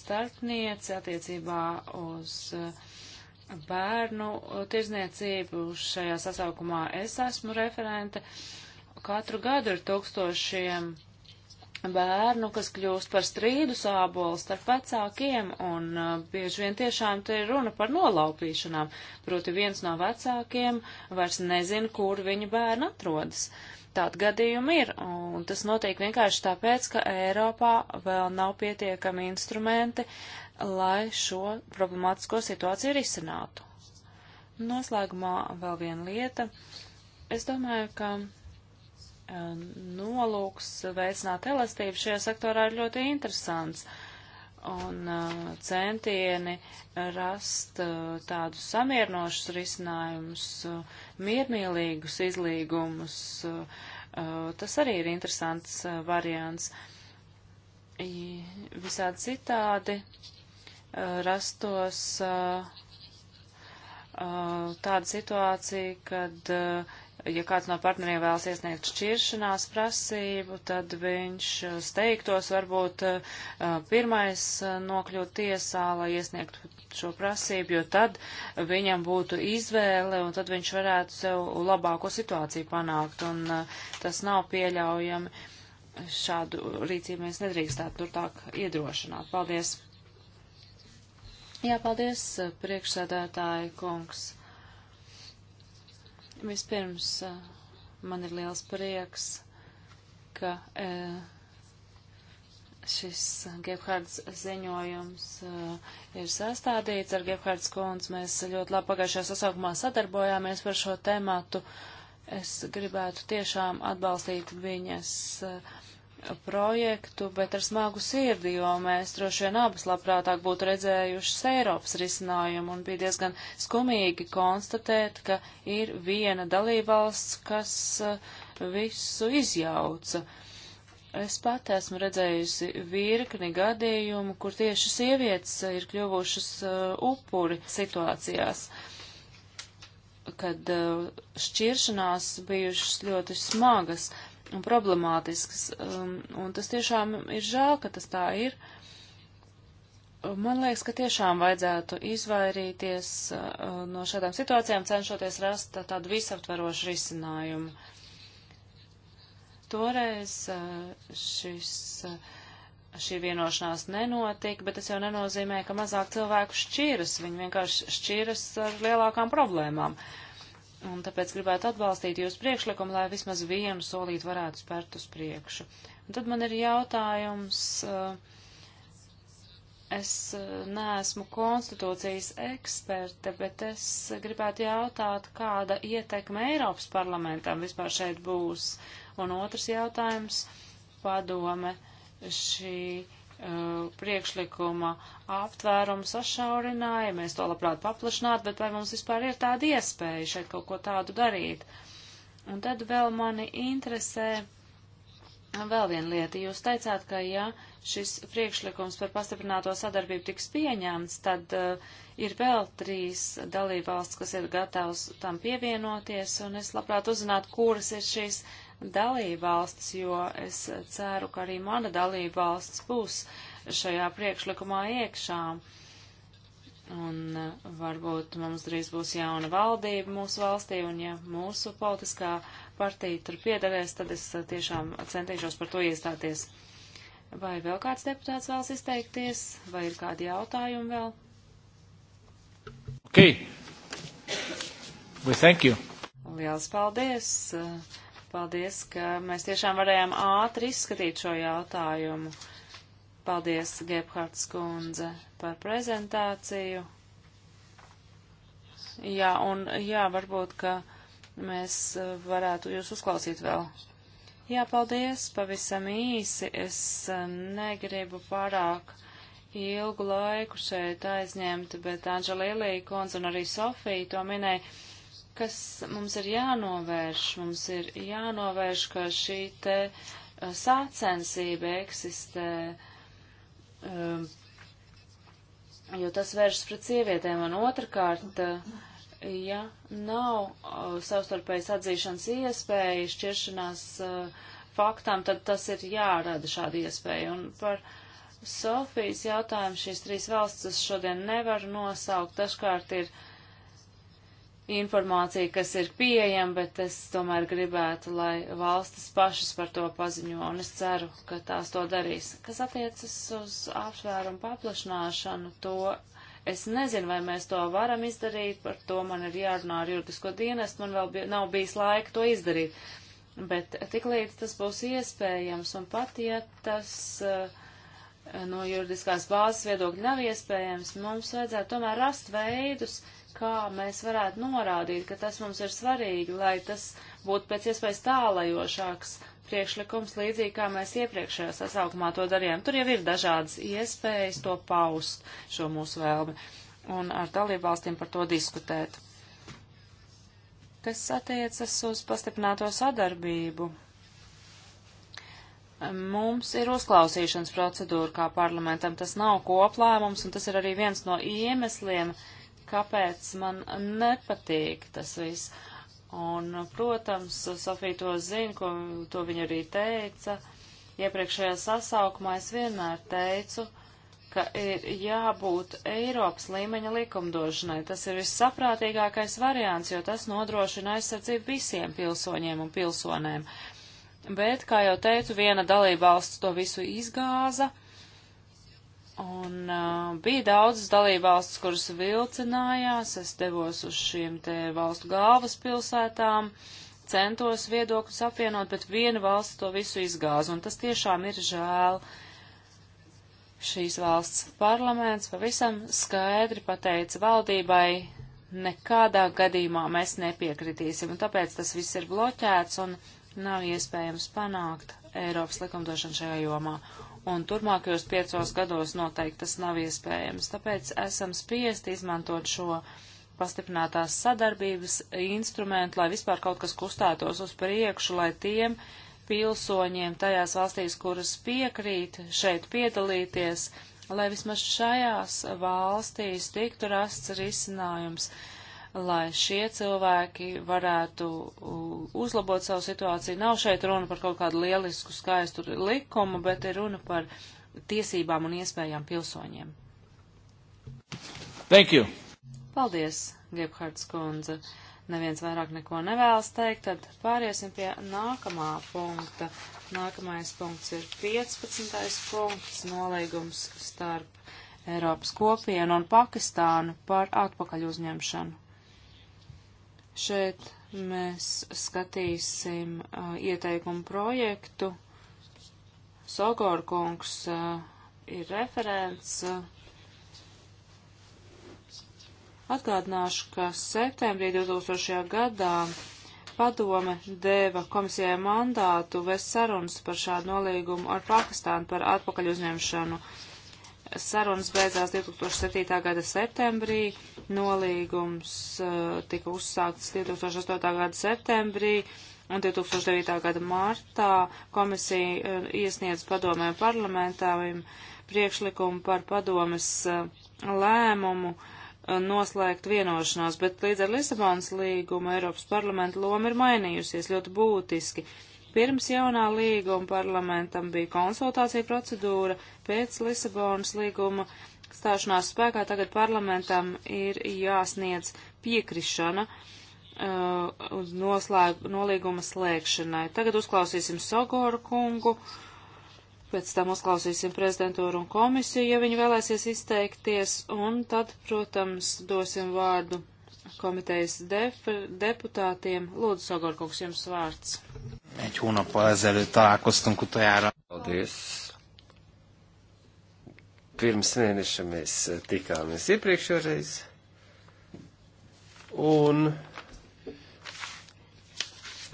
starpniece attiecībā uz uh, bērnu tirzniecību. Šajā sasaukumā es esmu referente. Katru gadu ir tūkstošiem bērnu, kas kļūst par strīdu sābolu starp vecākiem, un uh, bieži vien tiešām te ir runa par nolaupīšanām. Proti viens no vecākiem vairs nezina, kur viņa bērna atrodas. Tāda gadījuma ir, un tas notiek vienkārši tāpēc, ka Eiropā vēl nav pietiekami instrumenti, lai šo problemātisko situāciju risinātu. Noslēgumā vēl viena lieta. Es domāju, ka Um, nolūks veicināt elastību šajā sektorā ir ļoti interesants. Un uh, centieni rast uh, tādus samierinošus risinājumus, uh, miermīlīgus izlīgumus, tas arī ir interesants variants. Visādi citādi rastos tāda situācija, kad uh, ja kāds no partneriem vēlas iesniegt šķiršanās prasību, tad viņš eh, steigtos varbūt eh, pirmais eh, nokļūt tiesā, lai iesniegtu šo prasību, jo tad viņam būtu izvēle un tad viņš varētu sev labāko situāciju panākt. Un tas nav pieļaujami. Šādu rīcību mēs nedrīkstētu turtāk iedrošināt. Paldies! Jā, paldies, priekšsēdētāji kungs. Vispirms eh, man ir liels prieks, ka eh, šis Gebhards ziņojums eh, ir sastādīts. Ar Gebhards kundz mēs ļoti labi pagājušajā sasaukumā sadarbojāmies par šo tēmātu. Es gribētu tiešām atbalstīt viņas uh, projektu, bet ar smagu sirdi, jo mēs droši vien abas labprātāk būtu redzējušas Eiropas risinājumu un bija diezgan skumīgi konstatēt, ka ir viena dalībvalsts, kas eh, visu izjauca. Es pati esmu redzējusi virkni gadījumu, kur tieši sievietes ir kļuvušas eh, upuri situācijās kad eh, šķiršanās bijušas ļoti smagas. Uh, un problemātisks. Um, un tas tiešām ir žēl, ka tas tā ir. Um, man liekas, ka tiešām vajadzētu izvairīties uh, no šādām situācijām, cenšoties rast tādu visaptverošu risinājumu. Toreiz uh, šis, uh, šī vienošanās nenotika, bet tas jau nenozīmē, ka mazāk cilvēku šķiras. Viņi vienkārši šķiras ar lielākām problēmām. Uh, Un tāpēc gribētu atbalstīt jūs priekšlikumu, lai vismaz vienu solītu varētu spērt uz priekšu. Un tad man ir jautājums. Eh, es eh, neesmu konstitūcijas eksperte, bet es gribētu jautāt, kāda ietekme Eiropas parlamentam vispār šeit būs. Un otrs jautājums - padome šī Uh, priekšlikuma aptvērumu sašaurināja, mēs to labprāt paplašinātu, bet vai mums vispār ir tāda iespēja šeit kaut ko tādu darīt? Un tad vēl mani interesē vēl viena lieta. Jūs teicāt, ka ja šis priekšlikums par pastiprināto sadarbību tiks pieņemts, tad uh, ir vēl trīs dalībvalsts, kas ir gatavs tam pievienoties, un es labprāt uzzinātu, kuras ir šīs dalībvalstis, jo es ceru, ka arī mana dalībvalsts būs šajā priekšlikumā iekšā. Un uh, varbūt mums drīz būs jauna valdība mūsu valstī, un ja mūsu politiskā partija tur piedarēs, tad es uh, tiešām centīšos par to iestāties. Vai vēl kāds deputāts vēlas izteikties, vai ir kādi jautājumi vēl? Ok. We thank you. Liels paldies. Uh, Paldies, ka mēs tiešām varējām ātri izskatīt šo jautājumu. Paldies, Gebhards kundze, par prezentāciju. Jā, un jā, varbūt, ka mēs eh, varētu jūs uzklausīt vēl. Jā, paldies, pavisam īsi. Es eh, negribu pārāk ilgu laiku šeit aizņemt, bet Anģelīlī kundze un arī Sofija to minēja kas mums ir jānovērš. Mums ir jānovērš, ka šī te eh, sācensība eksistē, eh, jo tas vēršas pret sievietēm. Un otrkārt, eh, ja nav savstarpējas atzīšanas iespēja, šķiršanās faktām, tad tas ir jārada šāda iespēja. Un par Sofijas jautājumu šīs trīs valstis šodien nevar nosaukt. Dažkārt ir uh, informācija, kas ir pieejama, bet es tomēr gribētu, lai valstis pašas par to paziņo, un es ceru, ka tās to darīs. Kas attiecas uz apšvērumu paplašināšanu, to es nezinu, vai mēs to varam izdarīt, par to man ir jārunā ar juridisko dienestu, man vēl bija, nav bijis laika to izdarīt. Bet tiklīdz tas būs iespējams, un pat ja tas. Uh, no juridiskās bāzes viedokļa nav iespējams, mums vajadzētu tomēr rast veidus, kā mēs varētu norādīt, ka tas mums ir svarīgi, lai tas būtu pēc iespējas tālajošāks priekšlikums, līdzīgi kā mēs iepriekšējā sasaukumā to darījām. Tur jau ir dažādas iespējas to paust, šo mūsu vēlmi, un ar dalībvalstīm par to diskutēt. Kas attiecas uz pastiprināto sadarbību? Mums ir uzklausīšanas procedūra kā parlamentam. Tas nav koplēmums, un tas ir arī viens no iemesliem, uh, kāpēc man nepatīk tas viss. Un, protams, Sofija to zina, ko to viņa arī teica. Iepriekšējā sasaukumā es vienmēr teicu, ka ir jābūt Eiropas līmeņa likumdošanai. Tas ir vissaprātīgākais variants, jo tas nodrošina aizsardzību visiem pilsoņiem un pilsonēm. Bet, kā jau teicu, viena dalībvalsts to visu izgāza Un uh, bija daudzas dalībvalstis, kuras vilcinājās, es devos uz šiem te valstu galvaspilsētām, centos viedokļus apvienot, bet viena valsts to visu izgāza, un tas tiešām ir žēl. Šīs valsts parlaments pavisam skaidri pateica valdībai, nekādā gadījumā mēs nepiekritīsim, un tāpēc tas viss ir bloķēts un nav iespējams panākt Eiropas likumdošanu šajā jomā un turmākajos piecos gados noteikti tas nav iespējams. Tāpēc esam spiesti izmantot šo pastiprinātās sadarbības instrumentu, lai vispār kaut kas kustētos uz priekšu, lai tiem pilsoņiem tajās valstīs, kuras piekrīt šeit piedalīties, lai vismaz šajās valstīs tiktu rasts risinājums lai šie cilvēki varētu uzlabot savu situāciju. Nav šeit runa par kaut kādu lielisku, skaistu likumu, bet ir runa par tiesībām un iespējām pilsoņiem. Thank you! Paldies, Gebhards kundze! Neviens vairāk neko nevēlas teikt, tad pāriesim pie nākamā punkta. Nākamais punkts ir 15. punkts nolīgums starp Eiropas kopienu un Pakistānu par atpakaļ uzņemšanu. Šeit mēs skatīsim uh, ieteikumu projektu. Sogorkungs uh, ir referents. Uh. Atgādināšu, ka septembrī 2000. gadā padome deva komisijai mandātu vest sarunas par šādu nolīgumu ar Pakistānu par atpakaļ uzņemšanu. Uh, Sarunas beidzās 2007. gada septembrī, nolīgums uh, tika uzsākts 2008. gada septembrī un 2009. gada martā komisija uh, iesniedz padomē parlamentāriem priekšlikumu par padomes uh, lēmumu uh, noslēgt vienošanos, bet līdz ar Lisabonas līgumu Eiropas parlamenta loma ir mainījusies ļoti būtiski. Uh, Pirms jaunā līguma parlamentam bija konsultācija procedūra, pēc Lisabonas līguma stāšanās spēkā tagad parlamentam ir jāsniedz piekrišana uh, noslēg, nolīguma slēgšanai. Tagad uzklausīsim Sogoru kungu, pēc tam uzklausīsim prezidentūru un komisiju, ja viņi vēlēsies izteikties, un tad, protams, dosim vārdu komitejas def, deputātiem. Lūdzu, Sagorkungs, jums vārds. Egy hónappal ezelőtt találkoztunk utoljára. Paldies. Pirms mēneša mēs tikāmies iepriekšreiz. Un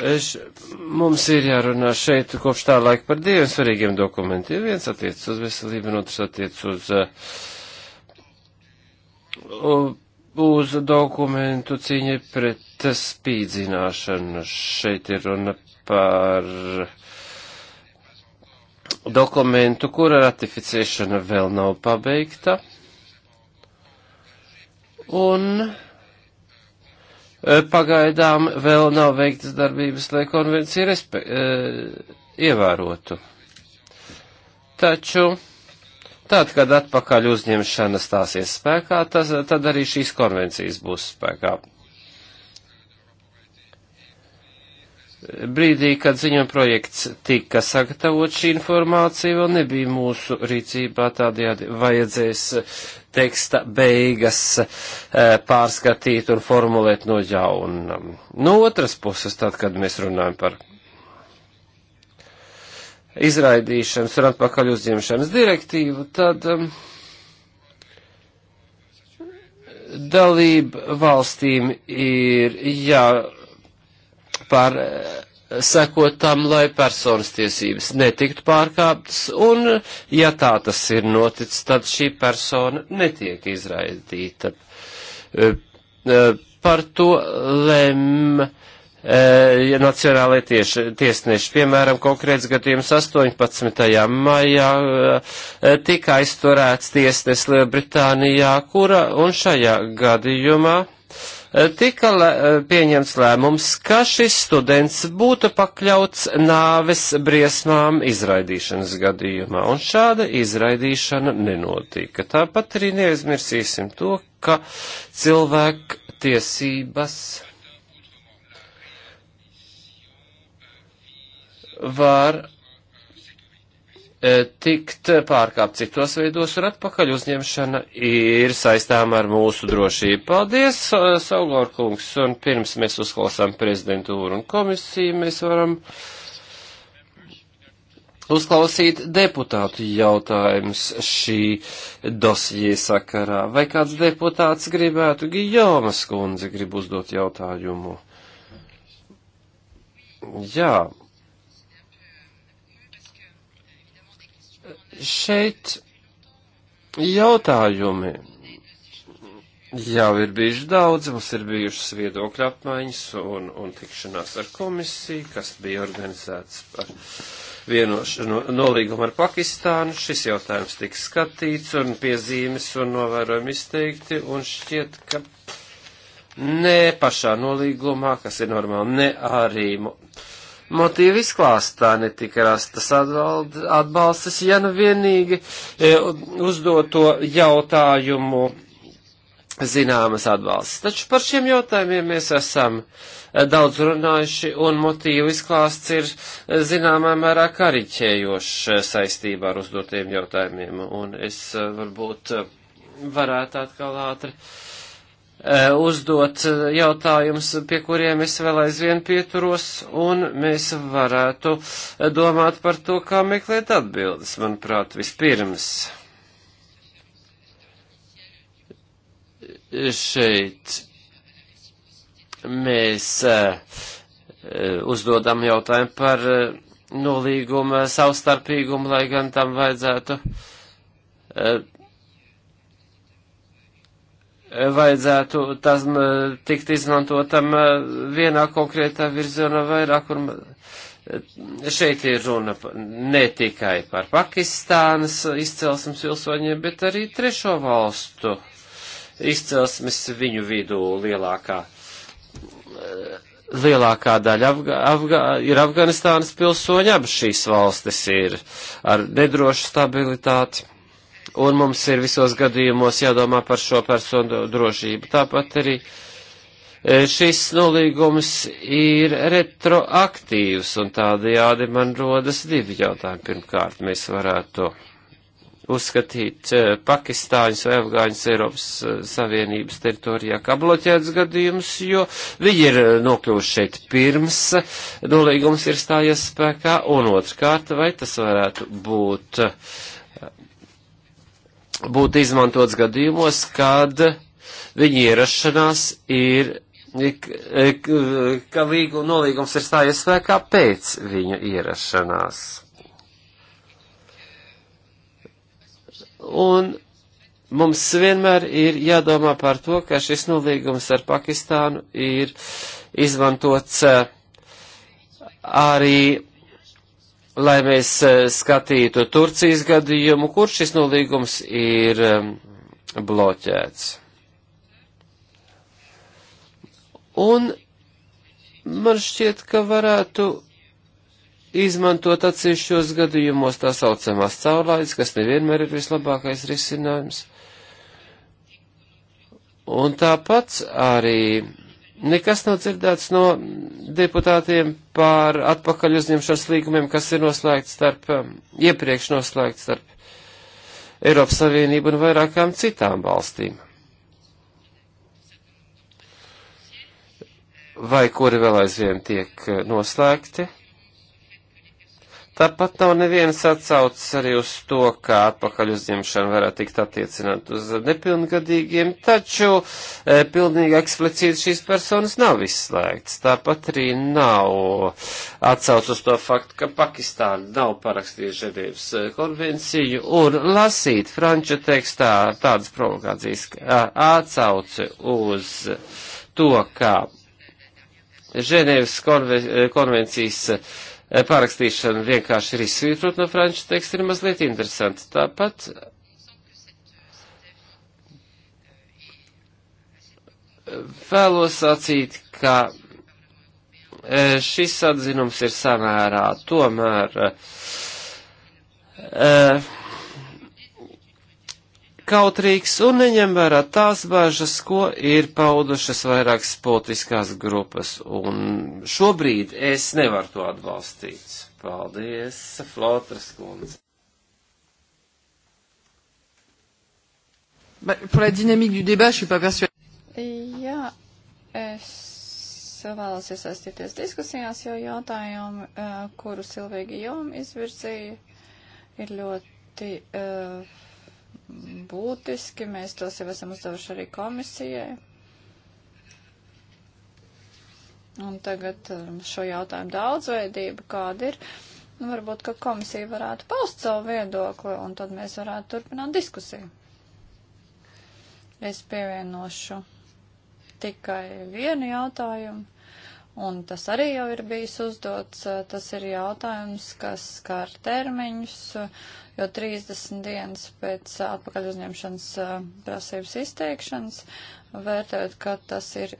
es, mums ir jārunā šeit kopš tā laika par diviem svarīgiem dokumentiem. Viens attiec uz veselību, un otrs attiec uz. Uh, uh, uz dokumentu cīņai pret spīdzināšanu. Šeit ir runa par dokumentu, kura ratificēšana vēl nav pabeigta. Un e, pagaidām vēl nav veiktas darbības, lai konvenciju e, ievērotu. Taču Tad, kad atpakaļ uzņemšana stāsies spēkā, tas, tad arī šīs konvencijas būs spēkā. Brīdī, kad ziņojuma projekts tika sagatavots, šī informācija vēl nebija mūsu rīcībā, tādējādi vajadzēs teksta beigas eh, pārskatīt un formulēt no jauna. No otras puses, tad, kad mēs runājam par izraidīšanas un atpakaļ uzņemšanas direktīvu, tad um, dalību valstīm ir jāpār eh, sekot tam, lai personas tiesības netiktu pārkāptas, un, ja tā tas ir noticis, tad šī persona netiek izraidīta. Eh, eh, par to lem uh, E, ja nacionālai tieši, tiesneši, piemēram, konkrēts gadījums 18. maijā e, tika aizturēts tiesnes Lielbritānijā, kura un šajā gadījumā e, tika pieņemts lēmums, ka šis students būtu pakļauts nāves briesmām izraidīšanas gadījumā, un šāda izraidīšana nenotika. Tāpat arī neaizmirsīsim to, ka cilvēku tiesības var e, tikt pārkāpt citos veidos, un atpakaļ uzņemšana ir saistām ar mūsu drošību. Paldies, Saulorkungs, un pirms mēs uzklausām prezidentūru un komisiju, mēs varam uzklausīt deputātu jautājumus šī dosijai sakarā. Vai kāds deputāts gribētu, Gijomas kundze grib uzdot jautājumu? Jā. Šeit jautājumi jau ir bijuši daudz, mums ir bijušas viedokļa apmaiņas un, un tikšanās ar komisiju, kas bija organizēts par vienošanu nolīgumu ar Pakistānu. Šis jautājums tika skatīts un piezīmes un novērojumi izteikti un šķiet, ka ne pašā nolīgumā, kas ir normāli, ne arī motīvu izklāstā netika rastas atbalstas, ja nu vienīgi e, uzdoto jautājumu zināmas atbalsts. Taču par šiem jautājumiem mēs esam e, daudz runājuši, un motīvu izklāsts ir e, zināmā mērā kariķējošs saistībā ar uzdotiem jautājumiem, un es varbūt varētu atkal ātri E, uzdot e, jautājumus, pie kuriem es vēl aizvien pieturos, un mēs varētu e, domāt par to, kā meklēt atbildes, manuprāt, vispirms. Šeit mēs uzdodam jautājumu par nolīguma savstarpīgumu, lai gan tam vajadzētu vajadzētu tam eh, tikt izmantotam eh, vienā konkrētā virzienā vairāk. Un eh, šeit ir runa ne tikai par Pakistānas izcelsmes pilsoņiem, bet arī trešo valstu izcelsmes viņu vidū lielākā. Lielākā daļa Afga, Afga, ir Afganistānas pilsoņi, abas šīs valstis ir ar nedrošu stabilitāti un mums ir visos gadījumos jādomā par šo personu drošību. Tāpat arī e, šis nolīgums ir retroaktīvs, un tādajādi man rodas divi jautājumi. Pirmkārt, mēs varētu uzskatīt e, Pakistāņus vai Afgāņus Eiropas e, Savienības teritorijā kā bloķēts gadījums, jo viņi ir nokļuvuši šeit pirms nolīgums ir stājies spēkā, un otrkārt, vai tas varētu būt uh, būtu izmantots gadījumos, kad viņa ierašanās ir, ka līgu, nolīgums ir stājies spēkā pēc viņa ierašanās. Un mums vienmēr ir jādomā par to, ka šis nolīgums ar Pakistānu ir izmantots eh, arī lai mēs eh, skatītu Turcijas gadījumu, kur šis nolīgums ir bloķēts. Un man šķiet, ka varētu izmantot atsevišķos gadījumos tā saucamās caurlaides, kas nevienmēr ir vislabākais risinājums. Un tāpat arī Nekas nav dzirdēts no deputātiem par atpakaļ uzņemšanas līgumiem, kas ir noslēgts starp, um, iepriekš noslēgts starp Eiropas Savienību un vairākām citām valstīm. Vai kuri vēl aizvien tiek uh, noslēgti? Tāpat nav nevienas atsaucas arī uz to, kā atpakaļ uzņemšana varētu tikt attiecināt uz nepilngadīgiem, taču e, pilnīgi eksplicīti šīs personas nav izslēgts. Tāpat arī nav atsauc uz to faktu, ka Pakistāna nav parakstījuši Ženēvas e, konvenciju un lasīt franču tekstā tādas provokācijas atsauce uz to, kā Ženēvas konve, e, konvencijas Eh, pārakstīšana vienkārši ir izsvītrot no franču teksta, ir mazliet interesanti. Tāpat eh, vēlos sacīt, ka eh, šis atzinums ir samērā tomēr. Uh, kautrīgs un neņem vērā tās bažas, ko ir paudušas vairākas politiskās grupas, un šobrīd es nevaru to atbalstīt. Paldies, Flotras kundze. Par la dinamiku du débat, je suis pas persuadée. Jā, es vēlos iesaistīties diskusijās, jo jautājumi, eh, kurus Silvija Jom izvirzīja, ir ļoti uh, būtiski. Mēs tos jau esam uzdevuši arī komisijai. Un tagad um, šo jautājumu daudzveidība kāda ir. Nu, varbūt, ka komisija varētu paust savu viedokli, un tad mēs varētu turpināt diskusiju. Es pievienošu tikai vienu jautājumu un tas arī jau ir bijis uzdots, eh, tas ir jautājums, kas skar termiņus, eh, jo 30 dienas pēc atpakaļ uzņemšanas eh, prasības izteikšanas, vērtējot, ka tas ir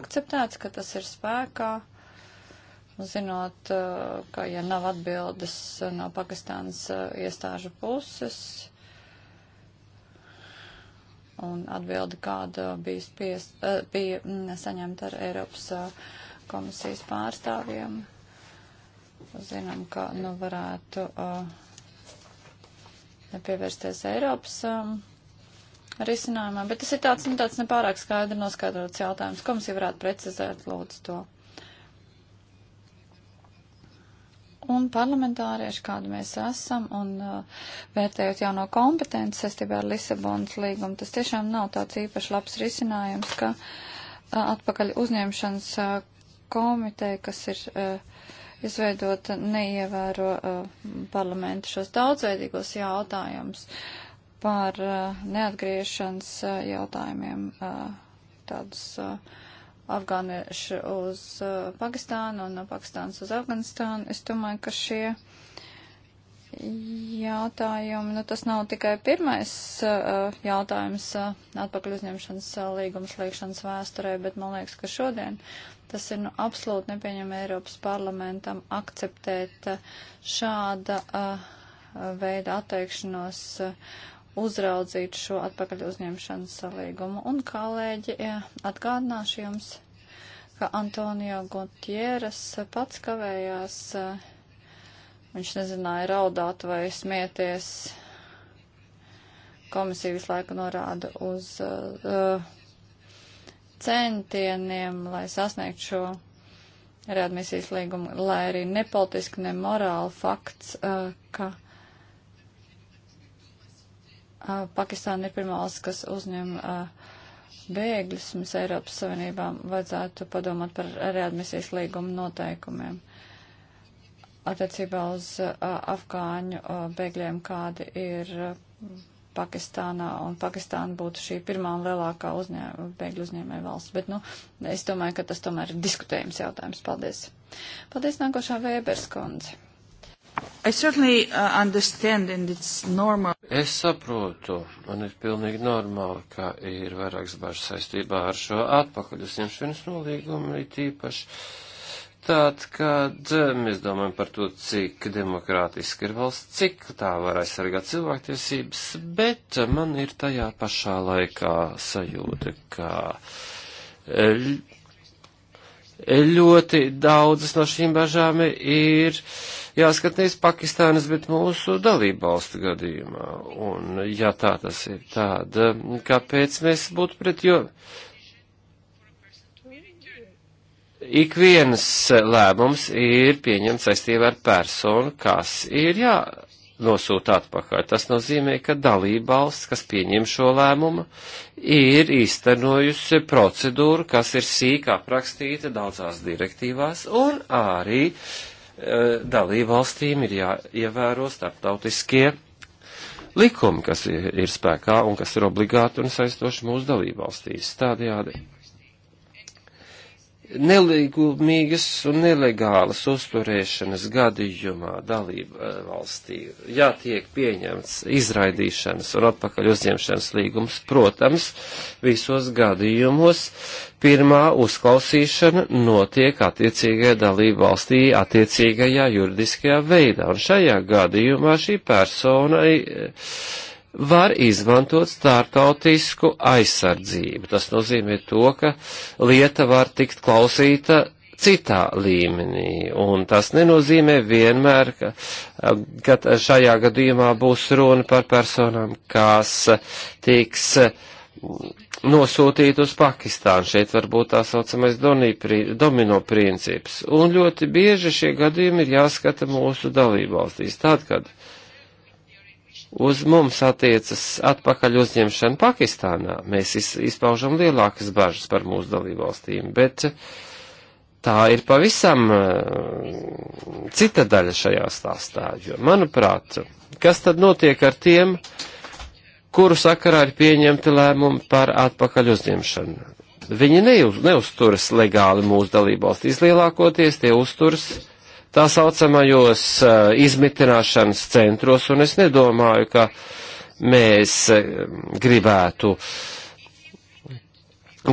akceptēts, ka tas ir spēkā, zinot, ka ja nav atbildes no Pakistānas iestāžu puses, un atbildi, kāda bija, spies, eh, bija mm, saņemta ar Eiropas eh, komisijas pārstāvjiem. Zinām, ka nu varētu eh, nepievērsties Eiropas risinājumā, bet tas ir tāds, nu, tāds nepārāk skaidri noskaidrots jautājums. Komisija varētu precizēt, lūdzu, to. Un parlamentārieši, kādu mēs esam, un uh, vērtējot jauno kompetenci saistībā ar Lisabonas līgumu, tas tiešām nav tāds īpaši labs risinājums, ka uh, atpakaļ uzņemšanas uh, komiteja, kas ir uh, izveidota, neievēro uh, parlamentu šos daudzveidīgos jautājumus par uh, neatgriešanas uh, jautājumiem. Uh, tādus uh, afgānieši uz uh, Pakistānu un no uh, Pakistānas uz Afganistānu. Es domāju, ka šie jautājumi, nu tas nav tikai pirmais uh, jautājums uh, atpakaļ uzņemšanas uh, līguma slēgšanas vēsturē, bet man liekas, ka šodien tas ir nu, absolūti nepieņem Eiropas parlamentam akceptēt uh, šāda veida atteikšanos uzraudzīt šo atpakaļ uzņemšanas salīgumu. Un, kolēģi, atgādināšu jums, ka Antonio Gutieres pats kavējās, viņš nezināja raudāt vai smieties. Komisija visu laiku norāda uz uh, centieniem, lai sasniegtu šo readmisijas līgumu, lai arī nepolitiski, ne morāli fakts, uh, ka Pakistāna ir pirmā valsts, kas uzņem bēgļus. Mums Eiropas Savienībām vajadzētu padomāt par readmisijas līguma noteikumiem attiecībā uz afgāņu bēgļiem, kādi ir Pakistānā, un Pakistāna būtu šī pirmā un lielākā uzņē, bēgļu uzņēmēja valsts. Bet, nu, es domāju, ka tas tomēr ir diskutējums jautājums. Paldies. Paldies nākošā Vēberskundze. I certainly uh, understand and it's normal. Es saprotu, un ir pilnīgi normāli, ka ir vairākas bažas saistībā ar šo atpakaļ uzņemšanas nolīgumu, it īpaši tad, kad eh, mēs domājam par to, cik demokrātiski ir valsts, cik tā var aizsargāt cilvēktiesības, bet man ir tajā pašā laikā sajūta, ka eh, eh, ļoti daudzas no šīm bažām ir jāskatīs Pakistānas, bet mūsu dalību valstu gadījumā. Un, ja tā tas ir tāda, eh, kāpēc mēs būtu pret, jo ik viens lēmums ir pieņemts saistībā ar personu, kas ir jānosūta atpakaļ. Tas nozīmē, ka dalībvalsts, kas pieņem šo lēmumu, ir īstenojusi procedūru, kas ir sīkā aprakstīta daudzās direktīvās un arī uh, Eh, dalībvalstīm ir jāievēro starptautiskie likumi, kas ir spēkā un kas ir obligāti un saistoši mūsu dalībvalstīs. Tādējādi nelīgumīgas un nelegālas uzturēšanas gadījumā dalība eh, valstī, ja tiek pieņemts izraidīšanas un atpakaļ uzņemšanas līgums, protams, visos gadījumos pirmā uzklausīšana notiek attiecīgajā dalība valstī attiecīgajā juridiskajā veidā, un šajā gadījumā šī persona eh, var izmantot startautisku aizsardzību. Tas nozīmē to, ka lieta var tikt klausīta citā līmenī, un tas nenozīmē vienmēr, ka, ka šajā gadījumā būs runa par personām, kas tiks nosūtīt uz Pakistānu. Šeit var būt tā saucamais domino princips. Un ļoti bieži šie gadījumi ir jāskata mūsu dalībvalstīs. Tad, kad uz mums attiecas atpakaļ uzņemšana Pakistānā. Mēs izpaužam lielākas bažas par mūsu dalībvalstīm, bet tā ir pavisam eh, cita daļa šajā stāstā, jo, manuprāt, kas tad notiek ar tiem, kuru sakarā ir pieņemti lēmumi par atpakaļ uzņemšanu? Viņi neuz, neusturas legāli mūsu dalībvalstīs lielākoties, tie uzturas tā saucamajos eh, izmitināšanas centros, un es nedomāju, ka mēs eh, gribētu,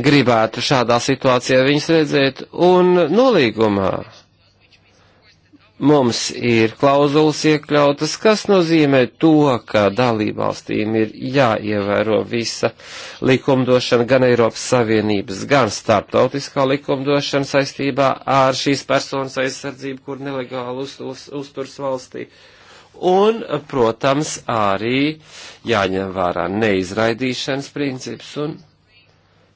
gribētu šādā situācijā viņus redzēt, un nolīgumā mums ir klauzulas iekļautas, kas nozīmē to, ka dalībvalstīm ir jāievēro visa likumdošana, gan Eiropas Savienības, gan starptautiskā likumdošana saistībā ar šīs personas aizsardzību, kur nelegāli uz, uz, uzturs valstī. Un, protams, arī jāņem vērā neizraidīšanas princips un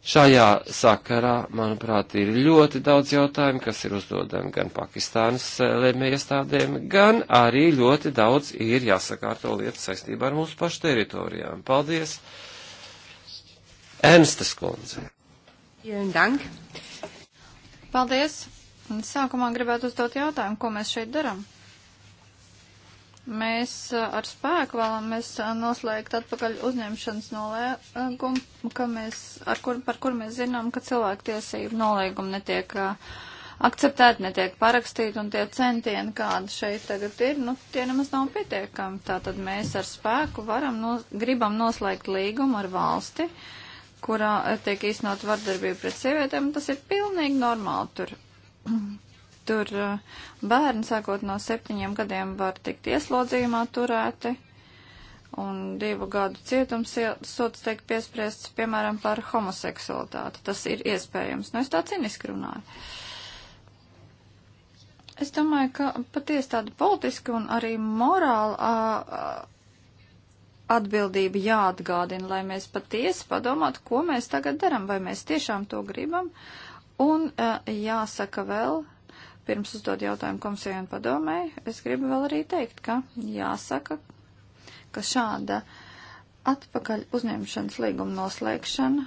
Šajā sakarā, manuprāt, ir ļoti daudz jautājumu, kas ir uzdodami gan Pakistānas eh, lēmējiestādēm, gan arī ļoti daudz ir jāsakārto lietas saistībā ar mūsu pašu teritorijām. Paldies! Ernstas kundze. Dank. Paldies! Sākumā gribētu uzdot jautājumu, ko mēs šeit darām. Mēs uh, ar spēku vēlamies uh, noslēgt atpakaļ uzņemšanas nolēgumu, ka mēs, ar kur, par kur mēs zinām, ka cilvēktiesību nolēgumi netiek uh, akceptēti, netiek parakstīti, un tie centieni, kādi šeit tagad ir, nu, tie nemaz nav pietiekami. Tātad mēs ar spēku varam, no, gribam noslēgt līgumu ar valsti, kurā tiek īstenot vardarbība pret sievietēm, tas ir pilnīgi normāli tur Tur eh, bērni sākot no septiņiem gadiem var tikt ieslodzījumā turēti un divu gadu cietums sots tiek piespriests, piemēram, par homoseksualitāti. Tas ir iespējams. Nu, es tā ciniski runāju. Es domāju, ka patiesi tāda politiska un arī morāla a, a, atbildība jāatgādina, lai mēs patiesi padomātu, ko mēs tagad daram, vai mēs tiešām to gribam. Un a, jāsaka vēl, pirms uzdod jautājumu komisijai un padomēji, es gribu vēl arī teikt, ka jāsaka, ka šāda atpakaļ uzņemšanas līguma noslēgšana,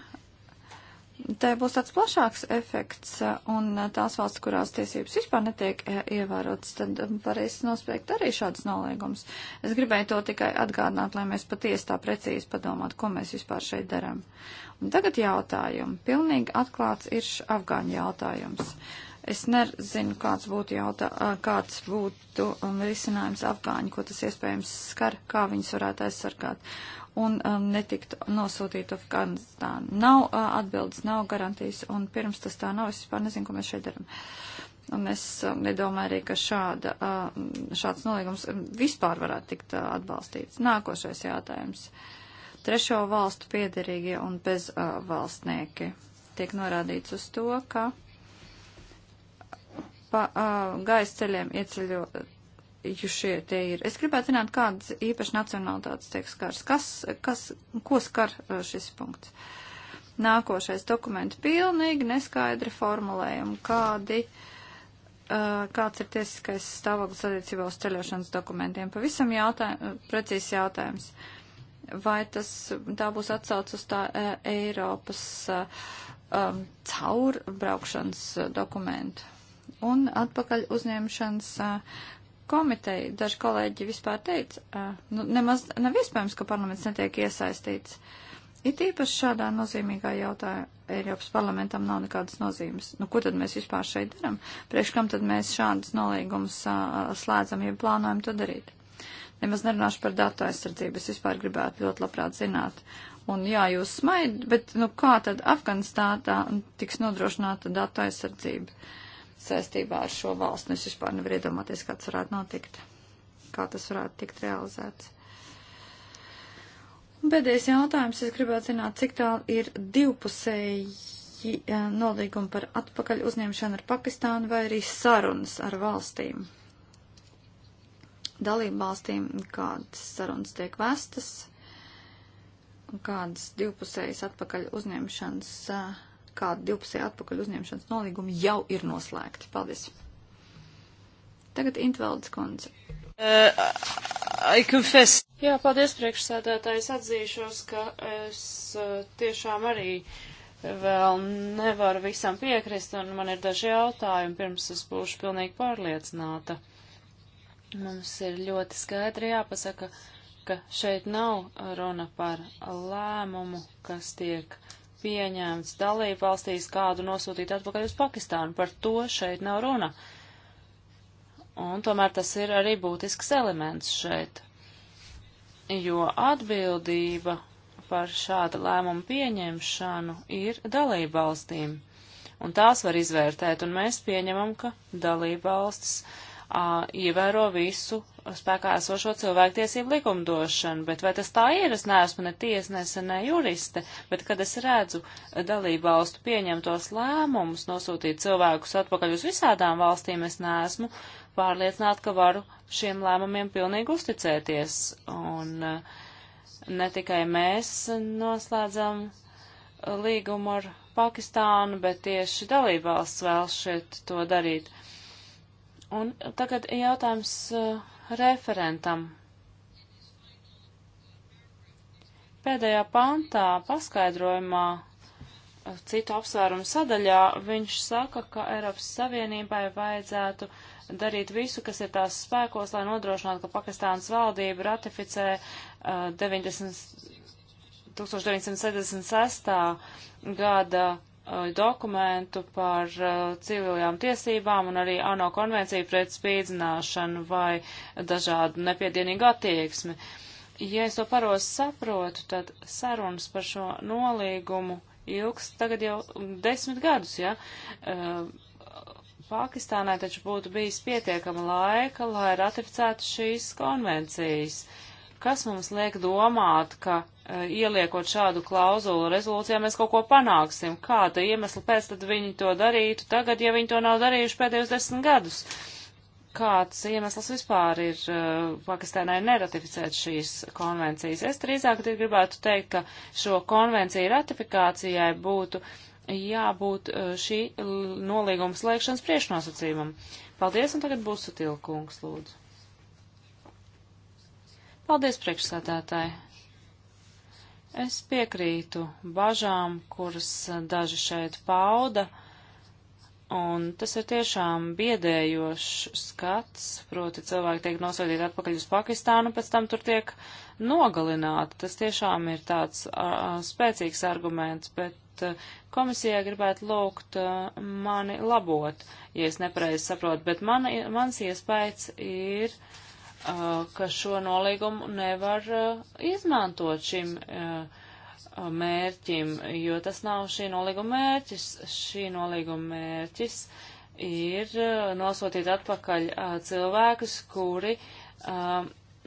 tai būs tāds plašāks efekts, un tās valsts, kurās tiesības vispār netiek e, ievērotas, tad varēs nospēkt arī šādas nolīgumus. Es gribēju to tikai atgādināt, lai mēs patiesi tā precīzi padomātu, ko mēs vispār šeit darām. Un tagad jautājumi. Pilnīgi atklāts ir afgāņu jautājums. Uh, Es nezinu, kāds būtu, jautā, kāds būtu um, risinājums afgāņu, ko tas iespējams skar, kā viņus varētu aizsargāt un um, netikt nosūtīt Afganistānu. Nav uh, atbildes, nav garantijas, un pirms tas tā nav, es vispār nezinu, ko mēs šeit darām. Un es um, nedomāju arī, ka šāda, uh, šāds nolīgums um, vispār varētu tikt uh, atbalstīts. Nākošais jātājums. Trešo valstu piederīgie un bezvalstnieki. Uh, valstnieki. Tiek norādīts uz to, ka pa uh, gaisa ceļiem ieceļojušie tie ir. Es gribētu zināt, kādas īpaši nacionalitātes tiek skars. Kas, kas, ko skar uh, šis punkts? Nākošais dokumenti pilnīgi neskaidri formulējumi, kādi, uh, kāds ir tiesiskais stāvoklis attiecībā uz ceļošanas dokumentiem. Pavisam jautājums, precīzs jautājums. Vai tas, tā būs atsauc uz tā uh, Eiropas uh, um, caurbraukšanas dokumentu? un atpakaļ uzņemšanas komiteju. Daži kolēģi vispār teica, nu, nemaz nav iespējams, ka parlaments netiek iesaistīts. It īpaši šādā nozīmīgā jautājumā Eiropas parlamentam nav nekādas nozīmes. Nu, ko tad mēs vispār šeit darām? Priekš kam tad mēs šādas nolīgumus slēdzam, ja plānojam to darīt? Nemaz nerunāšu par datu aizsardzību, es vispār gribētu ļoti labprāt zināt. Un jā, jūs smaid, bet nu kā tad Afganistātā tiks nodrošināta datu aizsardzība? Uh, saistībā ar šo valstu. Es vispār nevaru iedomāties, kā tas varētu notikt, kā tas varētu tikt realizēts. Pēdējais jautājums. Es gribētu zināt, cik tālu ir divpusēji eh, nolīgumi par atpakaļ uzņemšanu ar Pakistānu vai arī sarunas ar valstīm. Dalību valstīm, kādas sarunas tiek vestas, kādas divpusējas atpakaļ uzņemšanas uh, kādi divpusēji atpakaļ uzņemšanas nolīgumi jau ir noslēgti. Paldies! Tagad Intveldes kundze. Uh, Jā, paldies priekšsēdētājs. Atzīšos, ka es uh, tiešām arī vēl nevaru visam piekrist, un man ir daži jautājumi, pirms es būšu pilnīgi pārliecināta. Mums ir ļoti skaidri jāpasaka, ka šeit nav runa par lēmumu, kas tiek uh, pieņemts dalību valstīs kādu nosūtīt atpakaļ uz Pakistānu. Par to šeit nav runa. Un tomēr tas ir arī būtisks elements šeit, jo atbildība par šādu lēmumu pieņemšanu ir dalību valstīm. Un tās var izvērtēt, un mēs pieņemam, ka dalību valstis uh, ievēro visu spēkā esošo cilvēktiesību likumdošanu, bet vai tas tā ir, es neesmu ne tiesnese, ne juriste, bet kad es redzu dalību valstu pieņemtos lēmumus nosūtīt cilvēkus atpakaļ uz visādām valstīm, es neesmu pārliecināta, ka varu šiem lēmumiem pilnīgi uzticēties. Un eh, ne tikai mēs noslēdzam līgumu ar Pakistānu, bet tieši dalību valsts vēl šeit to darīt. Un tagad jautājums eh, referentam. Pēdējā pantā paskaidrojumā eh, citu apsvērumu sadaļā viņš saka, ka Eiropas Savienībai vajadzētu darīt visu, kas ir tās spēkos, lai nodrošinātu, ka Pakistānas valdība ratificē uh, 90, 1976. gada Uh, dokumentu par uh, civilajām tiesībām un arī ANO konvenciju pret spīdzināšanu vai dažādu nepiedienīgu attieksmi. Ja es to paros saprotu, tad sarunas par šo nolīgumu ilgs tagad jau desmit gadus, ja? Uh, Pakistānai taču būtu bijis pietiekama laika, lai ratificētu šīs konvencijas. Uh, Kas mums liek domāt, ka uh, ieliekot šādu klauzulu rezolūcijā mēs kaut ko panāksim? Kāda iemesla pēc tad viņi to darītu tagad, ja viņi to nav darījuši pēdējos desmit gadus? Kāds iemesls vispār ir uh, Pakistānai neratificēt šīs konvencijas? Es drīzāk gribētu teikt, ka šo konvenciju ratifikācijai būtu jābūt uh, šī nolīguma slēgšanas priekšnosacījumam. Paldies, un tagad būs Sutilkungs, lūdzu. Paldies, priekšsādātāji! Es piekrītu bažām, kuras daži šeit pauda, un tas ir tiešām biedējošs skats, proti cilvēki tiek nosodīti atpakaļ uz Pakistānu, pēc tam tur tiek nogalināti. Tas tiešām ir tāds uh, spēcīgs arguments, bet uh, komisijai gribētu lūgt uh, mani labot, ja es nepareizi saprotu, bet mana, mans iespējas ir. Uh, ka šo nolīgumu nevar izmantot šim mērķim, jo tas nav šī nolīguma mērķis. Šī nolīguma mērķis ir nosūtīt atpakaļ cilvēkus, kuri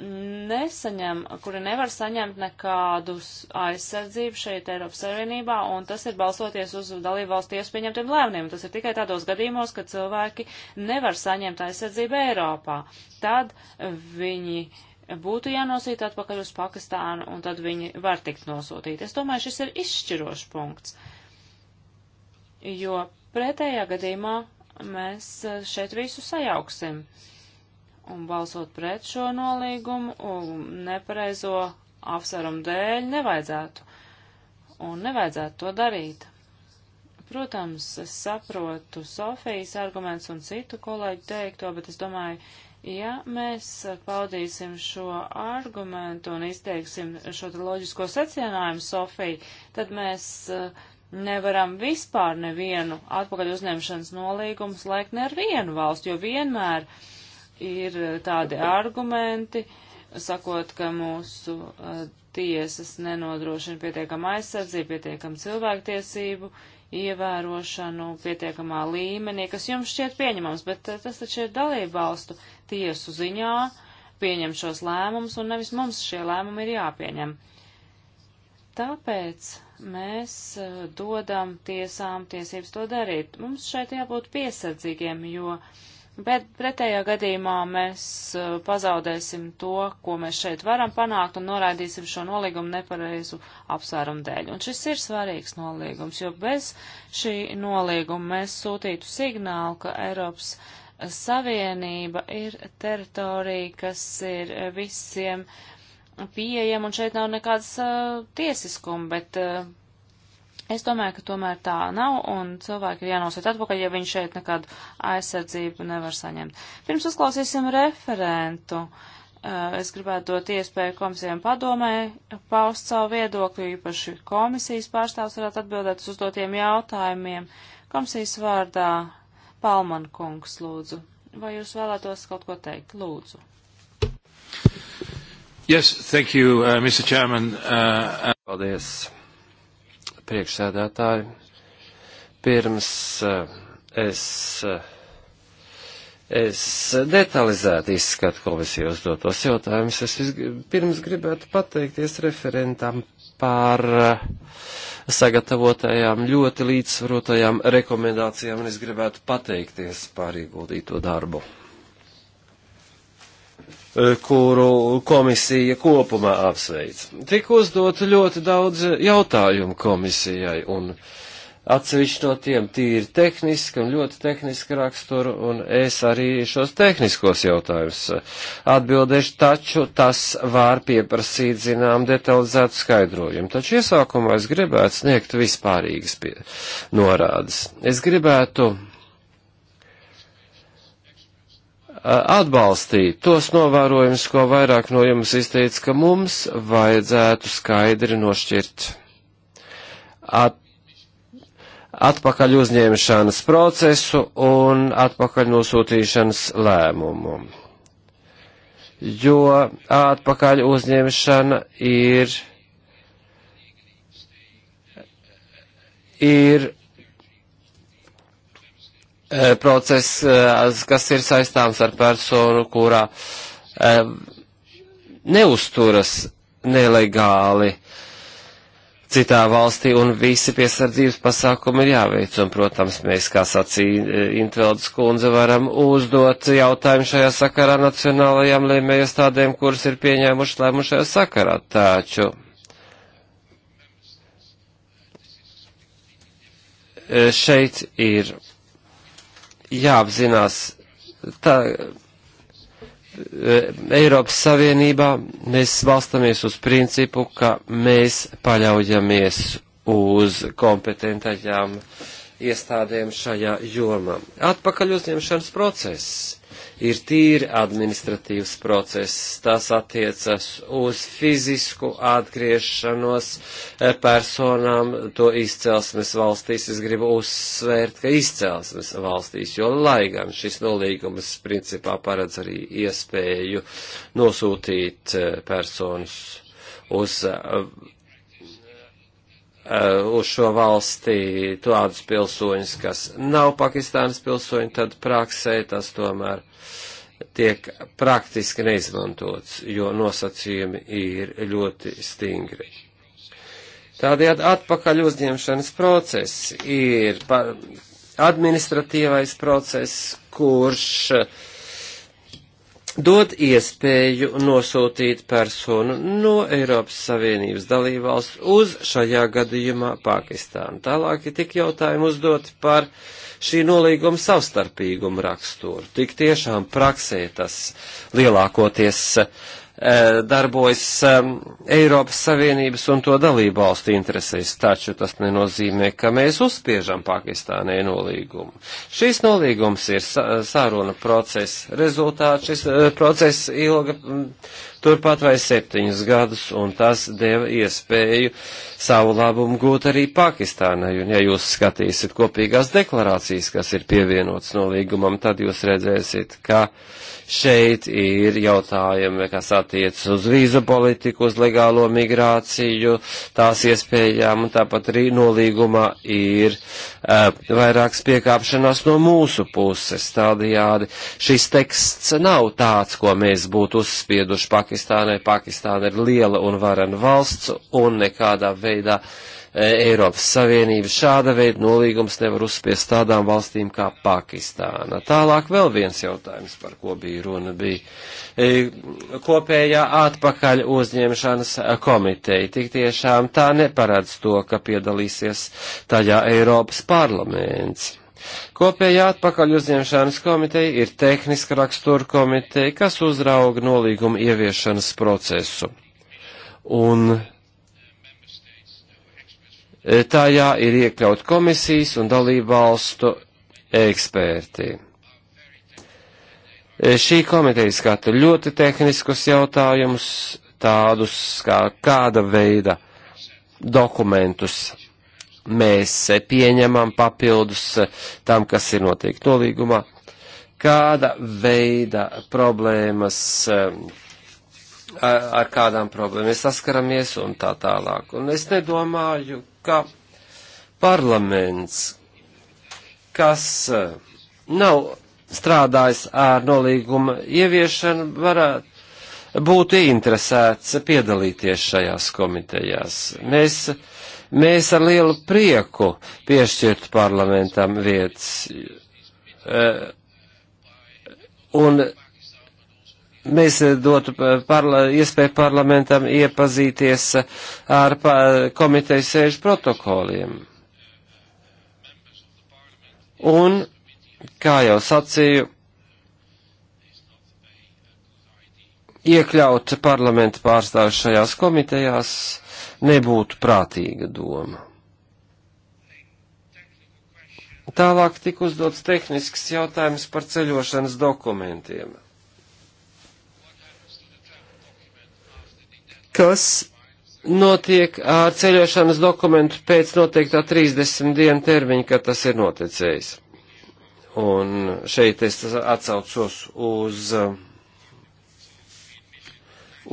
nesaņem, kuri nevar saņemt nekādus aizsardzību šeit Eiropas Savienībā, un tas ir balsoties uz dalību valstu tiesu pieņemtiem lēmumiem. Tas ir tikai tādos gadījumos, kad cilvēki nevar saņemt aizsardzību Eiropā. Tad viņi būtu jānosīt atpakaļ uz Pakistānu, un tad viņi var tikt nosūtīti. Es domāju, šis ir izšķirošs punkts, jo pretējā gadījumā mēs šeit visu sajauksim. Uh, un balsot pret šo nolīgumu un nepareizo apsvērumu dēļ nevajadzētu. Un nevajadzētu to darīt. Protams, es saprotu Sofijas arguments un citu kolēģu teikto, bet es domāju, ja mēs paudīsim šo argumentu un izteiksim šo loģisko secinājumu Sofiju, tad mēs eh, nevaram vispār nevienu atpakaļ uzņemšanas nolīgumu slēgt nevienu valstu, jo vienmēr uh, ir eh, tādi argumenti, sakot, ka mūsu uh, tiesas nenodrošina pietiekam aizsardzību, pietiekam cilvēktiesību ievērošanu pietiekamā līmenī, kas jums šķiet pieņemams, bet eh, tas taču ir dalību valstu tiesu ziņā pieņem šos lēmumus, un nevis mums šie lēmumi ir jāpieņem. Tāpēc mēs dodam tiesām tiesības to darīt. Mums šeit jābūt piesardzīgiem, jo uh, Bet pretējā gadījumā mēs uh, pazaudēsim to, ko mēs šeit varam panākt un noraidīsim šo nolīgumu nepareizu apsvērumu dēļ. Un šis ir svarīgs nolīgums, jo bez šī nolīguma mēs sūtītu signālu, ka Eiropas Savienība ir teritorija, kas ir visiem pieejama un šeit nav nekāds uh, tiesiskums, bet uh, Es domāju, ka tomēr tā nav, un cilvēki ir jānosiet atpakaļ, ja viņi šeit nekādu aizsardzību nevar saņemt. Pirms uzklausīsim referentu. Eh, es gribētu dot iespēju komisijām padomē paust savu viedokli, īpaši komisijas pārstāvs varētu atbildēt uz uzdotiem jautājumiem. Komisijas vārdā Palman kungs, lūdzu. Vai jūs vēlētos kaut ko teikt? Lūdzu. Yes, thank you, uh, Mr. Chairman. Uh, uh Paldies. Uh priekšsēdētāji. Pirms eh, es, eh, es detalizēti izskatu komisiju uzdotos jautājumus, es pirms gribētu pateikties referentam par eh, sagatavotajām ļoti līdzsvarotajām rekomendācijām, un es gribētu pateikties par ieguldīto darbu. Eh, kuru komisija kopumā apsveic. Tik uzdot ļoti daudz jautājumu komisijai, un atsevišķi no tiem tīri tehniski un ļoti tehniski raksturu, un es arī šos tehniskos jautājumus atbildēšu, taču tas var pieprasīt, zinām, detalizētu skaidrojumu. Taču iesākumā es gribētu sniegt vispārīgas norādes. Es gribētu atbalstīt tos novērojumus, ko vairāk no jums izteica, ka mums vajadzētu skaidri nošķirt at, atpakaļ uzņemšanas procesu un atpakaļ nosūtīšanas lēmumu. Jo atpakaļ uzņemšana ir, ir Eh, process, eh, kas ir saistāms ar personu, kurā eh, neusturas nelegāli citā valstī, un visi piesardzības pasākumi ir jāveic. Un, protams, mēs, kā sacīja Intveldes kundze, varam uzdot jautājumu šajā sakarā nacionālajām lēmēju iestādēm, kuras ir pieņēmuši lēmumu šajā sakarā. Taču šeit ir jāapzinās, tā, e, Eiropas Savienībā mēs balstamies uz principu, ka mēs paļaujamies uz kompetentajām iestādēm šajā jomā. Atpakaļ uzņemšanas process ir tīri administratīvs process. Tas attiecas uz fizisku atgriešanos e, personām to izcelsmes valstīs. Es gribu uzsvērt, ka izcelsmes valstīs, jo lai gan šis nolīgums principā paredz arī iespēju nosūtīt e, personas uz e, Uh, uz šo valsti tādus pilsoņus, kas nav Pakistānas pilsoņi, tad praksē tas tomēr tiek praktiski neizmantots, jo nosacījumi ir ļoti stingri. Tādējādi atpakaļ uzņemšanas process ir administratīvais process, kurš uh, dod iespēju nosūtīt personu no Eiropas Savienības dalībvalsts uz šajā gadījumā Pakistānu. Tālāk ir tik jautājumi uzdoti par šī nolīguma savstarpīgumu raksturu. Tik tiešām praksē tas lielākoties uh, Eh, darbojas ehm, Eiropas Savienības un to dalību valstu interesēs, taču tas nenozīmē, ka mēs uzspiežam Pakistānai nolīgumu. Šis nolīgums ir saruna procesa rezultāts, šis eh, process ilga turpat vai septiņus gadus, un tas deva iespēju savu labumu gūt arī Pakistānai. Un ja jūs skatīsiet kopīgās deklarācijas, kas ir pievienotas nolīgumam, tad jūs redzēsiet, ka šeit ir jautājumi, kas attiecas uz vīzu politiku, uz legālo migrāciju, tās iespējām, un tāpat arī nolīgumā ir uh, vairākas piekāpšanās no mūsu puses. Tādējādi šis teksts nav tāds, ko mēs būtu uzspieduši Pakistānai Pakistānai. Pakistāna ir liela un varena valsts, un nekādā veidā e, Eiropas Savienība šāda veida nolīgums nevar uzspiest tādām valstīm kā Pakistāna. Tālāk vēl viens jautājums, par ko bija runa, bija e, kopējā atpakaļ uzņemšanas komiteja. Tik tiešām tā neparedz to, ka piedalīsies tajā Eiropas parlaments Kopējā atpakaļ uzņemšanas komiteja ir tehniska rakstura komiteja, kas uzrauga nolīguma ieviešanas procesu. Un e, tajā ir iekļaut komisijas un dalību valstu eksperti. E, šī komiteja skata ļoti tehniskus jautājumus, tādus kā kāda veida dokumentus mēs pieņemam papildus tam, kas ir noteikti nolīgumā, kāda veida problēmas, eh, ar kādām problēmām mēs saskaramies un tā tālāk. Un es nedomāju, ka parlaments, kas eh, nav strādājis ar nolīguma ieviešanu, varētu būtu interesēts piedalīties šajās komitejās. Mēs uh, Mēs ar lielu prieku piešķirtu parlamentam vietas. Eh, un mēs dotu parla, iespēju parlamentam iepazīties ar pa, komitejas sēžu protokoliem. Un, kā jau sacīju, iekļaut parlamentu pārstāvis šajās komitejās nebūtu prātīga doma. Tālāk tika uzdots tehnisks jautājums par ceļošanas dokumentiem. Kas notiek ar ceļošanas dokumentu pēc noteiktā 30 dienu termiņa, kad tas ir noticējis? Un šeit es atsaucos uz uh,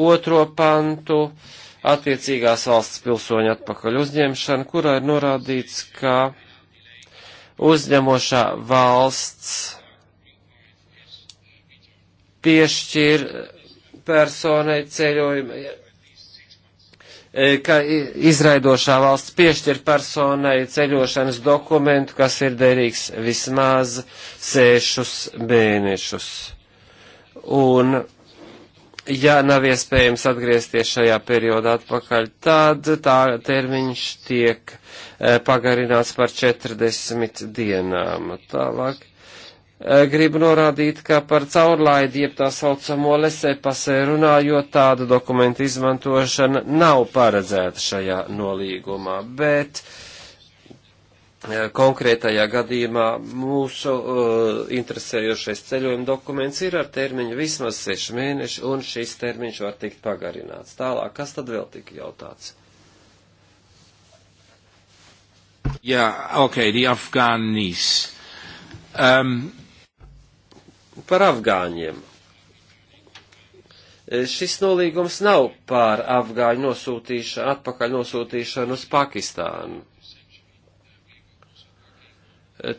otro pantu. Uh, attiecīgās valsts pilsoņa atpakaļ uzņemšana, kurā ir norādīts, ka uzņemošā valsts piešķir personai ceļojumu, e, ka izraidošā valsts piešķir personai ceļošanas dokumentu, kas ir derīgs vismaz sešus mēnešus. Un ja nav iespējams atgriezties šajā periodā atpakaļ, tad tā termiņš tiek eh, pagarināts par 40 dienām. Tālāk eh, gribu norādīt, ka par caurlaidi, jeb tā saucamo lesē pasē runājot, tāda dokumenta izmantošana nav paredzēta šajā nolīgumā, bet uh, konkrētajā gadījumā mūsu uh, interesējošais ceļojuma dokuments ir ar termiņu vismaz 6 mēneši, un šis termiņš var tikt pagarināts. Tālāk, kas tad vēl tika jautāts? Jā, ok, the Afgānijas. Um. Par Afgāņiem. Eh, šis nolīgums nav pār Afgāņu nosūtīšanu, atpakaļ nosūtīšanu uz Pakistānu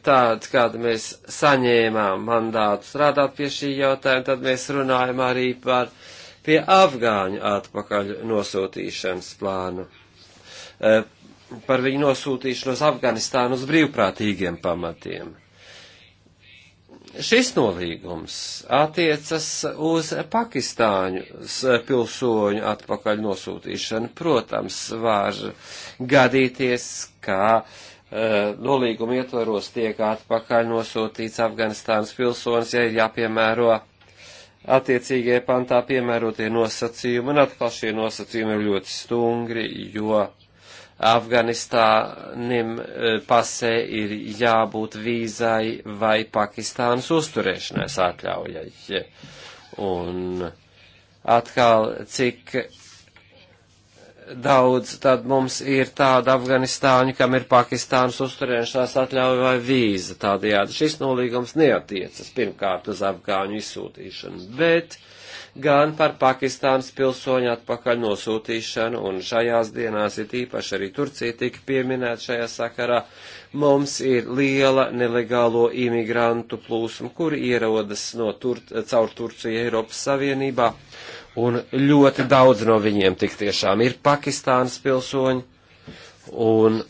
tāda, kāda mēs saņēmām mandātu strādāt pie šī jautājuma, tad mēs runājam arī par pie afgāņu atpakaļ nosūtīšanas plānu. Eh, par viņu nosūtīšanu uz Afganistānu uz brīvprātīgiem pamatiem. Šis nolīgums attiecas uz Pakistāņu pilsoņu atpakaļ nosūtīšanu. Protams, var gadīties, ka uh, Eh, nolīguma ietvaros tiek atpakaļ nosūtīts Afganistānas pilsonis, ja ir jāpiemēro attiecīgie pantā piemērotie nosacījumi, un atkal šie nosacījumi ir ļoti stungri, jo Afganistānim eh, pasē ir jābūt vīzai vai Pakistānas uzturēšanās atļaujai. Un atkal, cik daudz, tad mums ir tāda Afganistāņa, kam ir Pakistānas uzturēšanās atļauja vai vīza tādajādi. Šis nolīgums neatiecas pirmkārt uz Afgāņu izsūtīšanu, bet gan par Pakistānas pilsoņu atpakaļ nosūtīšanu, un šajās dienās ir īpaši arī Turcija tika pieminēta šajā sakarā, mums ir liela nelegālo imigrantu plūsma, kuri ierodas no tur, caur Turciju Eiropas Savienībā un ļoti daudz no viņiem tik tiešām ir Pakistānas pilsoņi, un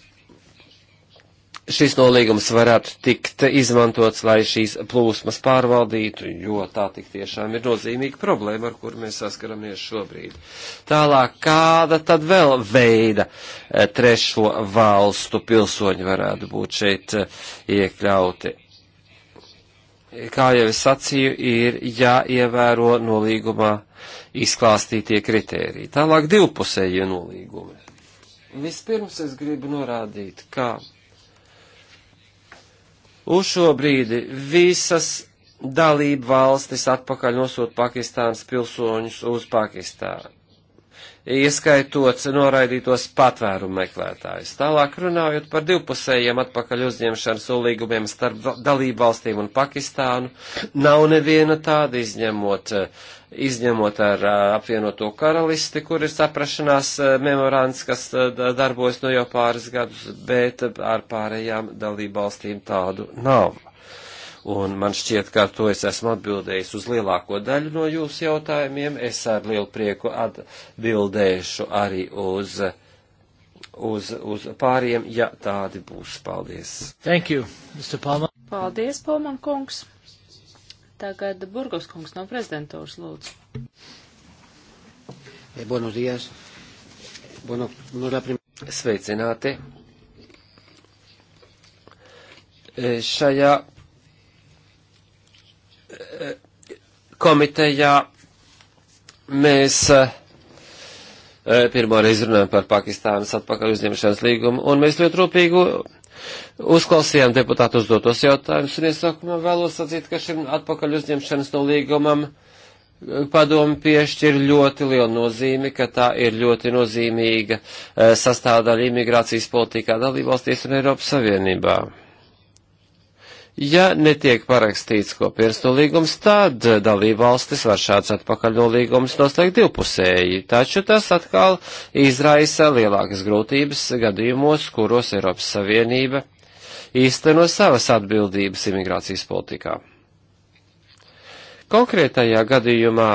šis nolīgums varētu tikt izmantots, lai šīs plūsmas pārvaldītu, jo tā tik tiešām ir nozīmīga problēma, ar kur mēs saskaramies šobrīd. Tālāk, kāda tad vēl veida eh, trešo valstu pilsoņi varētu būt šeit eh, iekļauti? Kā jau es sacīju, ir jāievēro nolīgumā izklāstītie kritēriji. Tālāk divpusējie nolīgumi. Vispirms es gribu norādīt, ka uz šo brīdi visas dalību valstis atpakaļ nosūt Pakistānas pilsoņus uz Pakistānu, ieskaitot noraidītos patvērumu meklētājus. Tālāk runājot par divpusējiem atpakaļ uzņemšanas ulīgumiem starp dalību valstīm un Pakistānu, nav neviena tāda izņemot eh, izņemot ar apvienoto karalisti, kur ir saprašanās memorands, kas darbojas no jau pāris gadus, bet ar pārējām dalību valstīm tādu nav. Un man šķiet, ka to es esmu atbildējis uz lielāko daļu no jūsu jautājumiem. Es ar lielu prieku atbildēšu arī uz, uz, uz pāriem, ja tādi būs. Paldies. Thank you, Mr. Palman. Paldies, Palman kungs. Tagad Burgos kungs no prezidentūras lūdzu. Eh, buenos dias. Bueno, no la prim... Sveicināti. Eh, šajā eh, komitejā mēs pirmo reizi runājam par Pakistānas atpakaļ uzņemšanas līgumu, un mēs ļoti rūpīgi Uzklausījām deputātu uzdotos jautājumus, un iesākumā vēlos sacīt, ka šim atpakaļ uzņemšanas no līgumam eh, padomu piešķir ļoti lielu nozīmi, ka tā ir ļoti nozīmīga eh, sastāvdaļa imigrācijas politikā dalībvalstīs un Eiropas Savienībā. Ja netiek parakstīts kopienas nolīgums, tad dalībvalstis var šāds atpakaļnolīgums noslēgt divpusēji, taču tas atkal izraisa lielākas grūtības gadījumos, kuros Eiropas Savienība īsteno savas atbildības imigrācijas politikā. Konkrētajā gadījumā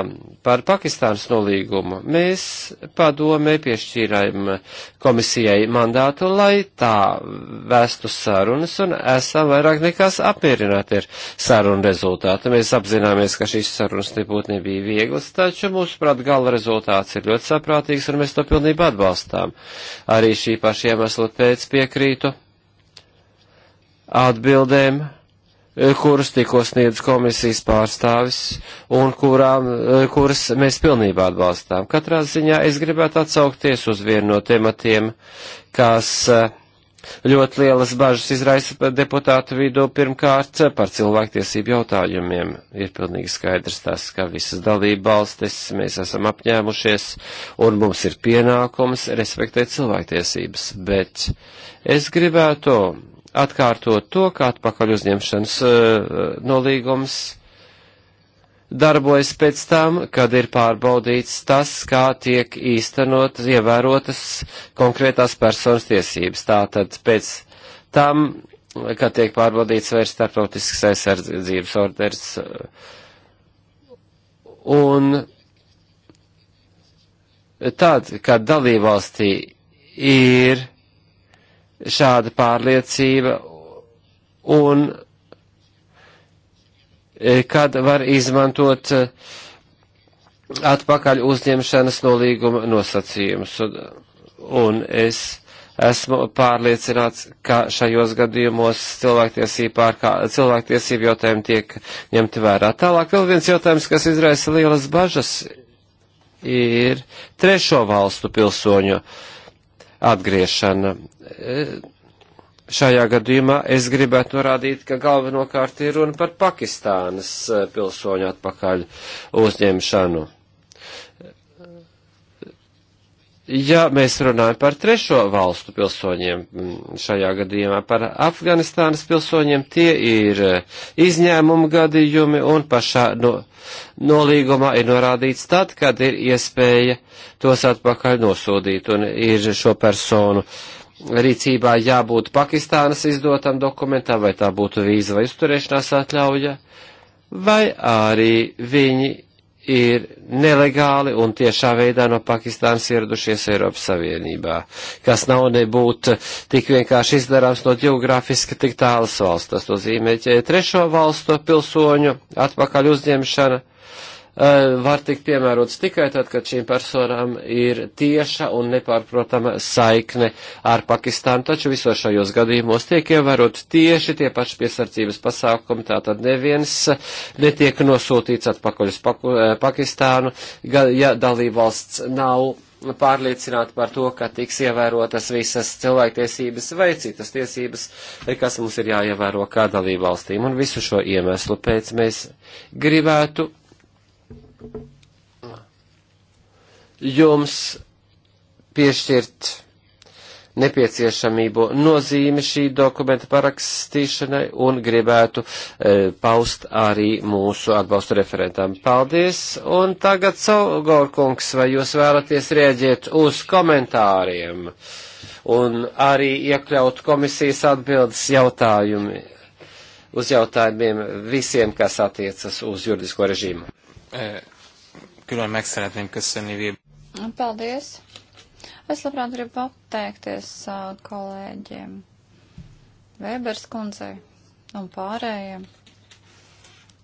par Pakistānas nolīgumu mēs padomē piešķīrājam komisijai mandātu, lai tā vēstu sarunas un esam vairāk nekā apmierināti ar sarunu rezultātu. Mēs apzināmies, ka šīs sarunas nebūtu nebija vieglas, taču mūsuprāt gala rezultāts ir ļoti saprātīgs un mēs to pilnībā atbalstām. Arī šī paša iemesla pēc piekrītu atbildēm Eh, kurus tikko sniedz komisijas pārstāvis un kurām, eh, kuras mēs pilnībā atbalstām. Katrā ziņā es gribētu atsaukties uz vienu no tematiem, kas eh, ļoti lielas bažas izraisa deputātu vidū pirmkārt par cilvēktiesību jautājumiem. Ir pilnīgi skaidrs tas, ka visas dalība valstis mēs esam apņēmušies un mums ir pienākums respektēt cilvēktiesības, bet es gribētu atkārtot to, kā atpakaļ uzņemšanas eh, nolīgums darbojas pēc tam, kad ir pārbaudīts tas, kā tiek īstenotas, ievērotas konkrētās personas tiesības. Tātad pēc tam, kad tiek pārbaudīts vai ir starptautisks aizsardzības orders. Eh, un tad, kad dalībvalstī ir šāda pārliecība un e, kad var izmantot e, atpakaļ uzņemšanas nolīguma nosacījumus. Un, un es esmu pārliecināts, ka šajos gadījumos cilvēktiesību, pārkā, cilvēktiesību jautājumi tiek ņemti vērā. Tālāk vēl viens jautājums, kas izraisa lielas bažas, ir trešo valstu pilsoņu uh, atgriešana. E, šajā gadījumā es gribētu norādīt, ka galvenokārt ir runa par Pakistānas e, pilsoņu atpakaļ uzņemšanu. Ja mēs runājam par trešo valstu pilsoņiem, šajā gadījumā par Afganistānas pilsoņiem, tie ir e, izņēmuma gadījumi un pašā no, nolīgumā ir norādīts tad, kad ir iespēja tos atpakaļ nosūdīt un ir šo personu rīcībā jābūt Pakistānas izdotam dokumentam, vai tā būtu vīza vai uzturēšanās atļauja, vai arī viņi ir nelegāli un tiešā veidā no Pakistānas ieradušies Eiropas Savienībā, kas nav nebūt tik vienkārši izdarāms no geogrāfiski tik tālas valsts. Tas nozīmē trešo valstu pilsoņu atpakaļ uzņemšana Eh, var tikt piemērots tikai tad, kad šīm personām ir tieša un nepārprotama saikne ar Pakistānu, taču visos šajos gadījumos tiek ievērot tieši tie paši piesardzības pasākumi, tātad neviens eh, netiek nosūtīts atpakaļ uz Paku, eh, Pakistānu, ja dalībvalsts nav pārliecināti par to, ka tiks ievērotas visas cilvēktiesības vai citas tiesības, kas mums ir jāievēro kā dalībvalstīm. Un visu šo iemeslu pēc mēs gribētu jums piešķirt nepieciešamību nozīme šī dokumenta parakstīšanai un gribētu e, paust arī mūsu atbalstu referentam. Paldies! Un tagad, Saugorkungs, vai jūs vēlaties rēģēt uz komentāriem un arī iekļaut komisijas atbildes jautājumi uz jautājumiem visiem, kas attiecas uz juridisko režīmu? Külön meg szeretném köszönni. Paldies! Es labprāt gribu pateikties uh, kolēģiem Vēbers kundzei un pārējiem.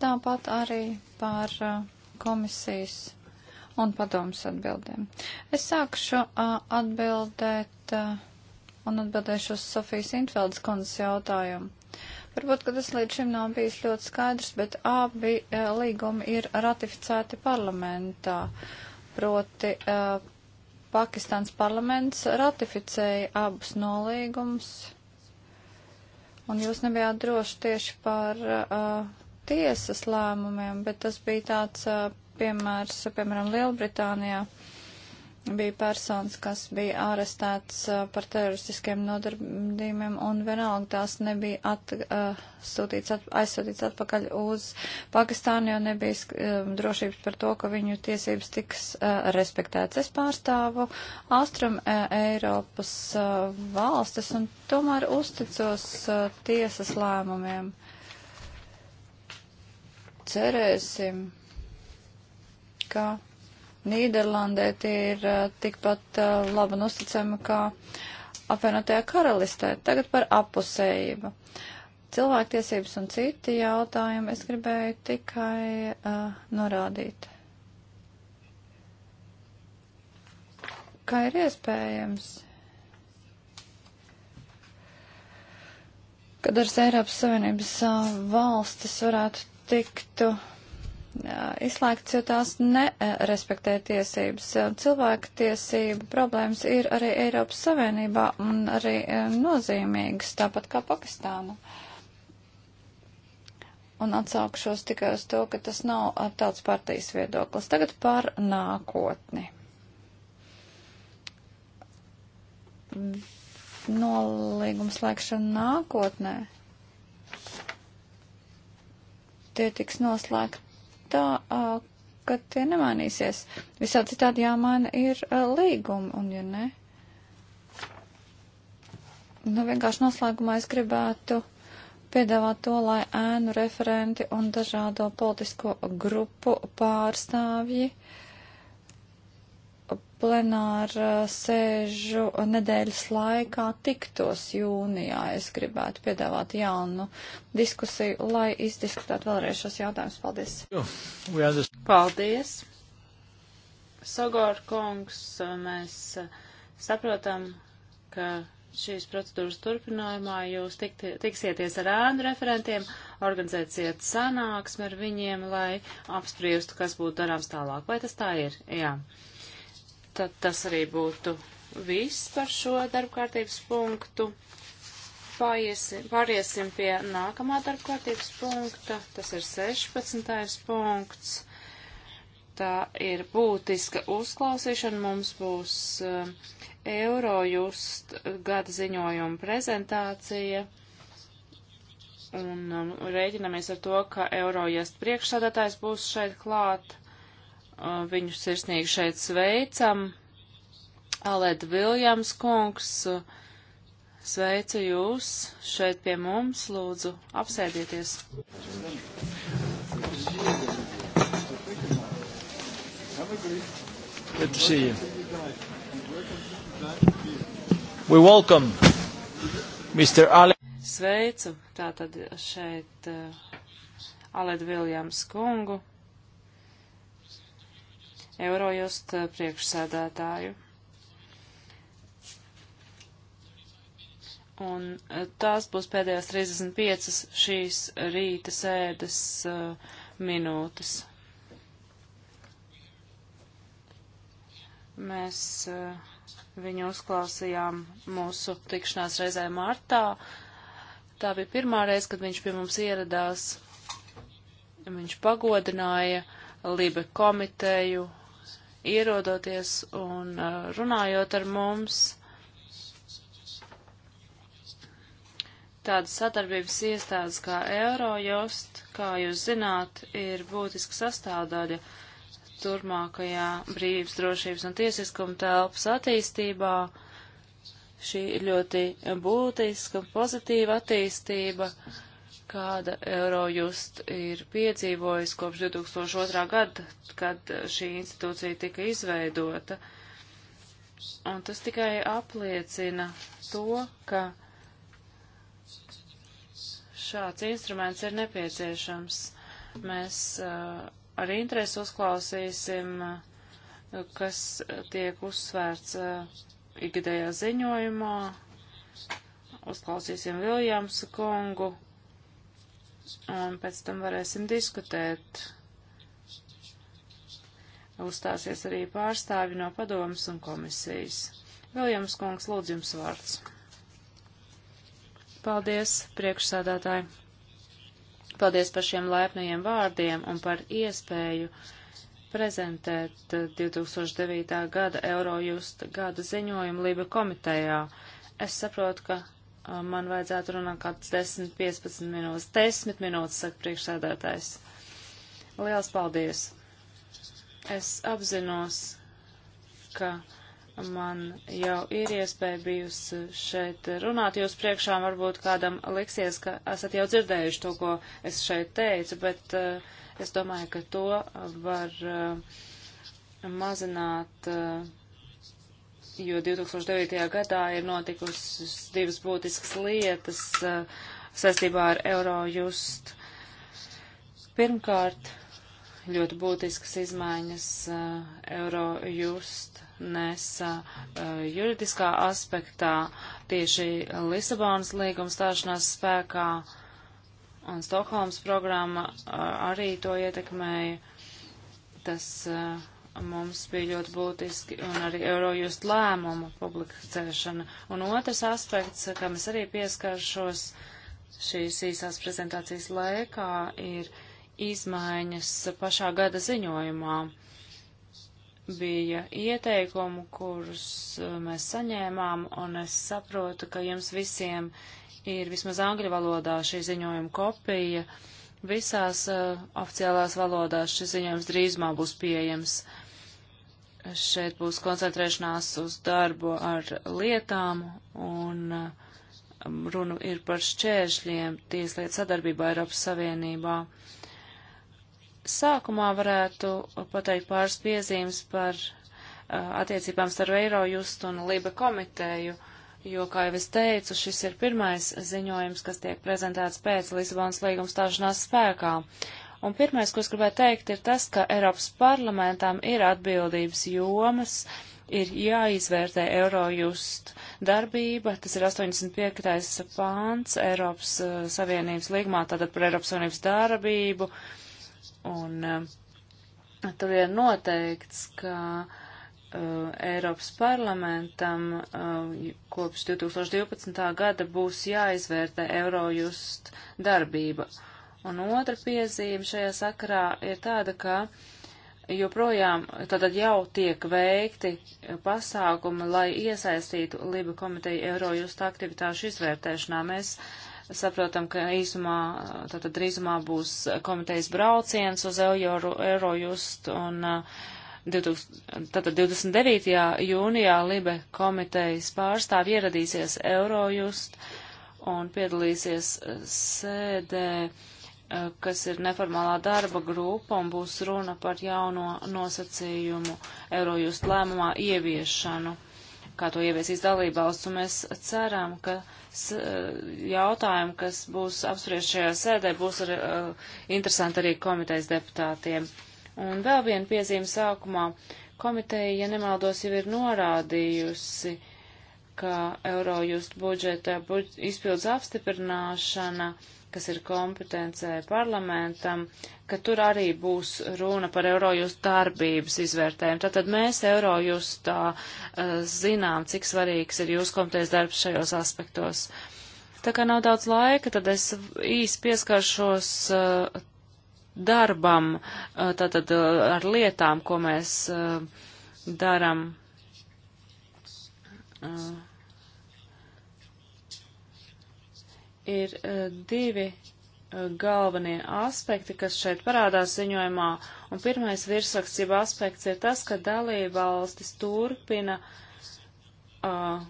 Tāpat arī par uh, komisijas un padomas atbildēm. Es sākšu uh, atbildēt uh, un atbildēšu uz Sofijas Intveldes kundzes jautājumu. Varbūt, ka tas līdz šim nav bijis ļoti skaidrs, bet abi uh, līgumi ir ratificēti parlamentā. Proti, uh, Pakistāns parlaments ratificēja abus nolīgumus, un jūs nebijāt droši tieši par uh, tiesas lēmumiem, bet tas bija tāds uh, piemērs, piemēram, Lielbritānijā. Uh, bija personas, kas bija ārestēts uh, par teroristiskiem nodarbījumiem, un vienalga tās nebija at, uh, sūtīts, at, aizsūtīts atpakaļ uz Pakistānu, jo nebija um, drošības par to, ka viņu tiesības tiks uh, respektēts. Es pārstāvu Austrum Eiropas valstis un tomēr uzticos tiesas lēmumiem. Cerēsim, ka Nīderlandē tie ir eh, tikpat eh, laba nosacījuma kā apvienotajā karalistē. Tagad par apusējību. Cilvēktiesības un citi jautājumi es gribēju tikai uh, norādīt. Kā ir iespējams? Kad ar Eiropas Savienības uh, valstis varētu tiktu uh, izslēgts, jo tās nerespektē tiesības. Cilvēku tiesību problēmas ir arī Eiropas Savienībā un arī e, nozīmīgas, tāpat kā Pakistāna. Un atsaukšos tikai uz to, ka tas nav e, tāds partijas viedoklis. Tagad par nākotni. Nolīgums slēgšana nākotnē. Tie tiks noslēgti tā, ka tie nemainīsies. Visā citādi jāmaina ir līguma, un ja ne. Nu, vienkārši noslēgumā es gribētu piedāvāt to, lai ēnu referenti un dažādo politisko grupu pārstāvji uh, plenāra sēžu nedēļas laikā tiktos jūnijā. Es gribētu piedāvāt jaunu diskusiju, lai izdiskutētu vēlreiz šos jautājumus. Paldies! Paldies! Sogor kungs, mēs uh, saprotam, ka šīs procedūras turpinājumā jūs tikt, tiksieties ar ēnu referentiem, organizēsiet sanāksmi ar viņiem, lai apspriestu, kas būtu darāms tālāk. Vai tas tā ir? Jā. Tad tas arī būtu viss par šo darbkārtības punktu. Pāriesim, pāriesim pie nākamā darbkārtības punkta. Tas ir 16. punkts. Tā ir būtiska uzklausīšana. Mums būs uh, Eurojust gada ziņojuma prezentācija. Un um, rēķinamies ar to, ka Eurojust priekšsādātājs būs šeit klāt. Uh, viņu sirsnīgi šeit sveicam. Alēta Viljams kungs, uh, sveicu jūs šeit pie mums, lūdzu, apsēdieties. Good to see you. We welcome Mr. Ale. Sveicu tātad šeit uh, Alēta Viljams kungu. Eurojust eh, priekšsēdētāju. Un eh, tās būs pēdējās 35 šīs rīta sēdes uh, minūtes. Mēs uh, viņu uzklausījām mūsu tikšanās reizē martā. Tā bija pirmā reize, kad viņš pie mums ieradās. Viņš pagodināja Libe komiteju ierodoties un uh, runājot ar mums. Tādas sadarbības iestādes kā Eurojost, kā jūs zināt, ir būtiska sastāvdaļa turmākajā brīvības, drošības un tiesiskuma telpas attīstībā. Šī ir ļoti būtiska un pozitīva attīstība. Uh, kāda Eurojust ir piedzīvojis kopš 2002. gada, kad šī institūcija tika izveidota. Un tas tikai apliecina to, ka šāds instruments ir nepieciešams. Mēs uh, ar interesi uzklausīsim, uh, kas tiek uzsvērts uh, ikgadējā ziņojumā. Uzklausīsim Viljams kungu un pēc tam varēsim diskutēt. Uzstāsies arī pārstāvi no padomas un komisijas. Viljams Kungs, lūdzu jums vārds. Paldies, priekšsādātāji. Paldies par šiem laipnajiem vārdiem un par iespēju prezentēt 2009. Eh, gada Eurojust gada ziņojumu Liba komitejā. Es saprotu, ka man vajadzētu runāt kāds 10-15 minūtes. 10 minūtes, saka priekšsēdētājs. Liels paldies! Es apzinos, ka man jau ir iespēja bijusi šeit runāt jūs priekšā, varbūt kādam liksies, ka esat jau dzirdējuši to, ko es šeit teicu, bet uh, es domāju, ka to var uh, mazināt. Uh, jo 2009. gadā ir notikusi divas būtiskas lietas uh, saistībā ar Eurojust. Pirmkārt, ļoti būtiskas izmaiņas uh, Eurojust nesa uh, juridiskā aspektā tieši Lisabonas līguma stāšanās spēkā un Stokholmas programma arī to ietekmēja. Tas uh, mums bija ļoti būtiski, un arī Eurojust lēmumu publicēšana. Un otrs aspekts, kam es arī pieskaršos šīs īsās prezentācijas laikā, ir izmaiņas pašā gada ziņojumā. Bija ieteikumu, kurus uh, mēs saņēmām, un es saprotu, ka jums visiem ir vismaz angļu valodā šī ziņojuma kopija. Visās uh, oficiālās valodās šis ziņojums drīzumā būs pieejams. Uh, Šeit būs koncentrēšanās uz darbu ar lietām un um, runu ir par šķēršļiem tieslietu sadarbībā Eiropas Savienībā. Sākumā varētu pateikt pāris piezīmes par uh, attiecībām starp Eirojust un Liba komiteju, jo, kā jau es teicu, šis ir pirmais ziņojums, kas tiek prezentēts pēc Lisabonas līguma stāšanās spēkā. Uh, Un pirmais, ko es gribēju teikt, ir tas, ka Eiropas parlamentām ir atbildības jomas, ir jāizvērtē Eurojust darbība, tas ir 85. pāns Eiropas uh, Savienības līgumā, tātad par Eiropas Savienības darbību, un uh, tur ir noteikts, ka uh, Eiropas parlamentam uh, kopš 2012. gada būs jāizvērtē Eurojust darbība. Uh, Un otra piezīme šajā sakarā ir tāda, ka joprojām tātad jau tiek veikti pasākumi, lai iesaistītu Liba komiteju Eurojusta aktivitāšu izvērtēšanā. Mēs saprotam, ka īsumā, tātad drīzumā būs komitejas brauciens uz Eurojust un 20, uh, tātad 29. jūnijā Libe komitejas pārstāvi ieradīsies Eurojust un piedalīsies uh, sēdē. Uh, Eh, kas ir neformālā darba grupa un būs runa par jauno nosacījumu Eurojust lēmumā ieviešanu, kā to ieviesīs dalībvalsts. Un mēs ceram, ka eh, jautājumi, kas būs apspriest šajā sēdē, būs ar, uh, eh, interesanti arī komitejas deputātiem. Un vēl viena piezīme sākumā. Komiteja, ja nemaldos, jau ir norādījusi, ka Eurojust budžeta budž izpildus apstiprināšana uh, kas ir kompetencē parlamentam, ka tur arī būs runa par Eurojust darbības izvērtējumu. Tātad mēs Eurojustā eh, zinām, cik svarīgs ir jūsu komitejas darbs šajos aspektos. Tā kā nav daudz laika, tad es īsi pieskaršos eh, darbam, eh, tātad ar lietām, ko mēs darām. Uh, ir e, divi e, galvenie aspekti, kas šeit parādās ziņojumā, un pirmais virsrakstība aspekts ir tas, ka dalībvalstis turpina uh,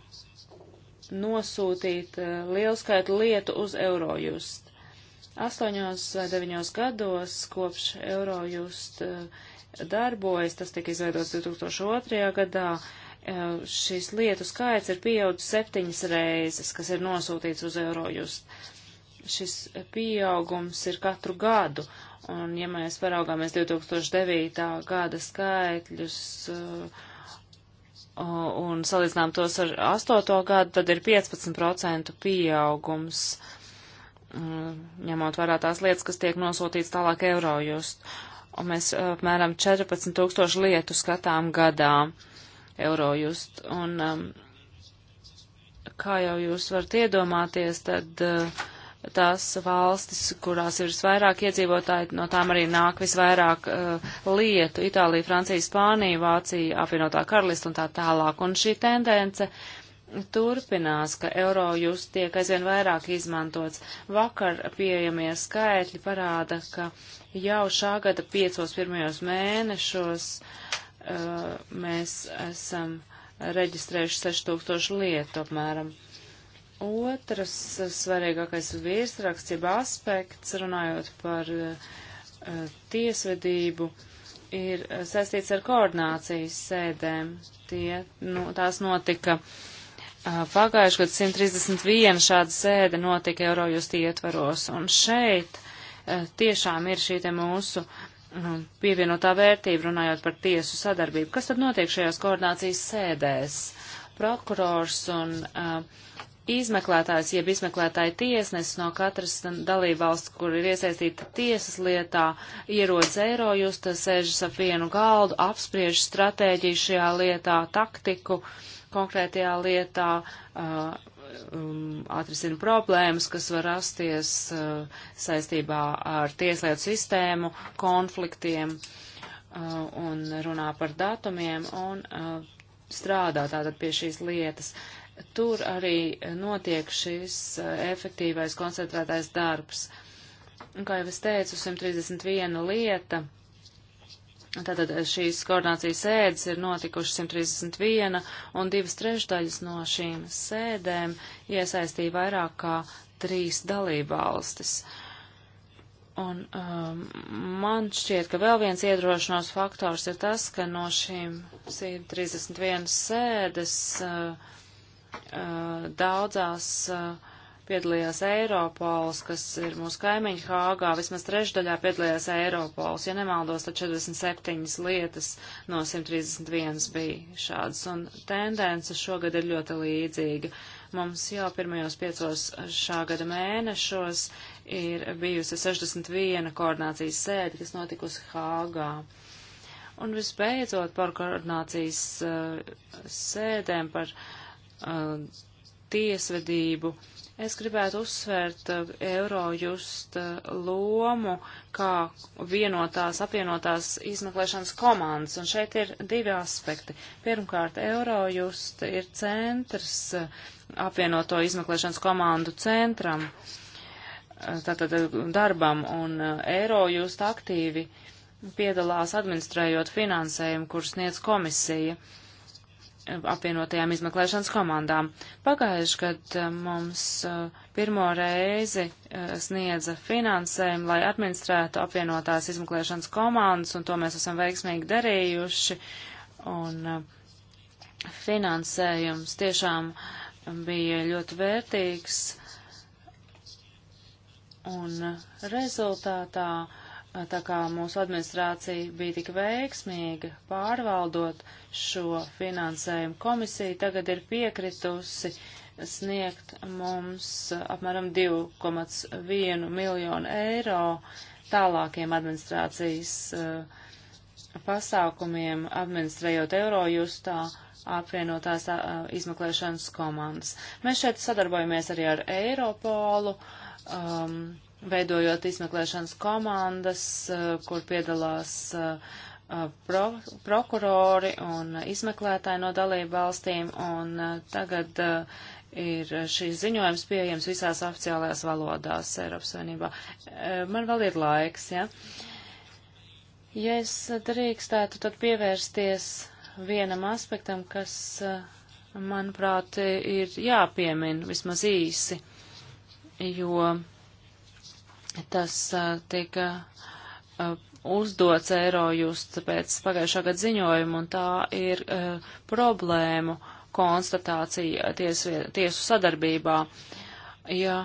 nosūtīt uh, lielu skaitu lietu uz Eurojust. Astoņos vai deviņos gados kopš Eurojust uh, darbojas, tas tika izveidots 2002. gadā, šis lietu skaits ir pieaudzis septiņas reizes, kas ir nosūtīts uz Eurojust. Šis pieaugums ir katru gadu, un ja mēs paraugāmies 2009. gada skaitļus un salīdzinām tos ar 8. gadu, tad ir 15% pieaugums, ņemot vērā tās lietas, kas tiek nosūtīts tālāk Eurojust. Un mēs apmēram 14 tūkstoši lietu skatām gadā. Uh, Eurojust. Un, um, kā jau jūs varat iedomāties, tad uh, tās valstis, kurās ir visvairāk iedzīvotāji, no tām arī nāk visvairāk uh, lietu - Itālija, Francija, Spānija, Vācija, apvienotā karalista un tā tālāk. Un šī tendence turpinās, ka eiro jūs tiek aizvien vairāk izmantots. Vakar pieejamie skaitļi parāda, ka jau šā gada piecos pirmajos mēnešos Eh, mēs esam reģistrējuši 6000 lietu apmēram. Otrs svarīgākais virsraksts, jeb aspekts, runājot par eh, tiesvedību, ir saistīts ar koordinācijas sēdēm. Tie, nu, tās notika eh, pagājuši, kad 131 šāda sēde notika Eurojust ietvaros. Un šeit tiešām ir šī te mūsu uh, pievienotā vērtība, runājot par tiesu sadarbību. Kas tad notiek šajās koordinācijas sēdēs? Prokurors un uh, izmeklētājs, jeb izmeklētāja tiesnesis no katras dalībvalsts, kur ir iesaistīta tiesas lietā, ierodas Eirojust, sēžas ap vienu galdu, apspriež stratēģiju šajā lietā, taktiku konkrētajā lietā, uh, um, atrisina problēmas, kas var rasties uh, saistībā ar tieslietu sistēmu, konfliktiem uh, un runā par datumiem un uh, strādā tātad pie šīs lietas. Tur arī notiek šis uh, efektīvais koncentrētais darbs. Un, kā jau es teicu, 131 lieta Tātad šīs koordinācijas sēdes ir notikušas 131, un divas trešdaļas no šīm sēdēm iesaistīja vairāk kā trīs dalībvalstis. Un um, man šķiet, ka vēl viens iedrošinos faktors ir tas, ka no šīm 131 sēdes uh, uh, daudzās uh, piedalījās Eiropols, kas ir mūsu kaimiņu Hāgā, vismaz trešdaļā piedalījās Eiropols, ja nemaldos, tad 47 lietas no 131 bija šādas, un tendence šogad ir ļoti līdzīga. Mums jau pirmajos piecos šā gada mēnešos ir bijusi 61 koordinācijas sēde, kas notikusi Hāgā. Un visbeidzot par koordinācijas uh, sēdēm, par uh, tiesvedību. Uh, Es gribētu uzsvērt uh, Eurojust uh, lomu kā vienotās, apvienotās izmeklēšanas komandas, un šeit ir divi aspekti. Pirmkārt, Eurojust ir centrs uh, apvienoto izmeklēšanas komandu centram, tātad darbam, un Eurojust aktīvi piedalās administrējot finansējumu, kur sniedz komisija. Uh, apvienotajām izmeklēšanas komandām. Pagājuši, kad eh, mums eh, pirmo reizi eh, sniedza finansējumu, lai administrētu apvienotās izmeklēšanas komandas, un to mēs esam veiksmīgi darījuši, un finansējums tiešām bija ļoti vērtīgs, un rezultātā tā kā mūsu administrācija bija tik veiksmīga pārvaldot šo finansējumu, komisija tagad ir piekritusi sniegt mums apmēram 2,1 miljonu eiro tālākiem administrācijas uh, pasākumiem, administrējot Eurojustā apvienotās uh, izmeklēšanas komandas. Mēs šeit sadarbojamies arī ar Eiropolu. Um, veidojot izmeklēšanas komandas, eh, kur piedalās eh, eh, pro, prokurori un izmeklētāji no dalību valstīm, un tagad ir šīs ziņojums pieejams visās oficiālajās valodās Eiropas Savienībā. Man vēl ir laiks, ja? Ja es drīkstētu, tad pievērsties vienam aspektam, kas, manuprāt, ir jāpiemin vismaz īsi, jo Tas tika uzdots eiro just pēc pagājušā gada ziņojuma, un tā ir problēmu konstatācija ties, tiesu sadarbībā. Ja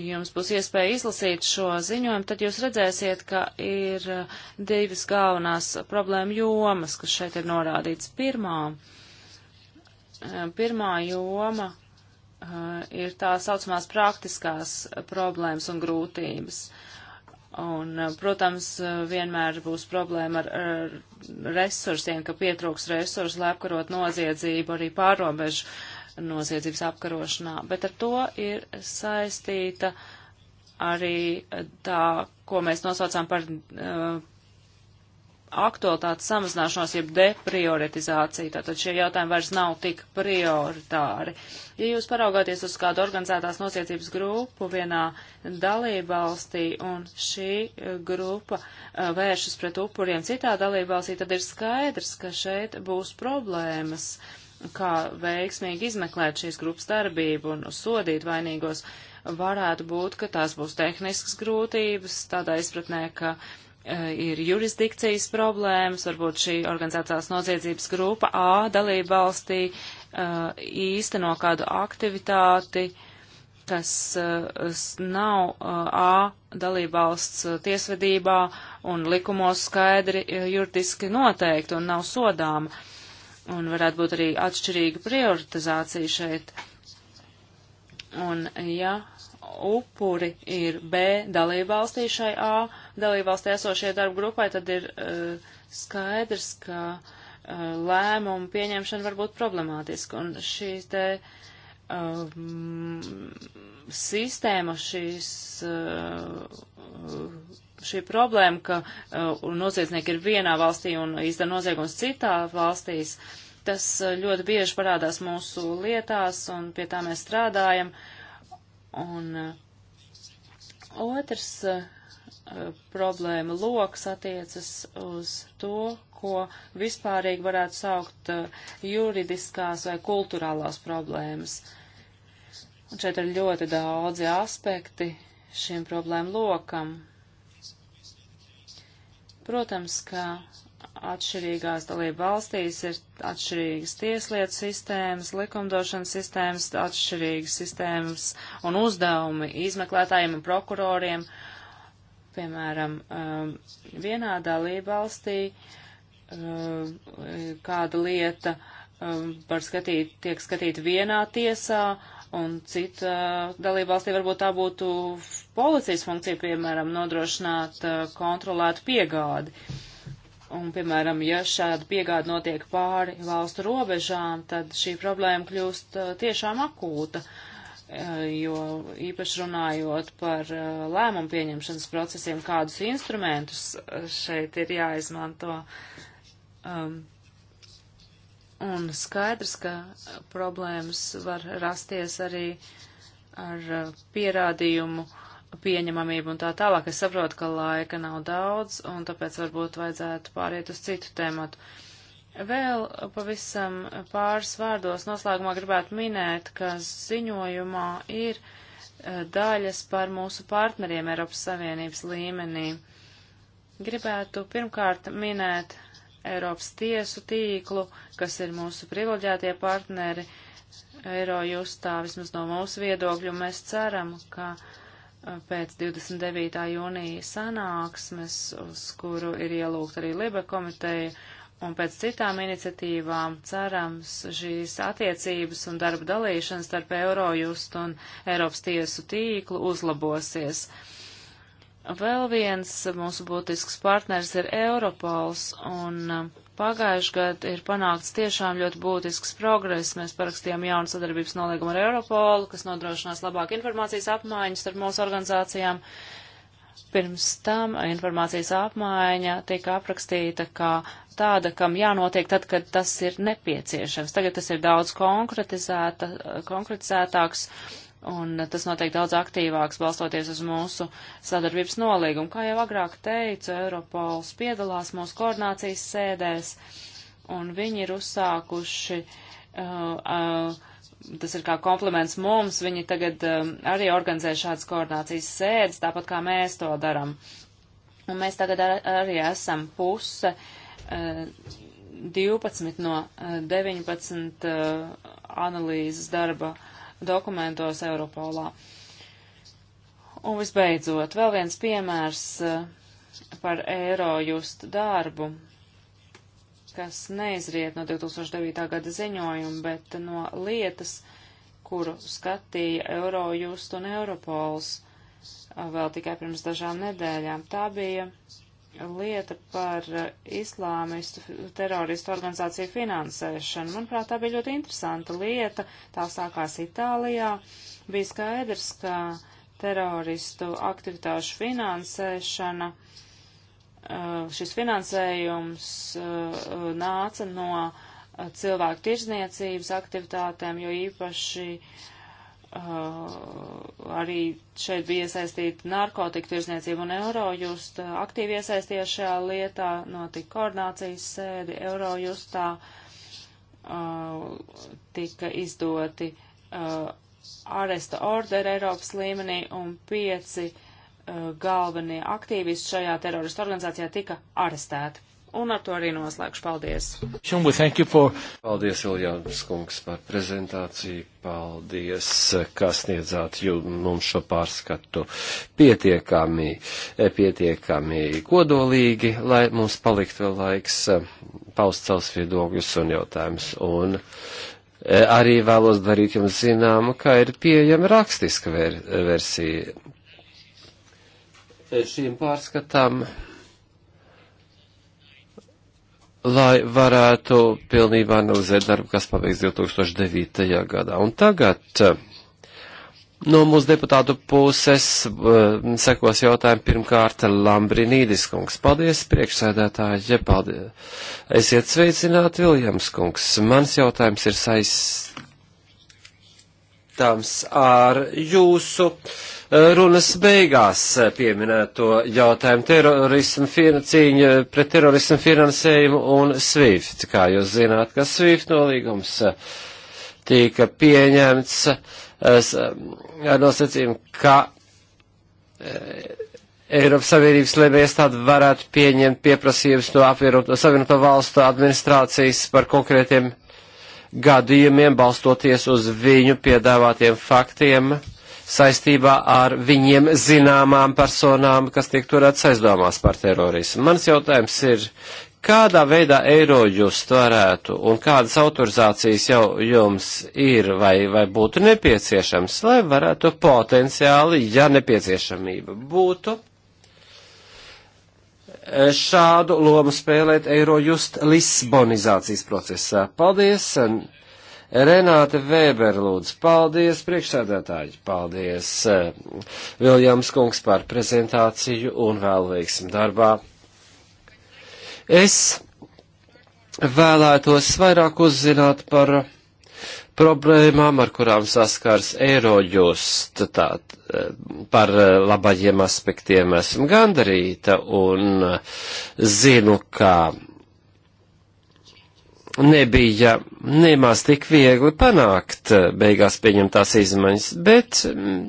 jums būs iespēja izlasīt šo ziņojumu, tad jūs redzēsiet, ka ir divas galvenās problēma jomas, kas šeit ir norādīts. Pirmā, pirmā joma Uh, ir tā saucamās praktiskās problēmas un grūtības. Un, uh, protams, uh, vienmēr būs problēma ar, ar resursiem, ka pietrūks resursu, lai apkarot noziedzību arī pārobežu noziedzības apkarošanā. Bet ar to ir saistīta arī tā, ko mēs nosaucām par uh, aktualitātes samazināšanos, jeb deprioritizāciju. Tātad šie jautājumi vairs nav tik prioritāri. Ja jūs paraugāties uz kādu organizētās nosiecības grupu vienā dalībvalstī un šī e, grupa e, vēršas pret upuriem citā dalībvalstī, tad ir skaidrs, ka šeit būs problēmas, kā veiksmīgi izmeklēt šīs grupas darbību un sodīt vainīgos varētu būt, ka tās būs tehniskas grūtības, tādā izpratnē, ka Eh, ir jurisdikcijas problēmas, varbūt šī organizētās noziedzības grupa A dalība valstī eh, īsteno kādu aktivitāti, kas eh, nav A dalība valsts tiesvedībā un likumos skaidri juridiski noteikti un nav sodāma. Un varētu būt arī atšķirīga prioritizācija šeit. Un ja upuri ir B dalība valstī šai A, dalībvalstī esošie darba grupai, tad ir uh, skaidrs, ka uh, lēmumu pieņemšana var būt problemātiska. Un šī te um, sistēma, šīs, uh, šī problēma, ka uh, noziedznieki ir vienā valstī un izdara noziegums citā valstīs, tas ļoti bieži parādās mūsu lietās un pie tā mēs strādājam. Un uh, otrs. Uh, Eh, problēma loks attiecas uz to, ko vispārīgi varētu saukt eh, juridiskās vai kulturālās problēmas. Un šeit ir ļoti daudzi aspekti šim problēmu lokam. Protams, ka atšķirīgās dalība valstīs ir atšķirīgas tieslietu sistēmas, likumdošanas sistēmas, atšķirīgas sistēmas un uzdevumi izmeklētājiem un prokuroriem. Uh, Piemēram, um, vienā dalībvalstī um, kāda lieta um, var skatīt, tiek skatīta vienā tiesā, un cita dalībvalstī varbūt tā būtu policijas funkcija, piemēram, nodrošināt uh, kontrolētu piegādi. Un, piemēram, ja šāda piegāda notiek pāri valstu robežām, tad šī problēma kļūst uh, tiešām akūta. Uh, Eh, jo īpaši runājot par eh, lēmumu pieņemšanas procesiem, kādus instrumentus eh, šeit ir jāizmanto. Um, un skaidrs, ka problēmas var rasties arī ar pierādījumu pieņemamību un tā tālāk. Es saprotu, ka laika nav daudz, un tāpēc varbūt vajadzētu pāriet uz citu tēmatu. Uh, Vēl pavisam pāris vārdos noslēgumā gribētu minēt, ka ziņojumā ir eh, daļas par mūsu partneriem Eiropas Savienības līmenī. Gribētu pirmkārt minēt Eiropas tiesu tīklu, kas ir mūsu privileģētie partneri Eirojustā, vismaz no mūsu viedokļu. Mēs ceram, ka eh, pēc 29. jūnija sanāksmes, uz kuru ir ielūgt arī Libe komiteja, un pēc citām iniciatīvām cerams šīs attiecības un darba dalīšanas starp Eurojust un Eiropas tiesu tīklu uzlabosies. Vēl viens mūsu būtisks partners ir Europols, un pagājuši gadu ir panākts tiešām ļoti būtisks progress. Mēs parakstījām jaunu sadarbības nolīgumu ar Europolu, kas nodrošinās labāku informācijas apmaiņu starp mūsu organizācijām. Uh, Pirms tam informācijas apmaiņa tika aprakstīta kā tāda, kam jānotiek tad, kad tas ir nepieciešams. Tagad tas ir daudz konkretizētāks un tas notiek daudz aktīvāks, balstoties uz mūsu sadarbības nolīgumu. Kā jau agrāk teicu, Europols piedalās mūsu koordinācijas sēdēs, un viņi ir uzsākuši uh, uh, tas ir kā kompliments mums, viņi tagad um, arī organizē šādas koordinācijas sēdes, tāpat kā mēs to daram. Un mēs tagad ar, arī esam puse uh, 12 no uh, 19 uh, analīzes darba dokumentos Europolā. Un visbeidzot, vēl viens piemērs uh, par Eirojust darbu kas neizriet no 2009. gada ziņojuma, bet no lietas, kuru skatīja Eurojust un Europols vēl tikai pirms dažām nedēļām. Tā bija lieta par islāmistu teroristu organizāciju finansēšanu. Manuprāt, tā bija ļoti interesanta lieta. Tā sākās Itālijā. Bija skaidrs, ka teroristu aktivitāšu finansēšana uh, Eh, šis finansējums eh, nāca no eh, cilvēku tirzniecības aktivitātēm, jo īpaši arī šeit bija iesaistīta narkotika tirzniecība un Eurojust. Aktīvi iesaistījās šajā lietā, notika koordinācijas sēdi Eurojustā, tika izdoti aresta orderi Eiropas līmenī un pieci uh, Uh, galvenie aktīvisti šajā teroristu organizācijā tika arestēti. Un ar to arī noslēgšu. Paldies! For... Paldies, Iljāns Kungs, par prezentāciju. Paldies, ka sniedzāt mums šo pārskatu pietiekami, eh, pietiekami kodolīgi, lai mums palikt vēl laiks eh, paust savus viedokļus un jautājumus. Un eh, arī vēlos darīt jums zināmu, ka ir pieejama rakstiska ver versija šīm pārskatām, lai varētu pilnībā analizēt darbu, kas pabeigts 2009. gadā. Un tagad eh, no mūsu deputātu puses eh, sekos jautājumi pirmkārt Lambrinīdis kungs. Paldies, priekšsēdētāji, ja paldies. Esiet sveicināti, Viljams kungs. Mans jautājums ir saistīts ar jūsu runas beigās eh, pieminēto jautājumu terorismu, cīņu pret terorismu finansējumu un SWIFT. Kā jūs zināt, ka SWIFT nolīgums eh, tika pieņemts eh, ar nosacījumu, ka Eiropas Savienības lēmē iestādi varētu pieņemt pieprasījumus no apvienoto savienoto valstu administrācijas par konkrētiem gadījumiem, balstoties uz viņu piedāvātiem faktiem saistībā ar viņiem zināmām personām, kas tiek turētas aizdomās par terorismu. Mans jautājums ir, kādā veidā Eirojust varētu un kādas autorizācijas jau jums ir vai, vai būtu nepieciešams, lai varētu potenciāli, ja nepieciešamība būtu, šādu lomu spēlēt Eirojust Lisbonizācijas procesā. Paldies! Un Renāte Vēber lūdzu, paldies priekšsēdētāji, paldies eh, Viljams Kungs par prezentāciju un vēl veiksim darbā. Es vēlētos vairāk uzzināt par problēmām, ar kurām saskars Eirojust, tā, eh, par eh, labajiem aspektiem esmu gandarīta un zinu, ka nebija nemaz tik viegli panākt eh, beigās pieņemtās izmaiņas, bet mm,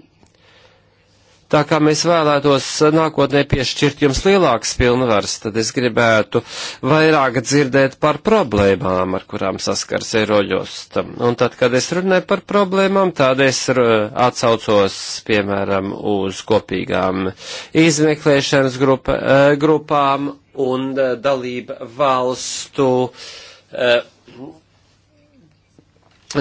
tā kā mēs vēlētos nākotnē piešķirt jums lielākas pilnvaras, tad es gribētu vairāk dzirdēt par problēmām, ar kurām saskars Eiroļost. Un tad, kad es runāju par problēmām, tad es atsaucos, piemēram, uz kopīgām izmeklēšanas grupa, eh, grupām un eh, dalību valstu uh, Uh,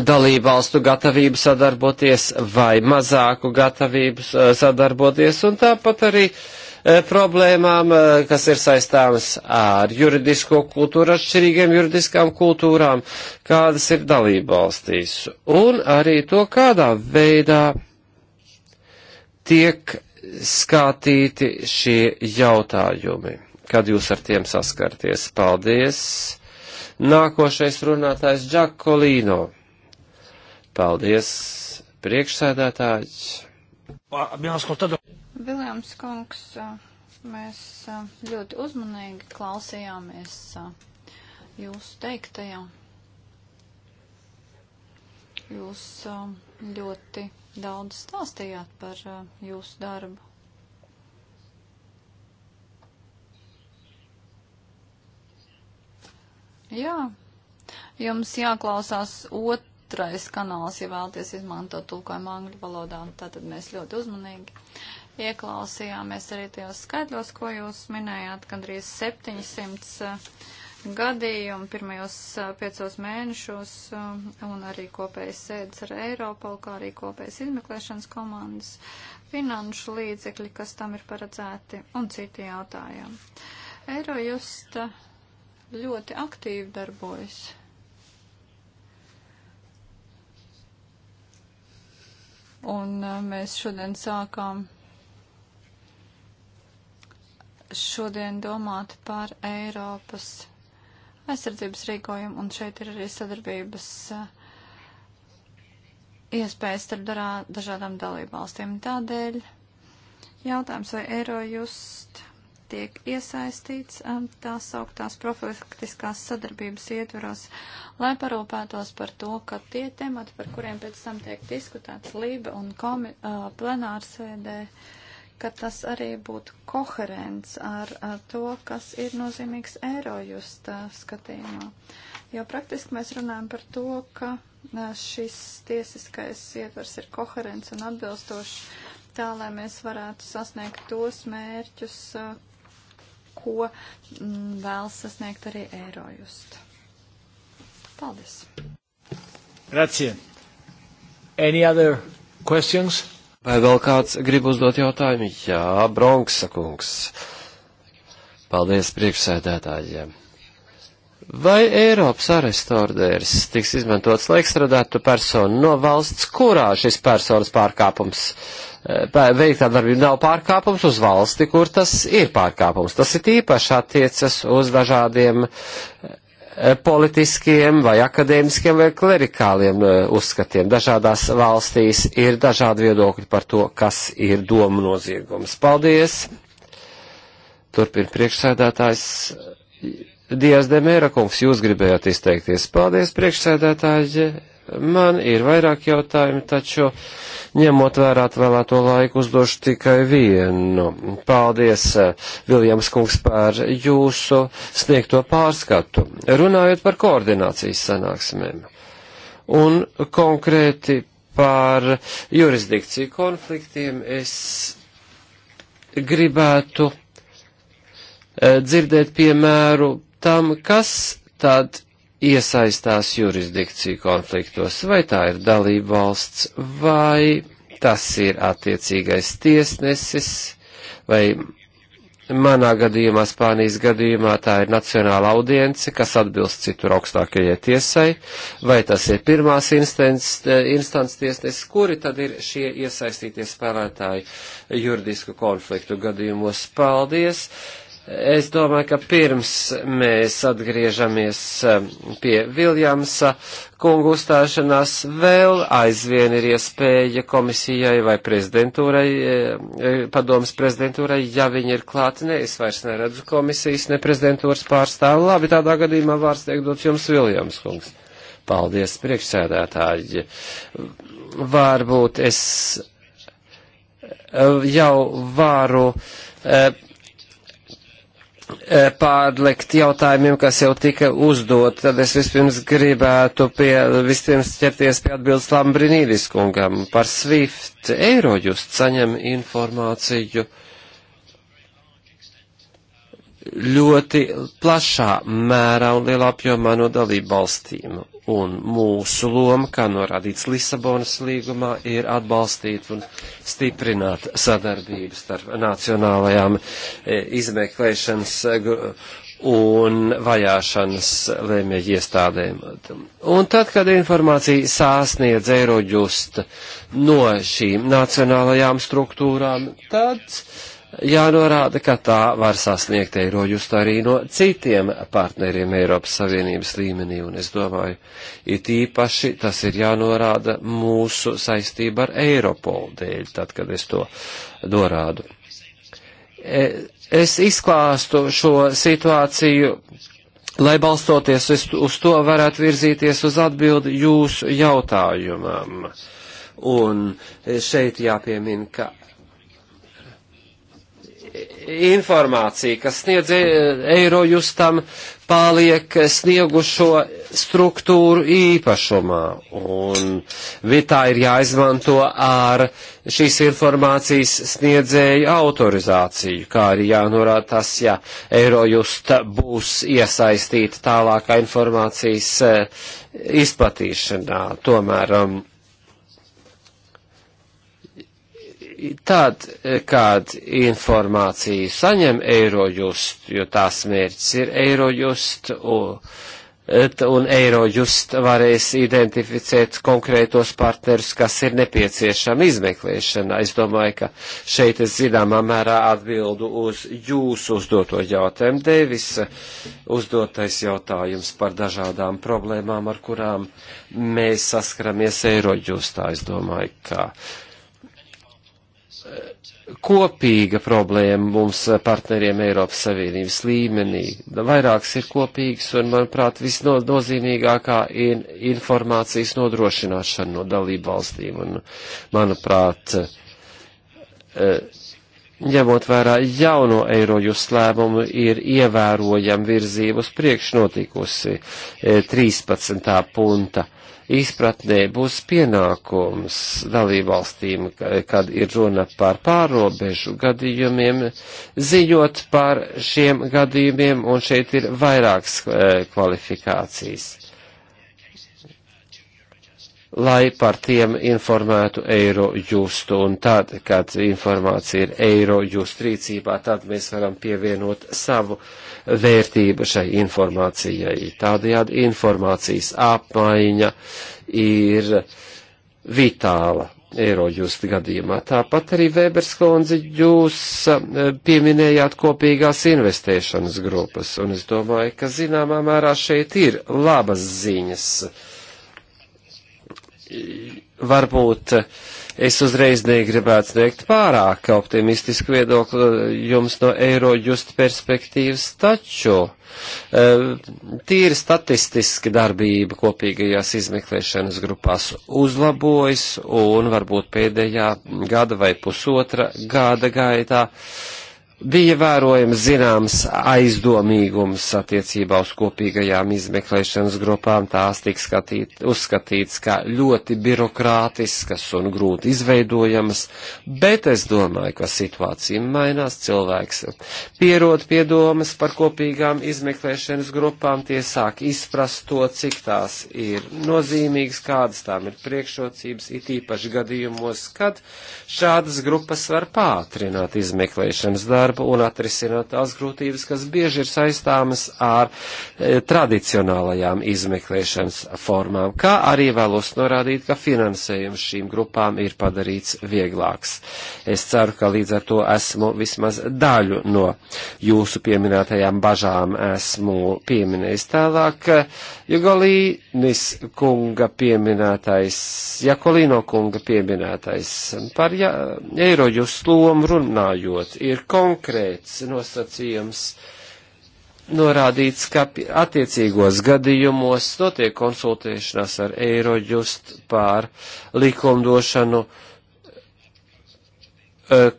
dalību valstu gatavību sadarboties vai mazāku gatavību uh, sadarboties, un tāpat arī uh, problēmām, kas ir saistāmas ar juridisko kultūru, atšķirīgiem juridiskām kultūrām, kādas ir dalību valstīs, un arī to, kādā veidā tiek skatīti šie jautājumi, kad jūs ar tiem saskarties. Paldies! Nākošais runātājs Džakolīno. Paldies, priekšsēdētājs. Viljams Kungs, mēs ļoti uzmanīgi klausījāmies jūsu teiktajā. Jūs ļoti daudz stāstījāt par jūsu darbu Jā, jums jāklausās otrais kanāls, ja vēlaties izmantot tulkojumu angļu valodā, un tātad mēs ļoti uzmanīgi ieklausījāmies arī tajos skaidros, ko jūs minējāt, gandrīz 700 eh, gadījumu pirmajos eh, piecos mēnešos, eh, un arī kopējas sēdes ar Eiropolu, kā arī kopējas izmeklēšanas komandas, finanšu līdzekļi, kas tam ir paredzēti, un citi jautājumi. Eirojusta ļoti aktīvi darbojas. Un uh, mēs šodien sākām šodien domāt par Eiropas aizsardzības rīkojumu, un šeit ir arī sadarbības uh, iespējas starp darā, dažādām dalībvalstīm. Tādēļ jautājums, vai Eirojust tiek iesaistīts um, tās augtās profilaktiskās sadarbības ietveros, lai parūpētos par to, ka tie temati, par kuriem pēc tam tiek diskutēts Lība un komi, uh, plenārsēdē, ka tas arī būtu koherents ar, ar to, kas ir nozīmīgs Eirojust uh, skatījumā. Jo praktiski mēs runājam par to, ka uh, šis tiesiskais ietvers ir koherents un atbilstošs tā, lai mēs varētu sasniegt tos mērķus, uh, ko mm, vēlas sasniegt arī Eirojust. Paldies! Grazie! Any other questions? Vai vēl kāds grib uzdot jautājumu? Jā, Bronksa kungs. Paldies priekšsēdētājiem. Vai Eiropas arestorders tiks izmantots, lai ekstradētu personu no valsts, kurā šis personas pārkāpums eh, veiktā darbība nav pārkāpums, uz valsti, kur tas ir pārkāpums? Tas ir īpaši attiecas uz dažādiem eh, politiskiem vai akadēmiskiem vai klerikāliem eh, uzskatiem. Dažādās valstīs ir dažādi viedokļi par to, kas ir doma noziegums. Paldies! Turpin priekšsēdētājs. Dijas Demēra kungs, jūs gribējāt izteikties. Paldies, priekšsēdētāji. Man ir vairāk jautājumu, taču ņemot vērā atvēlēto laiku, uzdošu tikai vienu. Paldies, eh, Viljams kungs, par jūsu sniegto pārskatu. Runājot par koordinācijas sanāksmēm un konkrēti par jurisdikciju konfliktiem, es gribētu eh, dzirdēt piemēru tam, kas tad iesaistās jurisdikciju konfliktos, vai tā ir dalība valsts, vai tas ir attiecīgais tiesnesis, vai manā gadījumā, Spānijas gadījumā, tā ir nacionāla audience, kas atbilst citur augstākajai tiesai, vai tas ir pirmās instants tiesnesis, kuri tad ir šie iesaistītie spēlētāji juridisku konfliktu gadījumos. Paldies! Es domāju, ka pirms mēs atgriežamies um, pie Viljamsa kungu uzstāšanās, vēl aizvien ir iespēja komisijai vai prezidentūrai, eh, padomas prezidentūrai, ja viņi ir klāt, ne, es vairs neredzu komisijas, ne prezidentūras pārstāvu. Labi, tādā gadījumā vārds tiek dots jums Viljams kungs. Paldies, priekšsēdētāji. Varbūt es eh, jau varu. Eh, E, pārlikt jautājumiem, kas jau tika uzdot, tad es vispirms gribētu pie, vispirms ķerties pie atbildes Lambrinīdis kungam par Swift. Eirojust saņem informāciju ļoti plašā mērā un lielā apjomā no dalību valstīm un mūsu loma, kā norādīts Lisabonas līgumā, ir atbalstīt un stiprināt sadarbību starp nacionālajām e, izmeklēšanas e, un vajāšanas lēmēju iestādēm. Un tad, kad informācija sāsniedz eiroģust no šīm nacionālajām struktūrām, tad uh, jānorāda, ka tā var sasniegt eiro just arī no citiem partneriem Eiropas Savienības līmenī, un es domāju, it īpaši tas ir jānorāda mūsu saistība ar Eiropolu dēļ, tad, kad es to norādu. E, es izklāstu šo situāciju, lai balstoties uz to varētu virzīties uz atbildi jūsu jautājumam. Un šeit jāpiemina, ka informācija, kas sniedz Eirojustam, paliek sniegušo struktūru īpašumā, un vitā ir jāizmanto ar šīs informācijas sniedzēju autorizāciju, kā arī jānorāda tas, ja Eirojusta būs iesaistīta tālākā informācijas e, izplatīšanā. Tomēr um, Tad, kad informāciju saņem Eirojust, jo tās mērķis ir Eirojust, un Eirojust varēs identificēt konkrētos partnerus, kas ir nepieciešami izmeklēšanā. Es domāju, ka šeit es zināmā mērā atbildu uz jūsu uzdoto jautājumu. Devis eh, uzdotais jautājums par dažādām problēmām, ar kurām mēs saskaramies Eirojustā. Es domāju, ka kopīga problēma mums eh, partneriem Eiropas Savienības līmenī. Vairākas ir kopīgas un, manuprāt, visnozīmīgākā ir informācijas nodrošināšana no dalību valstīm. Un, manuprāt, eh, ņemot vērā jauno eirojus lēmumu, ir ievērojama virzība uz priekšnotikusi 13. Eh, punta izpratnē būs pienākums dalībvalstīm, kad ir runa par pārobežu gadījumiem, ziņot par šiem gadījumiem, un šeit ir vairākas eh, kvalifikācijas, lai par tiem informētu eiro justu, un tad, kad informācija ir eiro just rīcībā, tad mēs varam pievienot savu uh, vērtība šai informācijai. Tādējādi informācijas apmaiņa ir vitāla Eirojust gadījumā. Tāpat arī Weberskundze jūs eh, pieminējāt kopīgās investēšanas grupas, un es domāju, ka zināmā mērā šeit ir labas ziņas. Uh, varbūt es uzreiz negribētu sniegt pārāk optimistisku viedokli jums no eiro just perspektīvas, taču eh, tīri statistiski darbība kopīgajās izmeklēšanas grupās uzlabojas un varbūt pēdējā gada vai pusotra gada gaitā. Uh, bija vērojams zināms aizdomīgums attiecībā uz kopīgajām izmeklēšanas grupām. Tās tika skatīt, uzskatīts kā ļoti birokrātiskas un grūti izveidojamas, bet es domāju, ka situācija mainās. Cilvēks pierod pie domas par kopīgām izmeklēšanas grupām, tie sāk izprast to, cik tās ir nozīmīgas, kādas tām ir priekšrocības, it īpaši gadījumos, kad šādas grupas var pātrināt izmeklēšanas darbu darbu un atrisināt tās grūtības, kas bieži ir saistāmas ar e, tradicionālajām izmeklēšanas formām, kā arī vēlos norādīt, ka finansējums šīm grupām ir padarīts vieglāks. Es ceru, ka līdz ar to esmu vismaz daļu no jūsu pieminētajām bažām esmu pieminējis tālāk. Jugolīnis kunga pieminētais, Jakolino kunga pieminētais par ja, Eirojus lomu runājot ir konkrēti konkrēts nosacījums norādīts, ka attiecīgos gadījumos notiek konsultēšanās ar Eirojust pār likumdošanu, e,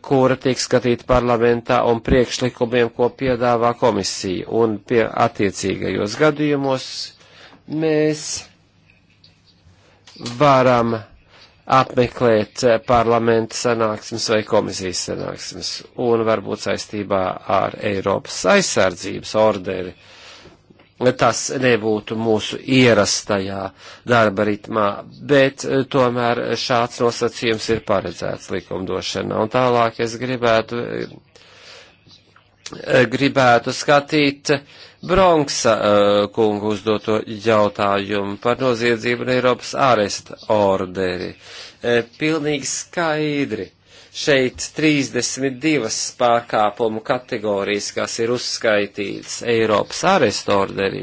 kura tiek skatīta parlamentā un priekšlikumiem, ko piedāvā komisija. Un pie attiecīgajos gadījumos mēs varam apmeklēt eh, parlamenta sanāksmes vai komisijas sanāksmes, un varbūt saistībā ar Eiropas aizsardzības orderi. Tas nebūtu mūsu ierastajā darba ritmā, bet eh, tomēr šāds nosacījums ir paredzēts likumdošanā. Un tālāk es gribētu eh, Eh, gribētu skatīt Bronksa uh, kungu uzdoto jautājumu par noziedzību un Eiropas āresta orderi. Uh, pilnīgi skaidri. Šeit 32 pārkāpumu kategorijas, kas ir uzskaitītas Eiropas āresta orderī.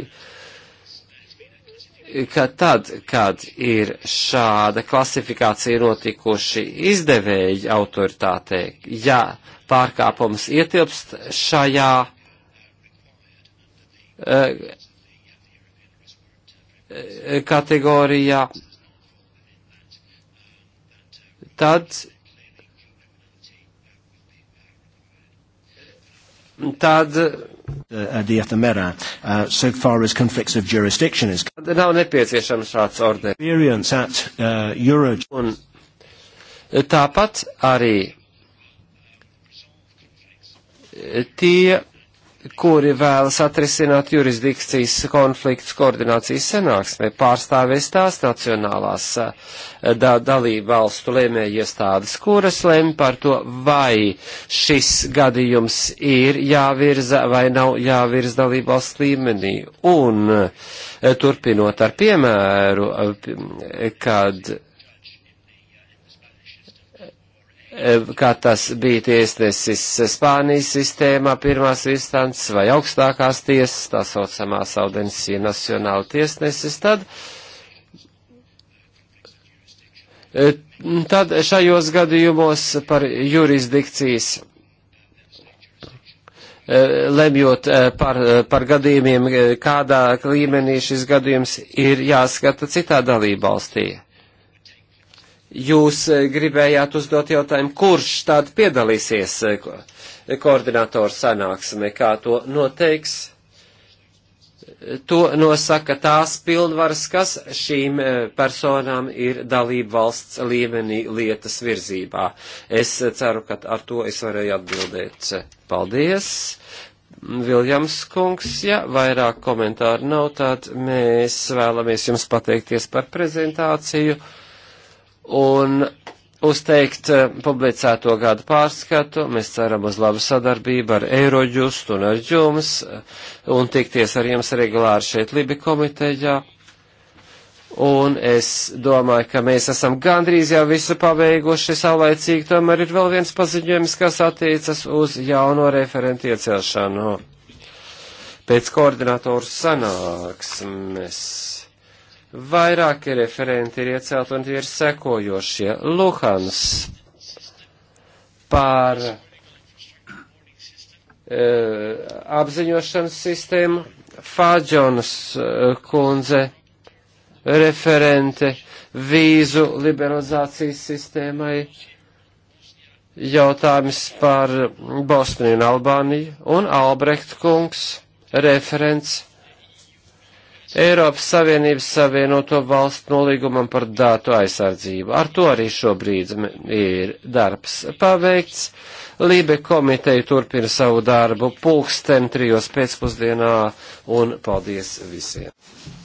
Ka tad, kad ir šāda klasifikācija notikuši izdevēji autoritātei, ja pārkāpums ietilpst šajā eh, eh, kategorijā, tad, tad dieta uh, merā, uh, so far as conflicts of jurisdiction is. Nav nepieciešams šāds ordens. Experience at uh, Euro. Un tāpat arī tie, kuri vēlas atrisināt jurisdikcijas konfliktus koordinācijas senāksmē, pārstāvēs tās nacionālās eh, da dalību valstu lēmēju iestādes, kuras lem par to, vai šis gadījums ir jāvirza vai nav jāvirza dalību valsts līmenī. Un eh, turpinot ar piemēru, eh, kad kā tas bija tiesnesis Spānijas sistēmā, pirmās instances vai augstākās tiesas, tā saucamā Saudensija nacionāla tiesnesis, tad, e, tad šajos gadījumos par jurisdikcijas e, lemjot e, par, par gadījumiem, kādā līmenī šis gadījums ir jāskata citā dalībvalstī. valstī Jūs e, gribējāt uzdot jautājumu, kurš tad piedalīsies e, e, koordinatoru sanāksmē, kā to noteiks? To nosaka tās pilnvaras, kas šīm personām ir dalība valsts līmenī lietas virzībā. Es ceru, ka ar to es varēju atbildēt. Paldies! Viljams kungs, ja vairāk komentāru nav, tad mēs vēlamies jums pateikties par prezentāciju un uzteikt eh, publicēto gadu pārskatu. Mēs ceram uz labu sadarbību ar Eiroģust un ar jums eh, un tikties ar jums regulāri šeit Libi komitejā. Un es domāju, ka mēs esam gandrīz jau visu pabeiguši saulaicīgi, tomēr ir vēl viens paziņojums, kas attiecas uz jauno referentu iecelšanu. Pēc koordinatoru sanāksmes Vairāki referenti ir iecelti un tie ir sekojošie. Luhans par e, apziņošanas sistēmu, Fāģonas e, kundze referente vīzu liberalizācijas sistēmai jautājums par Bosniju un Albāniju un Albrecht kungs referents Eiropas Savienības Savienoto valstu nolīgumam par datu aizsardzību. Ar to arī šobrīd ir darbs paveikts. Lībe komiteja turpina savu darbu pulksten trijos pēcpusdienā un paldies visiem!